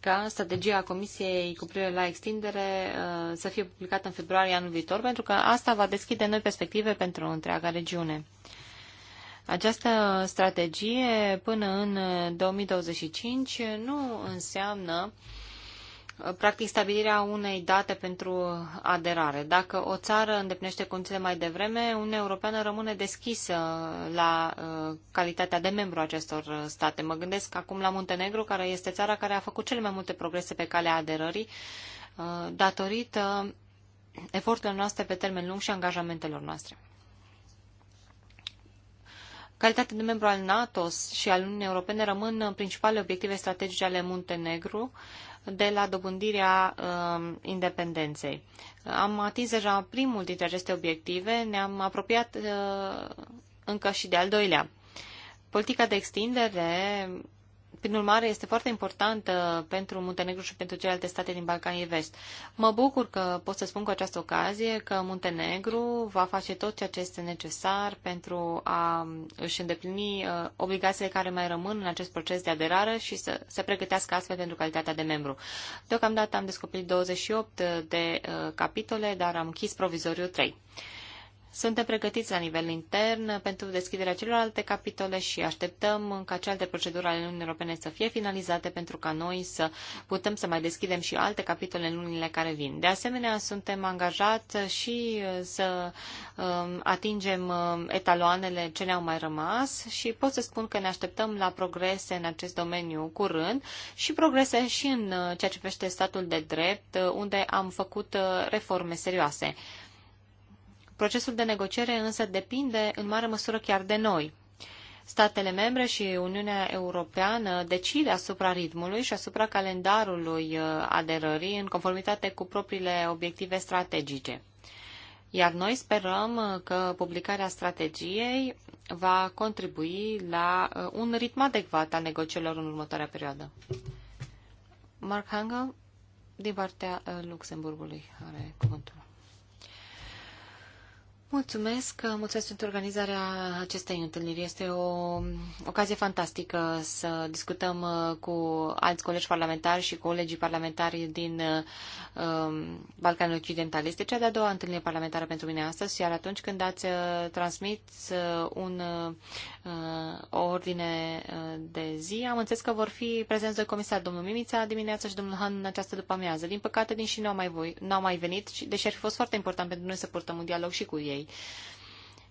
ca strategia Comisiei cu privire la extindere să fie publicată în februarie anul viitor, pentru că asta va deschide noi perspective pentru întreaga regiune. Această strategie până în 2025 nu înseamnă practic stabilirea unei date pentru aderare. Dacă o țară îndeplinește condițiile mai devreme, Uniunea Europeană rămâne deschisă la uh, calitatea de membru acestor state. Mă gândesc acum la Muntenegru, care este țara care a făcut cele mai multe progrese pe calea aderării, uh, datorită eforturilor noastre pe termen lung și angajamentelor noastre calitate de membru al NATO și al Uniunii Europene rămân principalele obiective strategice ale Muntenegru de la dobândirea uh, independenței. Am atins deja primul dintre aceste obiective, ne-am apropiat uh, încă și de al doilea. Politica de extindere prin urmare, este foarte importantă pentru Muntenegru și pentru celelalte state din Balcanii Vest. Mă bucur că pot să spun cu această ocazie că Muntenegru va face tot ceea ce este necesar pentru a își îndeplini uh, obligațiile care mai rămân în acest proces de aderare și să se pregătească astfel pentru calitatea de membru. Deocamdată am descoperit 28 de uh, capitole, dar am închis provizoriu 3. Suntem pregătiți la nivel intern pentru deschiderea celorlalte capitole și așteptăm ca celelalte proceduri ale Uniunii Europene să fie finalizate pentru ca noi să putem să mai deschidem și alte capitole în lunile care vin. De asemenea, suntem angajați și uh, să um, atingem um, etaloanele ce ne-au mai rămas și pot să spun că ne așteptăm la progrese în acest domeniu curând și progrese și în uh, ceea ce privește statul de drept, uh, unde am făcut reforme serioase. Procesul de negociere însă depinde în mare măsură chiar de noi. Statele membre și Uniunea Europeană decide asupra ritmului și asupra calendarului uh, aderării în conformitate cu propriile obiective strategice. Iar noi sperăm uh, că publicarea strategiei va contribui la uh, un ritm adecvat al negocierilor în următoarea perioadă. Mark Hangel, din partea Luxemburgului, are cuvântul. Mulțumesc, mulțumesc pentru organizarea acestei întâlniri. Este o ocazie fantastică să discutăm uh, cu alți colegi parlamentari și colegii parlamentari din uh, um, Balcanul Occidental. Este cea de-a doua întâlnire parlamentară pentru mine astăzi, iar atunci când ați uh, transmit un, o ordine de zi, am înțeles că vor fi prezenți doi comisari, domnul Mimița dimineața și domnul Han în această după amiază. Din păcate, din și nu au mai, voi, n-au mai venit, deși ar fi fost foarte important pentru noi să purtăm un dialog și cu ei ei.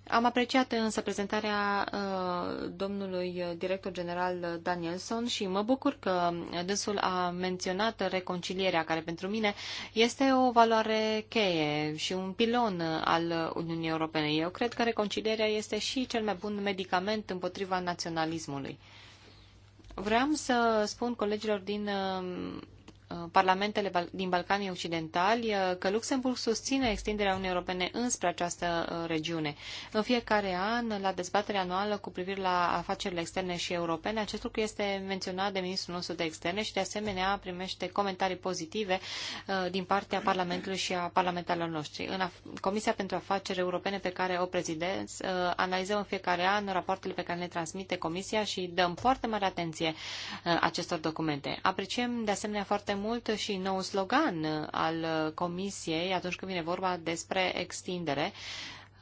Am apreciat însă prezentarea uh, domnului director general Danielson și mă bucur că dânsul a menționat reconcilierea, care pentru mine este o valoare cheie și un pilon al Uniunii Europene. Eu cred că reconcilierea este și cel mai bun medicament împotriva naționalismului. Vreau să spun colegilor din uh, parlamentele din Balcanii Occidentali uh, că Luxemburg susține extinderea Uniunii Europene înspre această uh, regiune. În fiecare an, la dezbaterea anuală cu privire la afacerile externe și europene, acest lucru este menționat de ministrul nostru de externe și de asemenea primește comentarii pozitive uh, din partea Parlamentului și a parlamentarilor noștri. În Comisia pentru Afaceri Europene pe care o prezidez, analizăm în fiecare an rapoartele pe care le transmite Comisia și dăm foarte mare atenție acestor documente. Apreciem de asemenea foarte mult mult și nou slogan al Comisiei atunci când vine vorba despre extindere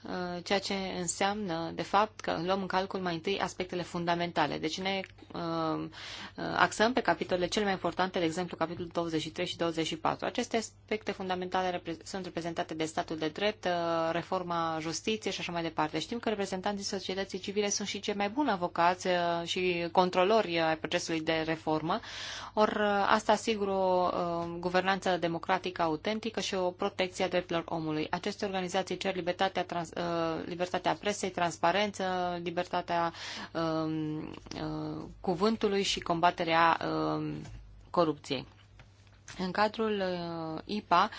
Uh, ceea ce înseamnă, de fapt, că luăm în calcul mai întâi aspectele fundamentale. Deci ne uh, uh, axăm pe capitolele cele mai importante, de exemplu, capitolul 23 și 24. Aceste aspecte fundamentale sunt reprezentate de statul de drept, reforma justiției și așa mai departe. Știm că reprezentanții societății civile sunt și cei mai buni avocați și controlori ai procesului de reformă. Or, asta asigură o guvernanță democratică autentică și o protecție a drepturilor omului. Aceste organizații cer libertatea trans Uh, libertatea presei, transparență, libertatea um, uh, cuvântului și combaterea um, corupției. În cadrul uh, IPA,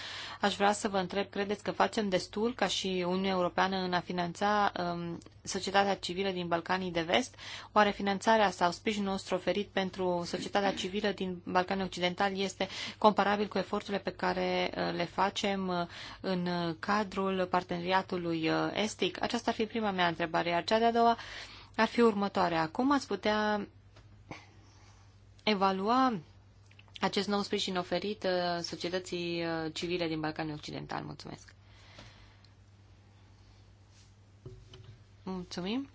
aș vrea să vă întreb, credeți că facem destul ca și Uniunea Europeană în a finanța um, societatea civilă din Balcanii de Vest? Oare finanțarea sau sprijinul nostru oferit pentru societatea civilă din Balcanii Occidentali este comparabil cu eforturile pe care uh, le facem uh, în cadrul parteneriatului estic? Aceasta ar fi prima mea întrebare, iar cea de-a doua ar fi următoarea. Cum ați putea evalua acest nou sprijin oferit uh, societății uh, civile din Balcanii Occidental. Mulțumesc! Mulțumim!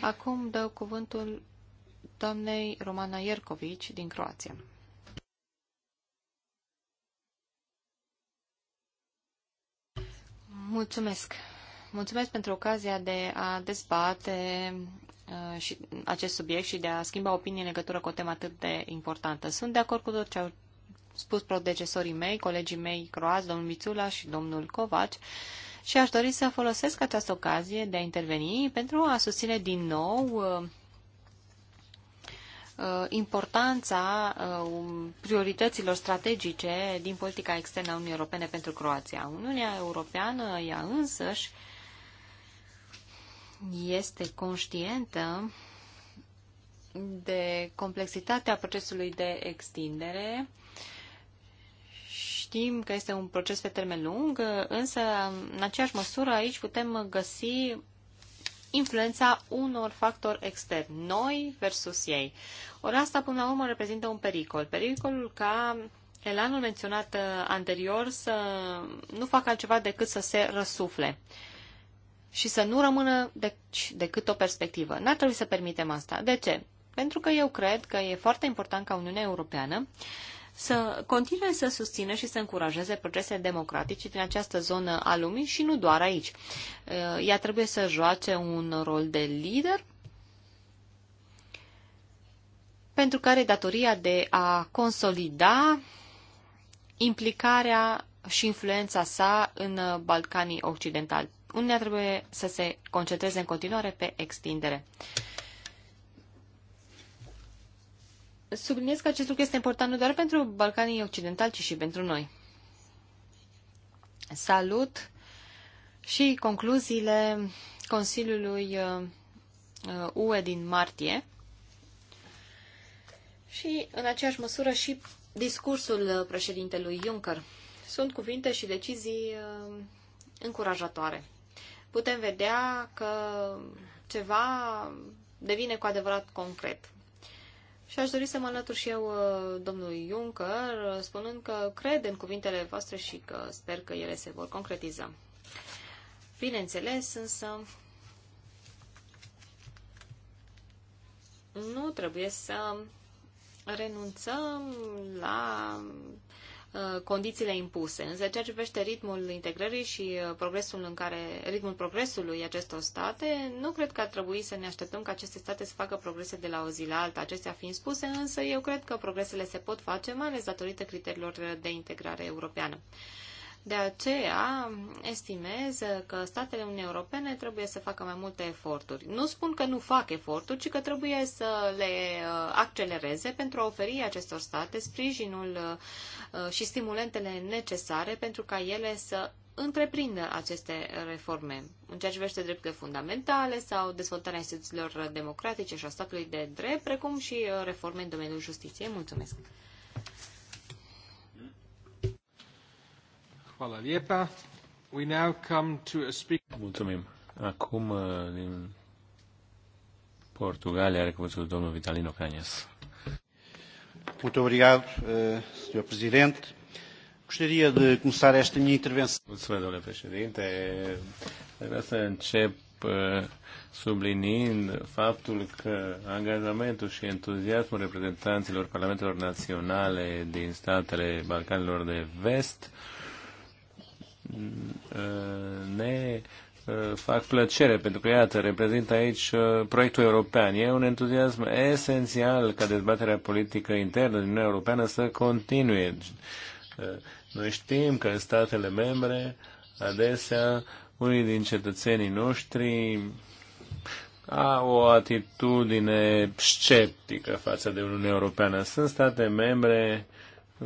Acum dau cuvântul doamnei Romana Iercovici din Croația. Mulțumesc! Mulțumesc pentru ocazia de a dezbate Uh, și acest subiect și de a schimba opinie în legătură cu o temă atât de importantă. Sunt de acord cu tot ce au spus predecesorii mei, colegii mei croați, domnul Mițula și domnul Covaci, și aș dori să folosesc această ocazie de a interveni pentru a susține din nou uh, uh, importanța um, priorităților strategice din politica externă a Uniunii Europene pentru Croația. Uniunea Europeană ea însăși este conștientă de complexitatea procesului de extindere. Știm că este un proces pe termen lung, însă, în aceeași măsură, aici putem găsi influența unor factori externi, noi versus ei. Ori asta, până la urmă, reprezintă un pericol. Pericolul ca elanul menționat anterior să nu facă altceva decât să se răsufle și să nu rămână deci, decât o perspectivă. N-ar trebui să permitem asta. De ce? Pentru că eu cred că e foarte important ca Uniunea Europeană să continue să susțină și să încurajeze procese democratice din această zonă a lumii și nu doar aici. Uh, ea trebuie să joace un rol de lider pentru care datoria de a consolida implicarea și influența sa în Balcanii Occidentali. Uniunea trebuie să se concentreze în continuare pe extindere. Subliniez că acest lucru este important nu doar pentru Balcanii Occidentali, ci și pentru noi. Salut și concluziile Consiliului UE uh, uh, din martie și, în aceeași măsură, și discursul uh, președintelui Juncker. Sunt cuvinte și decizii încurajatoare putem vedea că ceva devine cu adevărat concret. Și aș dori să mă alătur și eu uh, domnului Juncker, spunând că cred în cuvintele voastre și că sper că ele se vor concretiza. Bineînțeles, însă, nu trebuie să renunțăm la Uh, condițiile impuse. Însă ceea ce privește ritmul integrării și uh, progresul în care, ritmul progresului acestor state, nu cred că ar trebui să ne așteptăm ca aceste state să facă progrese de la o zi la alta. Acestea fiind spuse, însă eu cred că progresele se pot face, mai ales datorită criteriilor de integrare europeană. De aceea, estimez că statele Uniunii Europene trebuie să facă mai multe eforturi. Nu spun că nu fac eforturi, ci că trebuie să le uh, accelereze pentru a oferi acestor state sprijinul uh, și stimulentele necesare pentru ca ele să întreprindă aceste reforme în ceea ce privește drepturile fundamentale sau dezvoltarea instituțiilor democratice și a statului de drept, precum și uh, reforme în domeniul justiției. Mulțumesc! Hvala lijepa. We now come to a speaker. Mulțumim. Acum uh, din Portugalia are domnul Vitalino Cañas. Muito obrigado, uh, Sr. Presidente. Gostaria de começar esta minha intervenção. Mulțumesc, domnule președinte. Vreau să încep uh, sublinind faptul că angajamentul și entuziasmul reprezentanților parlamentelor naționale din statele Balcanilor de Vest Mm, ne uh, fac plăcere, pentru că, iată, reprezintă aici uh, proiectul european. E un entuziasm esențial ca dezbaterea politică internă din Uniunea Europeană să continue. Uh, noi știm că în statele membre, adesea, unii din cetățenii noștri au o atitudine sceptică față de Uniunea Europeană. Sunt state membre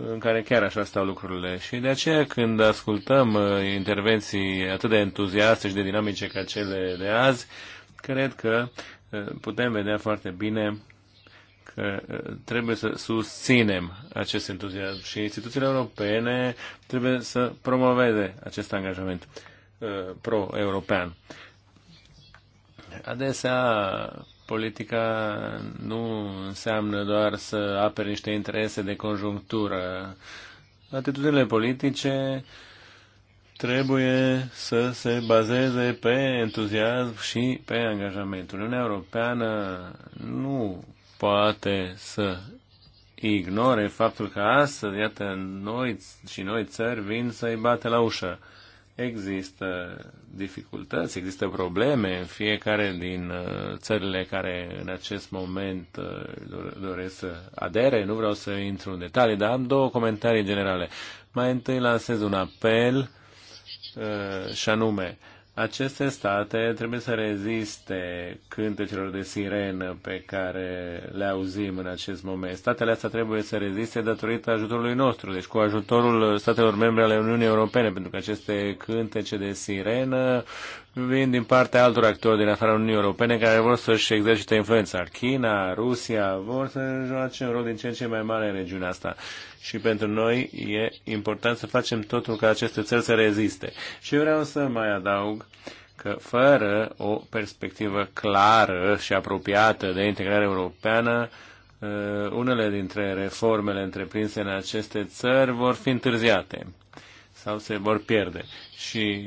în care chiar așa stau lucrurile. Și de aceea când ascultăm uh, intervenții atât de entuziaste și de dinamice ca cele de azi, cred că uh, putem vedea foarte bine că uh, trebuie să susținem acest entuziasm și instituțiile europene trebuie să promoveze acest angajament pro-european. Adesea politica nu înseamnă doar să apere niște interese de conjunctură. Atitudinile politice trebuie să se bazeze pe entuziasm și pe angajament. Uniunea Europeană nu poate să ignore faptul că astăzi, iată, noi și noi țări vin să-i bate la ușă. Există dificultăți, există probleme în fiecare din uh, țările care în acest moment uh, doresc să adere. Nu vreau să intru în detalii, dar am două comentarii generale. Mai întâi lansez un apel uh, și anume, aceste state trebuie să reziste cântecelor de sirenă pe care le auzim în acest moment. Statele astea trebuie să reziste datorită ajutorului nostru, deci cu ajutorul statelor membre ale Uniunii Europene, pentru că aceste cântece de sirenă vin din partea altor actori din afara Uniunii Europene care vor să-și exercite influența. China, Rusia vor să joace un rol din ce în ce mai mare în regiunea asta. Și pentru noi e important să facem totul ca aceste țări să reziste. Și eu vreau să mai adaug că fără o perspectivă clară și apropiată de integrare europeană, uh, unele dintre reformele întreprinse în aceste țări vor fi întârziate sau se vor pierde. Și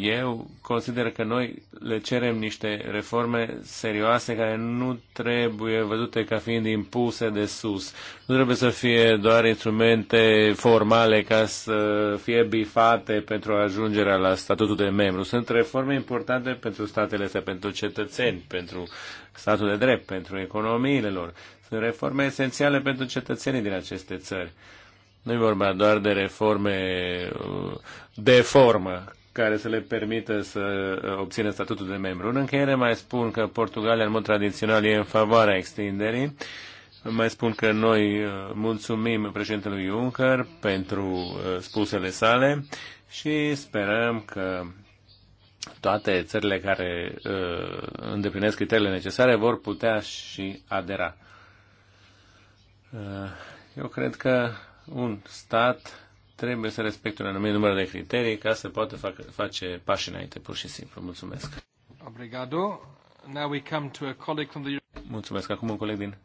eu consider că noi le cerem niște reforme serioase care nu trebuie văzute ca fiind impuse de sus. Nu trebuie să fie doar instrumente formale ca să fie bifate pentru ajungerea la statutul de membru. Sunt reforme importante pentru statele astea, pentru cetățeni, pentru statul de drept, pentru economiile lor. Sunt reforme esențiale pentru cetățenii din aceste țări. Nu e vorba doar de reforme de formă care să le permită să uh, obțină statutul de membru. În încheiere mai spun că Portugalia, în mod tradițional, e în favoarea extinderii. Mai spun că noi uh, mulțumim președintelui Juncker pentru uh, spusele sale și sperăm că toate țările care îndeplinesc criteriile necesare vor putea și adera. Eu cred că un stat trebuie să respecte un anumit număr de criterii ca să poată fac, face pași înainte, pur și simplu. Mulțumesc. Obrigado. Now we come to a colleague from the... Mulțumesc. Acum un coleg din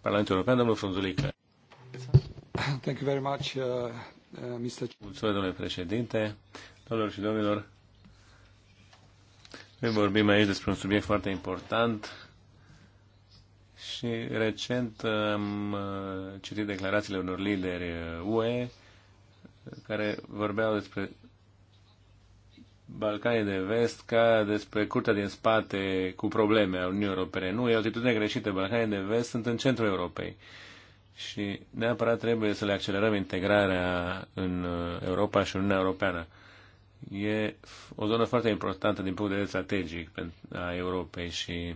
Parlamentul European, domnul Frunzulică. Thank you very much, uh, uh, Mr. Mulțumesc, domnule președinte. Domnilor și domnilor, noi vorbim aici despre un subiect foarte important și recent am uh, citit declarațiile unor lideri UE uh, care vorbeau despre Balcanii de Vest ca despre curtea din spate cu probleme a Uniunii Europene. Nu, e o atitudine greșită. Balcanii de Vest sunt în centrul Europei și neapărat trebuie să le accelerăm integrarea în uh, Europa și în Uniunea Europeană. E o zonă foarte importantă din punct de vedere strategic a Europei și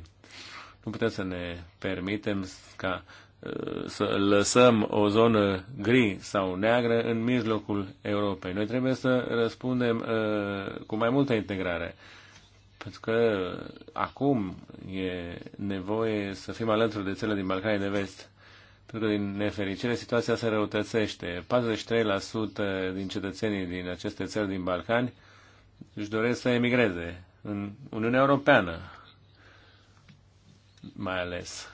nu putem să ne permitem ca uh, să lăsăm o zonă gri sau neagră în mijlocul Europei. Noi trebuie să răspundem uh, cu mai multă integrare. Pentru că uh, acum e nevoie să fim alături de țările din Balcanii de Vest. Pentru că, din nefericire, situația se răutățește. 43% din cetățenii din aceste țări din Balcani își doresc să emigreze în Uniunea Europeană mai ales.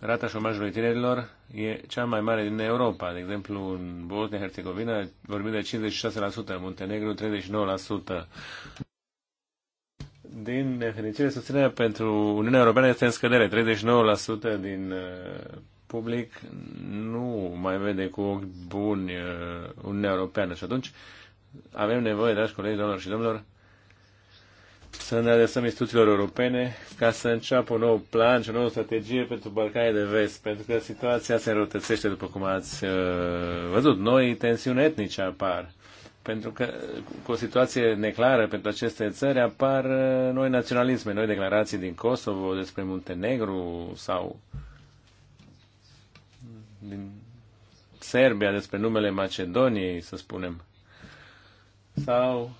Rata șomajului tinerilor e cea mai mare din Europa. De exemplu, în Bosnia-Herzegovina vorbim de 56%, în Muntenegru 39%. Din nefericire, susținerea pentru Uniunea Europeană este în scădere. 39% din uh, public nu mai vede cu ochi buni uh, Uniunea Europeană. Și atunci avem nevoie, dragi colegi, doamnelor și domnilor, să ne adresăm instituțiilor europene ca să înceapă un nou plan și o nouă strategie pentru Balcanii de Vest, pentru că situația se înrăutățește, după cum ați uh, văzut. Noi tensiuni etnice apar, pentru că cu o situație neclară pentru aceste țări apar uh, noi naționalisme, noi declarații din Kosovo despre Muntenegru sau din Serbia despre numele Macedoniei, să spunem, sau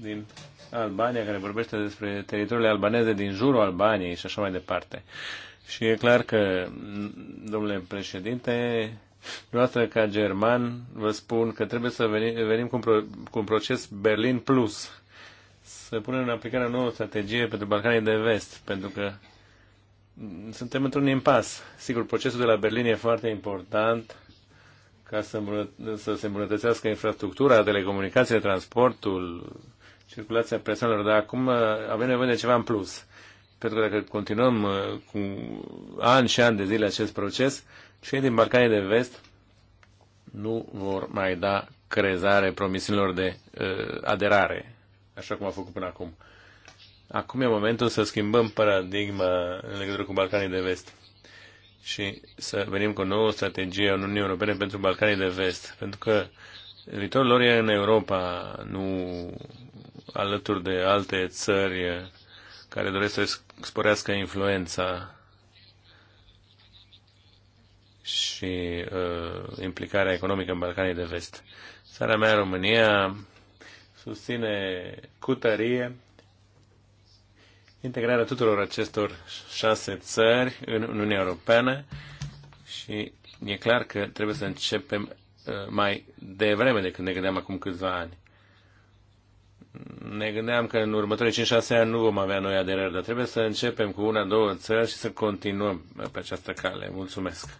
din Albania, care vorbește despre teritoriile albaneze din jurul Albaniei și așa mai departe. Și e clar că, domnule președinte, noastră ca german vă spun că trebuie să venim, venim cu, un pro, cu un proces Berlin Plus, să punem în aplicare o nouă strategie pentru Balcanii de Vest, pentru că suntem într-un impas. Sigur, procesul de la Berlin e foarte important ca să, să se îmbunătățească infrastructura, telecomunicațiile, transportul, circulația persoanelor, dar acum uh, avem nevoie de ceva în plus. Pentru că dacă continuăm uh, cu ani și ani de zile acest proces, cei din Balcanii de Vest nu vor mai da crezare promisiunilor de uh, aderare, așa cum a făcut până acum. Acum e momentul să schimbăm paradigma în legătură cu Balcanii de Vest și să venim cu o nouă strategie a Uniunii Europene pentru Balcanii de Vest, pentru că viitorul lor e în Europa, nu alături de alte țări care doresc să sporească influența și uh, implicarea economică în Balcanii de Vest. Țara mea, România, susține cu tărie integrarea tuturor acestor șase țări în Uniunea Europeană și e clar că trebuie să începem uh, mai devreme decât ne gândeam acum câțiva ani ne gândeam că în următorii 5-6 ani nu vom avea noi aderări, dar trebuie să începem cu una, două țări și să continuăm pe această cale. Mulțumesc!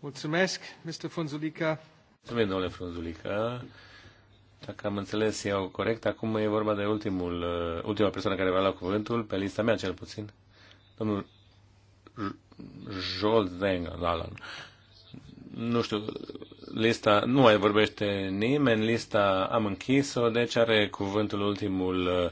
Mulțumesc, Mr. Frunzulica. Mulțumesc, domnule Frunzulica. Dacă am înțeles eu corect, acum e vorba de ultimul, uh, ultima persoană care va lua cuvântul, pe lista mea cel puțin, domnul Jolt Zeng, Nu știu, lista nu mai vorbește nimeni, lista am închis-o, deci are cuvântul ultimul uh,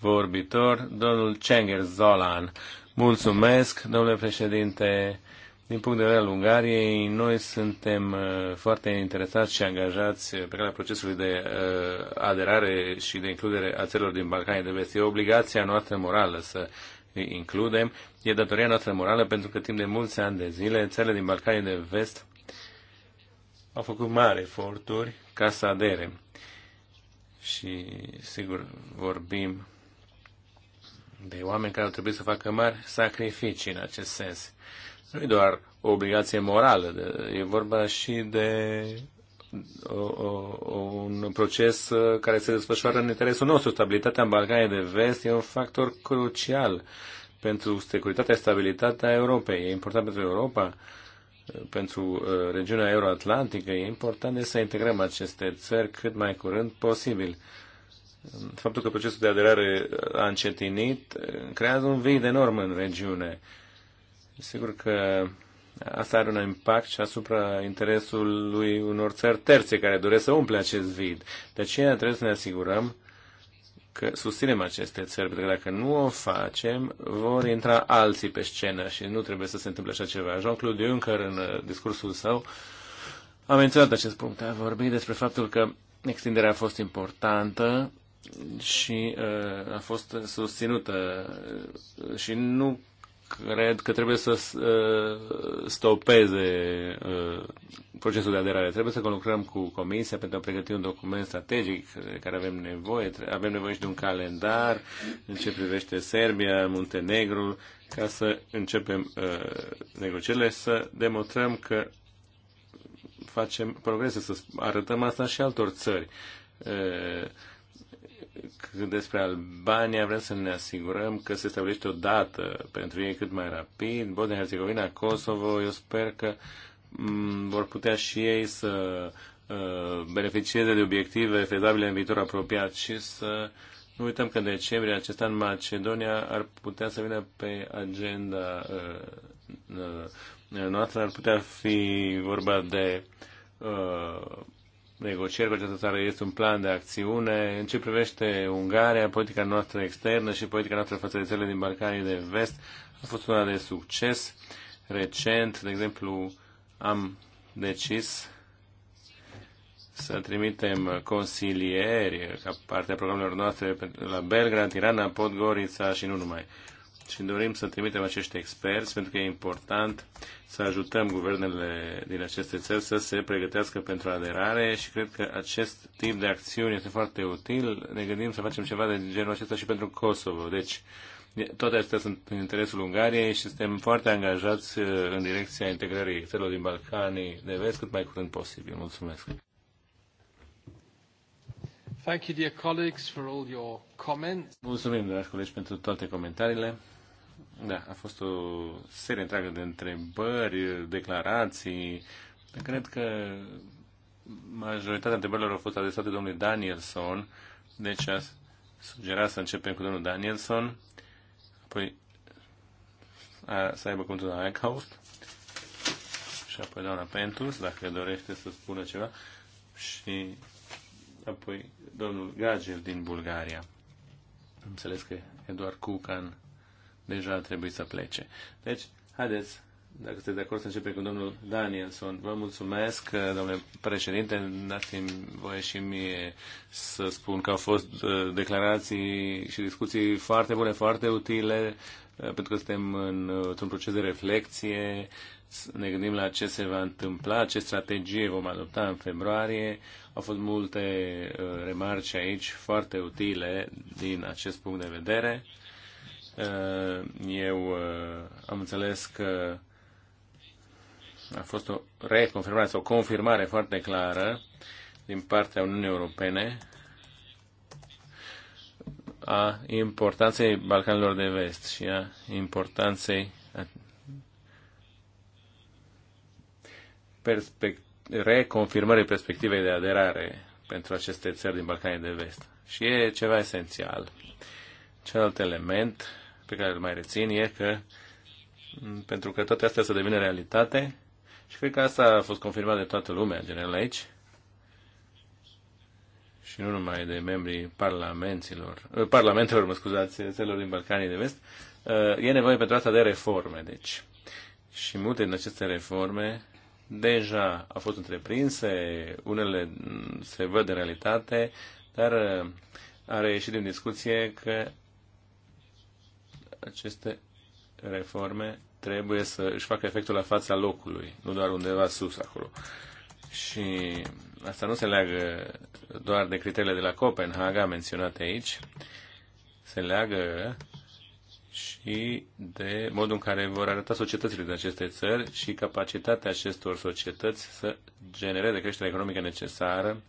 vorbitor, domnul Cenger Zolan. Mulțumesc, domnule președinte. Din punct de vedere al Ungariei, noi suntem uh, foarte interesați și angajați pe calea procesului de uh, aderare și de includere a țărilor din Balcanii de Vest. E obligația noastră morală să îi includem. E datoria noastră morală pentru că timp de mulți ani de zile țările din Balcanii de Vest au făcut mari eforturi ca să adere. Și, sigur, vorbim de oameni care au trebuit să facă mari sacrificii în acest sens. Nu e doar o obligație morală, e vorba și de o, o, un proces uh, care se desfășoară în interesul nostru. Stabilitatea în Balcanii de Vest e un factor crucial pentru securitatea și stabilitatea Europei. E important pentru Europa pentru uh, regiunea euroatlantică, e important să integrăm aceste țări cât mai curând posibil. Faptul că procesul de aderare a încetinit uh, creează un vid enorm în regiune. Sigur că asta are un impact și asupra interesului unor țări terțe care doresc să umple acest vid. De aceea trebuie să ne asigurăm că susținem aceste țări, pentru că dacă nu o facem, vor intra alții pe scenă și nu trebuie să se întâmple așa ceva. Jean-Claude Juncker, în uh, discursul său, a menționat acest punct. A vorbit despre faptul că extinderea a fost importantă și uh, a fost susținută uh, și nu cred că trebuie să uh, stopeze uh, procesul de aderare. Trebuie să lucrăm cu Comisia pentru a pregăti un document strategic de care avem nevoie. Avem nevoie și de un calendar în ce privește Serbia, Muntenegru, ca să începem uh, negocierile, să demonstrăm că facem progrese, să arătăm asta și altor țări. Uh, despre Albania vrem să ne asigurăm că se stabilește o dată pentru ei cât mai rapid. Bosnia-Herzegovina, Kosovo, eu sper că uh, Mm, vor putea și ei să uh, beneficieze de obiective fezabile în viitor apropiat și să nu uităm că în decembrie acest an Macedonia ar putea să vină pe agenda uh, uh, noastră, ar putea fi vorba de negocieri cu această țară este un plan de acțiune. În ce privește Ungaria, politica noastră externă și politica noastră față de țările din Balcanii de Vest a fost una de succes recent. De exemplu, am decis să trimitem consilieri ca parte a programelor noastre la Belgrad, Tirana, Podgorița și nu numai. Și dorim să trimitem acești experți pentru că e important să ajutăm guvernele din aceste țări să se pregătească pentru aderare și cred că acest tip de acțiuni este foarte util. Ne gândim să facem ceva de genul acesta și pentru Kosovo. Deci, toate acestea sunt în interesul Ungariei și suntem foarte angajați uh, în direcția integrării țărilor din Balcanii de vest cât mai curând posibil. Mulțumesc! Thank you, dear colleagues, for all your comments. Mulțumim, dragi colegi, pentru toate comentariile. Da, a fost o serie întreagă de întrebări, declarații. Cred că majoritatea întrebărilor au fost adresate domnului Danielson, deci a sugera să începem cu domnul Danielson apoi a, să aibă contul doamna Eckhout și apoi doamna Pentus, dacă dorește să spună ceva, și apoi domnul Gagev din Bulgaria. Am înțeles că Eduard Cucan deja trebuie să plece. Deci, haideți dacă sunteți de acord să începem cu domnul Danielson. Vă mulțumesc, uh, domnule președinte. Dați-mi voie și mie să spun că au fost uh, declarații și discuții foarte bune, foarte utile, uh, pentru că suntem în, într-un proces de reflexie. Ne gândim la ce se va întâmpla, ce strategie vom adopta în februarie. Au fost multe remarci aici foarte utile din acest punct de vedere. Eu am înțeles că a fost o reconfirmare sau o confirmare foarte clară din partea Uniunii Europene a importanței Balcanilor de Vest și a importanței perspect- reconfirmării perspectivei de aderare pentru aceste țări din Balcanii de Vest. Și e ceva esențial. Celălalt element pe care îl mai rețin e că pentru că toate astea să devină realitate, și cred că asta a fost confirmat de toată lumea, în general, aici. Și nu numai de membrii parlamentelor, eh, parlamentelor, mă scuzați, țelor din Balcanii de Vest. Eh, e nevoie pentru asta de reforme, deci. Și multe din aceste reforme deja au fost întreprinse, unele se văd în realitate, dar eh, a reieșit din discuție că aceste reforme trebuie să își facă efectul la fața locului, nu doar undeva sus acolo. Și asta nu se leagă doar de criteriile de la Copenhaga menționate aici, se leagă și de modul în care vor arăta societățile din aceste țări și capacitatea acestor societăți să genereze creșterea economică necesară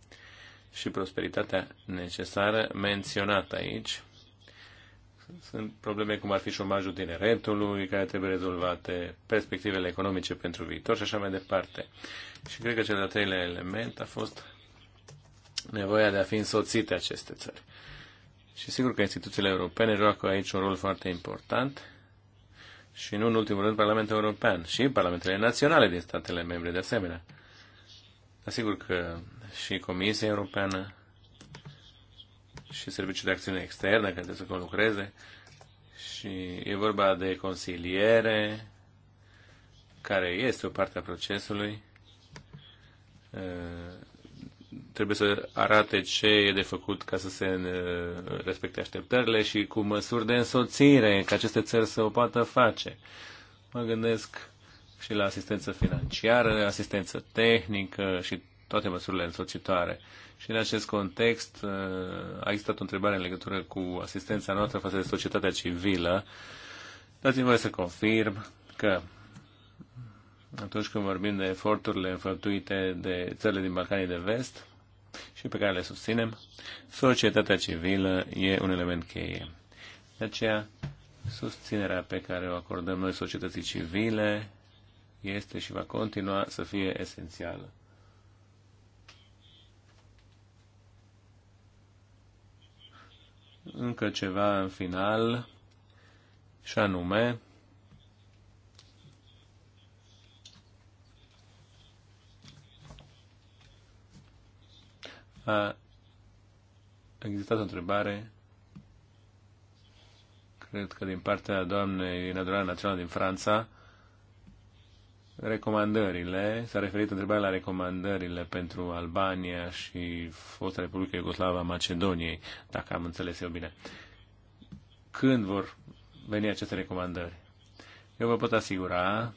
și prosperitatea necesară menționată aici sunt probleme cum ar fi șomajul tineretului, care trebuie rezolvate, perspectivele economice pentru viitor și așa mai departe. Și cred că cel de-al treilea element a fost nevoia de a fi însoțite aceste țări. Și sigur că instituțiile europene joacă aici un rol foarte important și nu în ultimul rând Parlamentul European și Parlamentele Naționale din statele membre de asemenea. Asigur că și Comisia Europeană și Serviciul de Acțiune Externă, care trebuie să conlucreze. Și e vorba de consiliere, care este o parte a procesului. Trebuie să arate ce e de făcut ca să se respecte așteptările și cu măsuri de însoțire ca aceste țări să o poată face. Mă gândesc și la asistență financiară, asistență tehnică și toate măsurile însoțitoare. Și în acest context uh, a existat o întrebare în legătură cu asistența noastră față de societatea civilă. Dați-mi voie să confirm că atunci când vorbim de eforturile înfăptuite de țările din Balcanii de Vest și pe care le susținem, societatea civilă e un element cheie. De aceea, susținerea pe care o acordăm noi societății civile este și va continua să fie esențială. încă ceva în final, și anume, a existat o întrebare, cred că din partea doamnei Nadurana Națională din Franța, recomandările, s-a referit întrebarea la recomandările pentru Albania și fosta Republică Iugoslava Macedoniei, dacă am înțeles eu bine. Când vor veni aceste recomandări? Eu vă pot asigura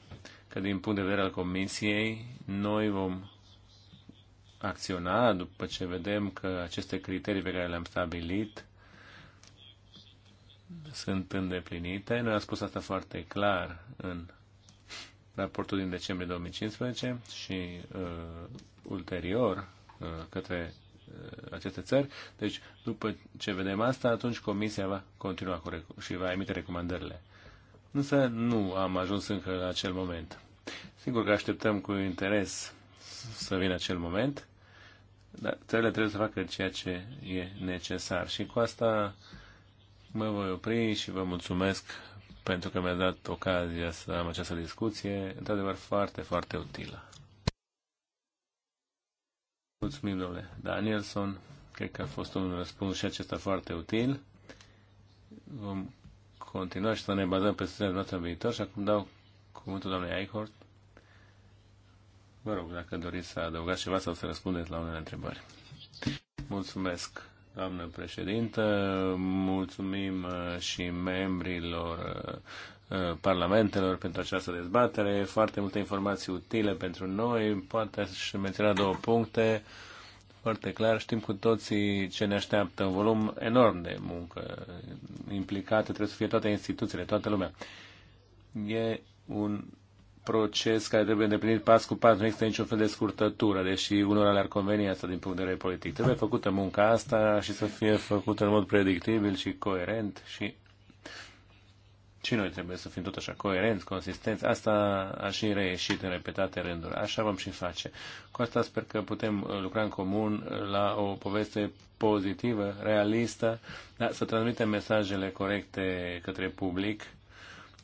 că din punct de vedere al Comisiei, noi vom acționa după ce vedem că aceste criterii pe care le-am stabilit sunt îndeplinite. Noi am spus asta foarte clar în raportul din decembrie 2015 și uh, ulterior uh, către uh, aceste țări. Deci, după ce vedem asta, atunci Comisia va continua cu și va emite recomandările. Însă nu am ajuns încă la acel moment. Sigur că așteptăm cu interes să vină acel moment, dar țările trebuie să facă ceea ce e necesar. Și cu asta mă voi opri și vă mulțumesc pentru că mi-a dat ocazia să am această discuție, într-adevăr foarte, foarte utilă. Mulțumim, domnule Danielson. Cred că a fost un răspuns și acesta foarte util. Vom continua și să ne bazăm pe studiile noastre în viitor și acum dau cuvântul doamnei Eichhorst. Vă rog, dacă doriți să adăugați ceva sau să răspundeți la unele întrebări. Mulțumesc doamnă președintă. Mulțumim uh, și membrilor uh, uh, parlamentelor pentru această dezbatere. Foarte multe informații utile pentru noi. Poate aș menționa două puncte. Foarte clar, știm cu toții ce ne așteaptă. Un volum enorm de muncă implicată, trebuie să fie toate instituțiile, toată lumea. E un proces care trebuie îndeplinit pas cu pas, nu există niciun fel de scurtătură, deși unora le-ar conveni asta din punct de vedere politic. Trebuie făcută munca asta și să fie făcută în mod predictibil și coerent și și noi trebuie să fim tot așa coerenți, consistenți. Asta a și reieșit în repetate rânduri. Așa vom și face. Cu asta sper că putem uh, lucra în comun la o poveste pozitivă, realistă, da, să transmitem mesajele corecte către public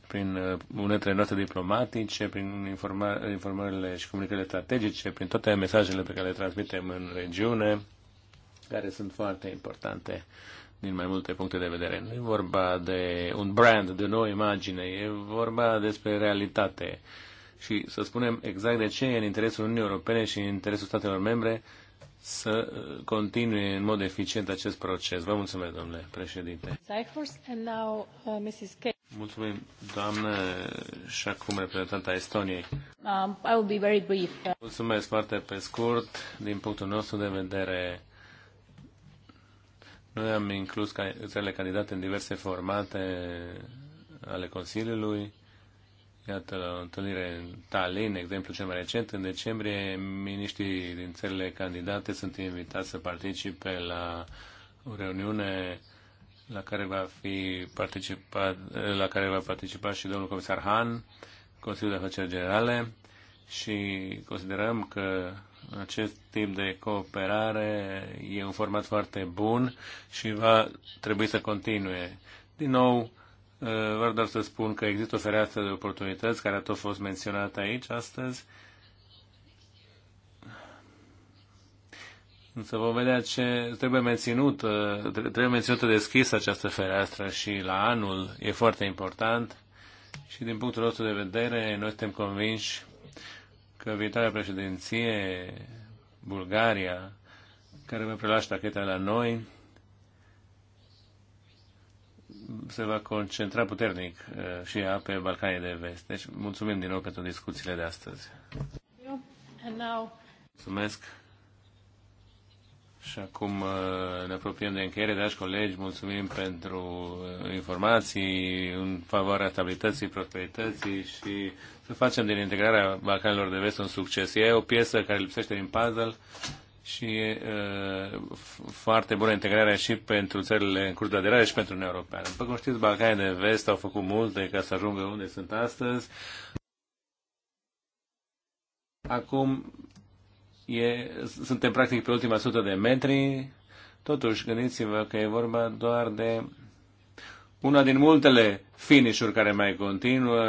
prin uh, unele noastre diplomatice, prin informa- informările și comunicările strategice, prin toate mesajele pe care le transmitem în regiune, care sunt foarte importante din mai multe puncte de vedere. Nu e vorba de un brand, de o nouă imagine, e vorba despre realitate. Și să spunem exact de ce e în interesul Uniunii Europene și în interesul statelor membre să uh, continue în mod eficient acest proces. Vă mulțumesc, domnule președinte. Mulțumim, doamnă, și acum reprezentanta Estoniei. Um, I will be very brief. Mulțumesc foarte pe scurt. Din punctul nostru de vedere, noi am inclus țările candidate în diverse formate ale Consiliului. Iată, la o întâlnire în Tallinn, exemplu cel mai recent, în decembrie, miniștrii din țările candidate sunt invitați să participe la o reuniune uh, la care va fi participat, la care va participa și domnul comisar Han, Consiliul de Afaceri Generale și considerăm că acest tip de cooperare e un format foarte bun și va trebui să continue. Din nou, eh, vreau doar să spun că există o fereastră de oportunități care a tot fost menționată aici astăzi Însă vom vedea ce trebuie menținut, uh, trebuie menținută deschisă această fereastră și la anul e foarte important și din punctul nostru de vedere noi suntem convinși că viitoarea președinție Bulgaria, care va prelua ștacheta la noi, se va concentra puternic uh, și ea pe Balcanii de Vest. Deci mulțumim din nou pentru discuțiile de astăzi. Mulțumesc. Și acum uh, ne apropiem de încheiere, dragi colegi, mulțumim pentru uh, informații în favoarea stabilității, prosperității și să facem din integrarea Balcanilor de Vest un succes. E o piesă care lipsește din puzzle și e uh, foarte bună integrarea și pentru țările în curs de aderare și pentru Uniunea Europeană. După cum știți, Balcanii de Vest au făcut multe ca să ajungă unde sunt astăzi. Acum e, suntem practic pe ultima sută de metri, totuși gândiți-vă că e vorba doar de una din multele finișuri care mai continuă,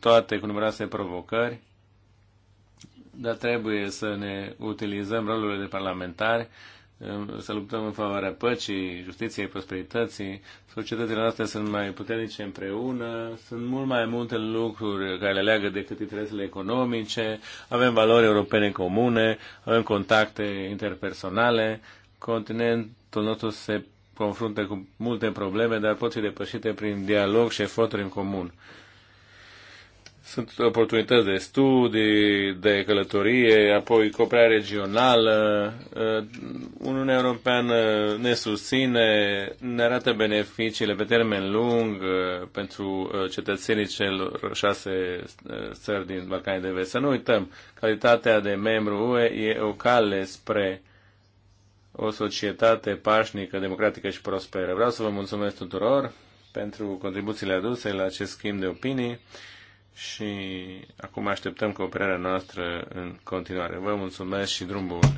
toate cu numeroase provocări, dar trebuie să ne utilizăm rolurile de parlamentari Ehm, să luptăm în favoarea păcii, justiției, prosperității. Societățile noastre sunt mai puternice împreună, sunt mult mai multe lucruri care le leagă decât interesele economice, avem valori europene comune, avem contacte interpersonale, continentul nostru se confruntă cu multe probleme, dar pot fi depășite prin dialog și eforturi în comun. Sunt oportunități de studii, de călătorie, apoi cooperare regională. Uh, Uniunea Europeană ne susține, ne arată beneficiile pe termen lung uh, pentru uh, cetățenii celor șase țări din Balcanii de Vest. Să nu uităm, calitatea de membru UE e o cale spre o societate pașnică, democratică și prosperă. Vreau să vă mulțumesc tuturor pentru contribuțiile aduse la acest schimb de opinii și acum așteptăm cooperarea noastră în continuare. Vă mulțumesc și drum bun!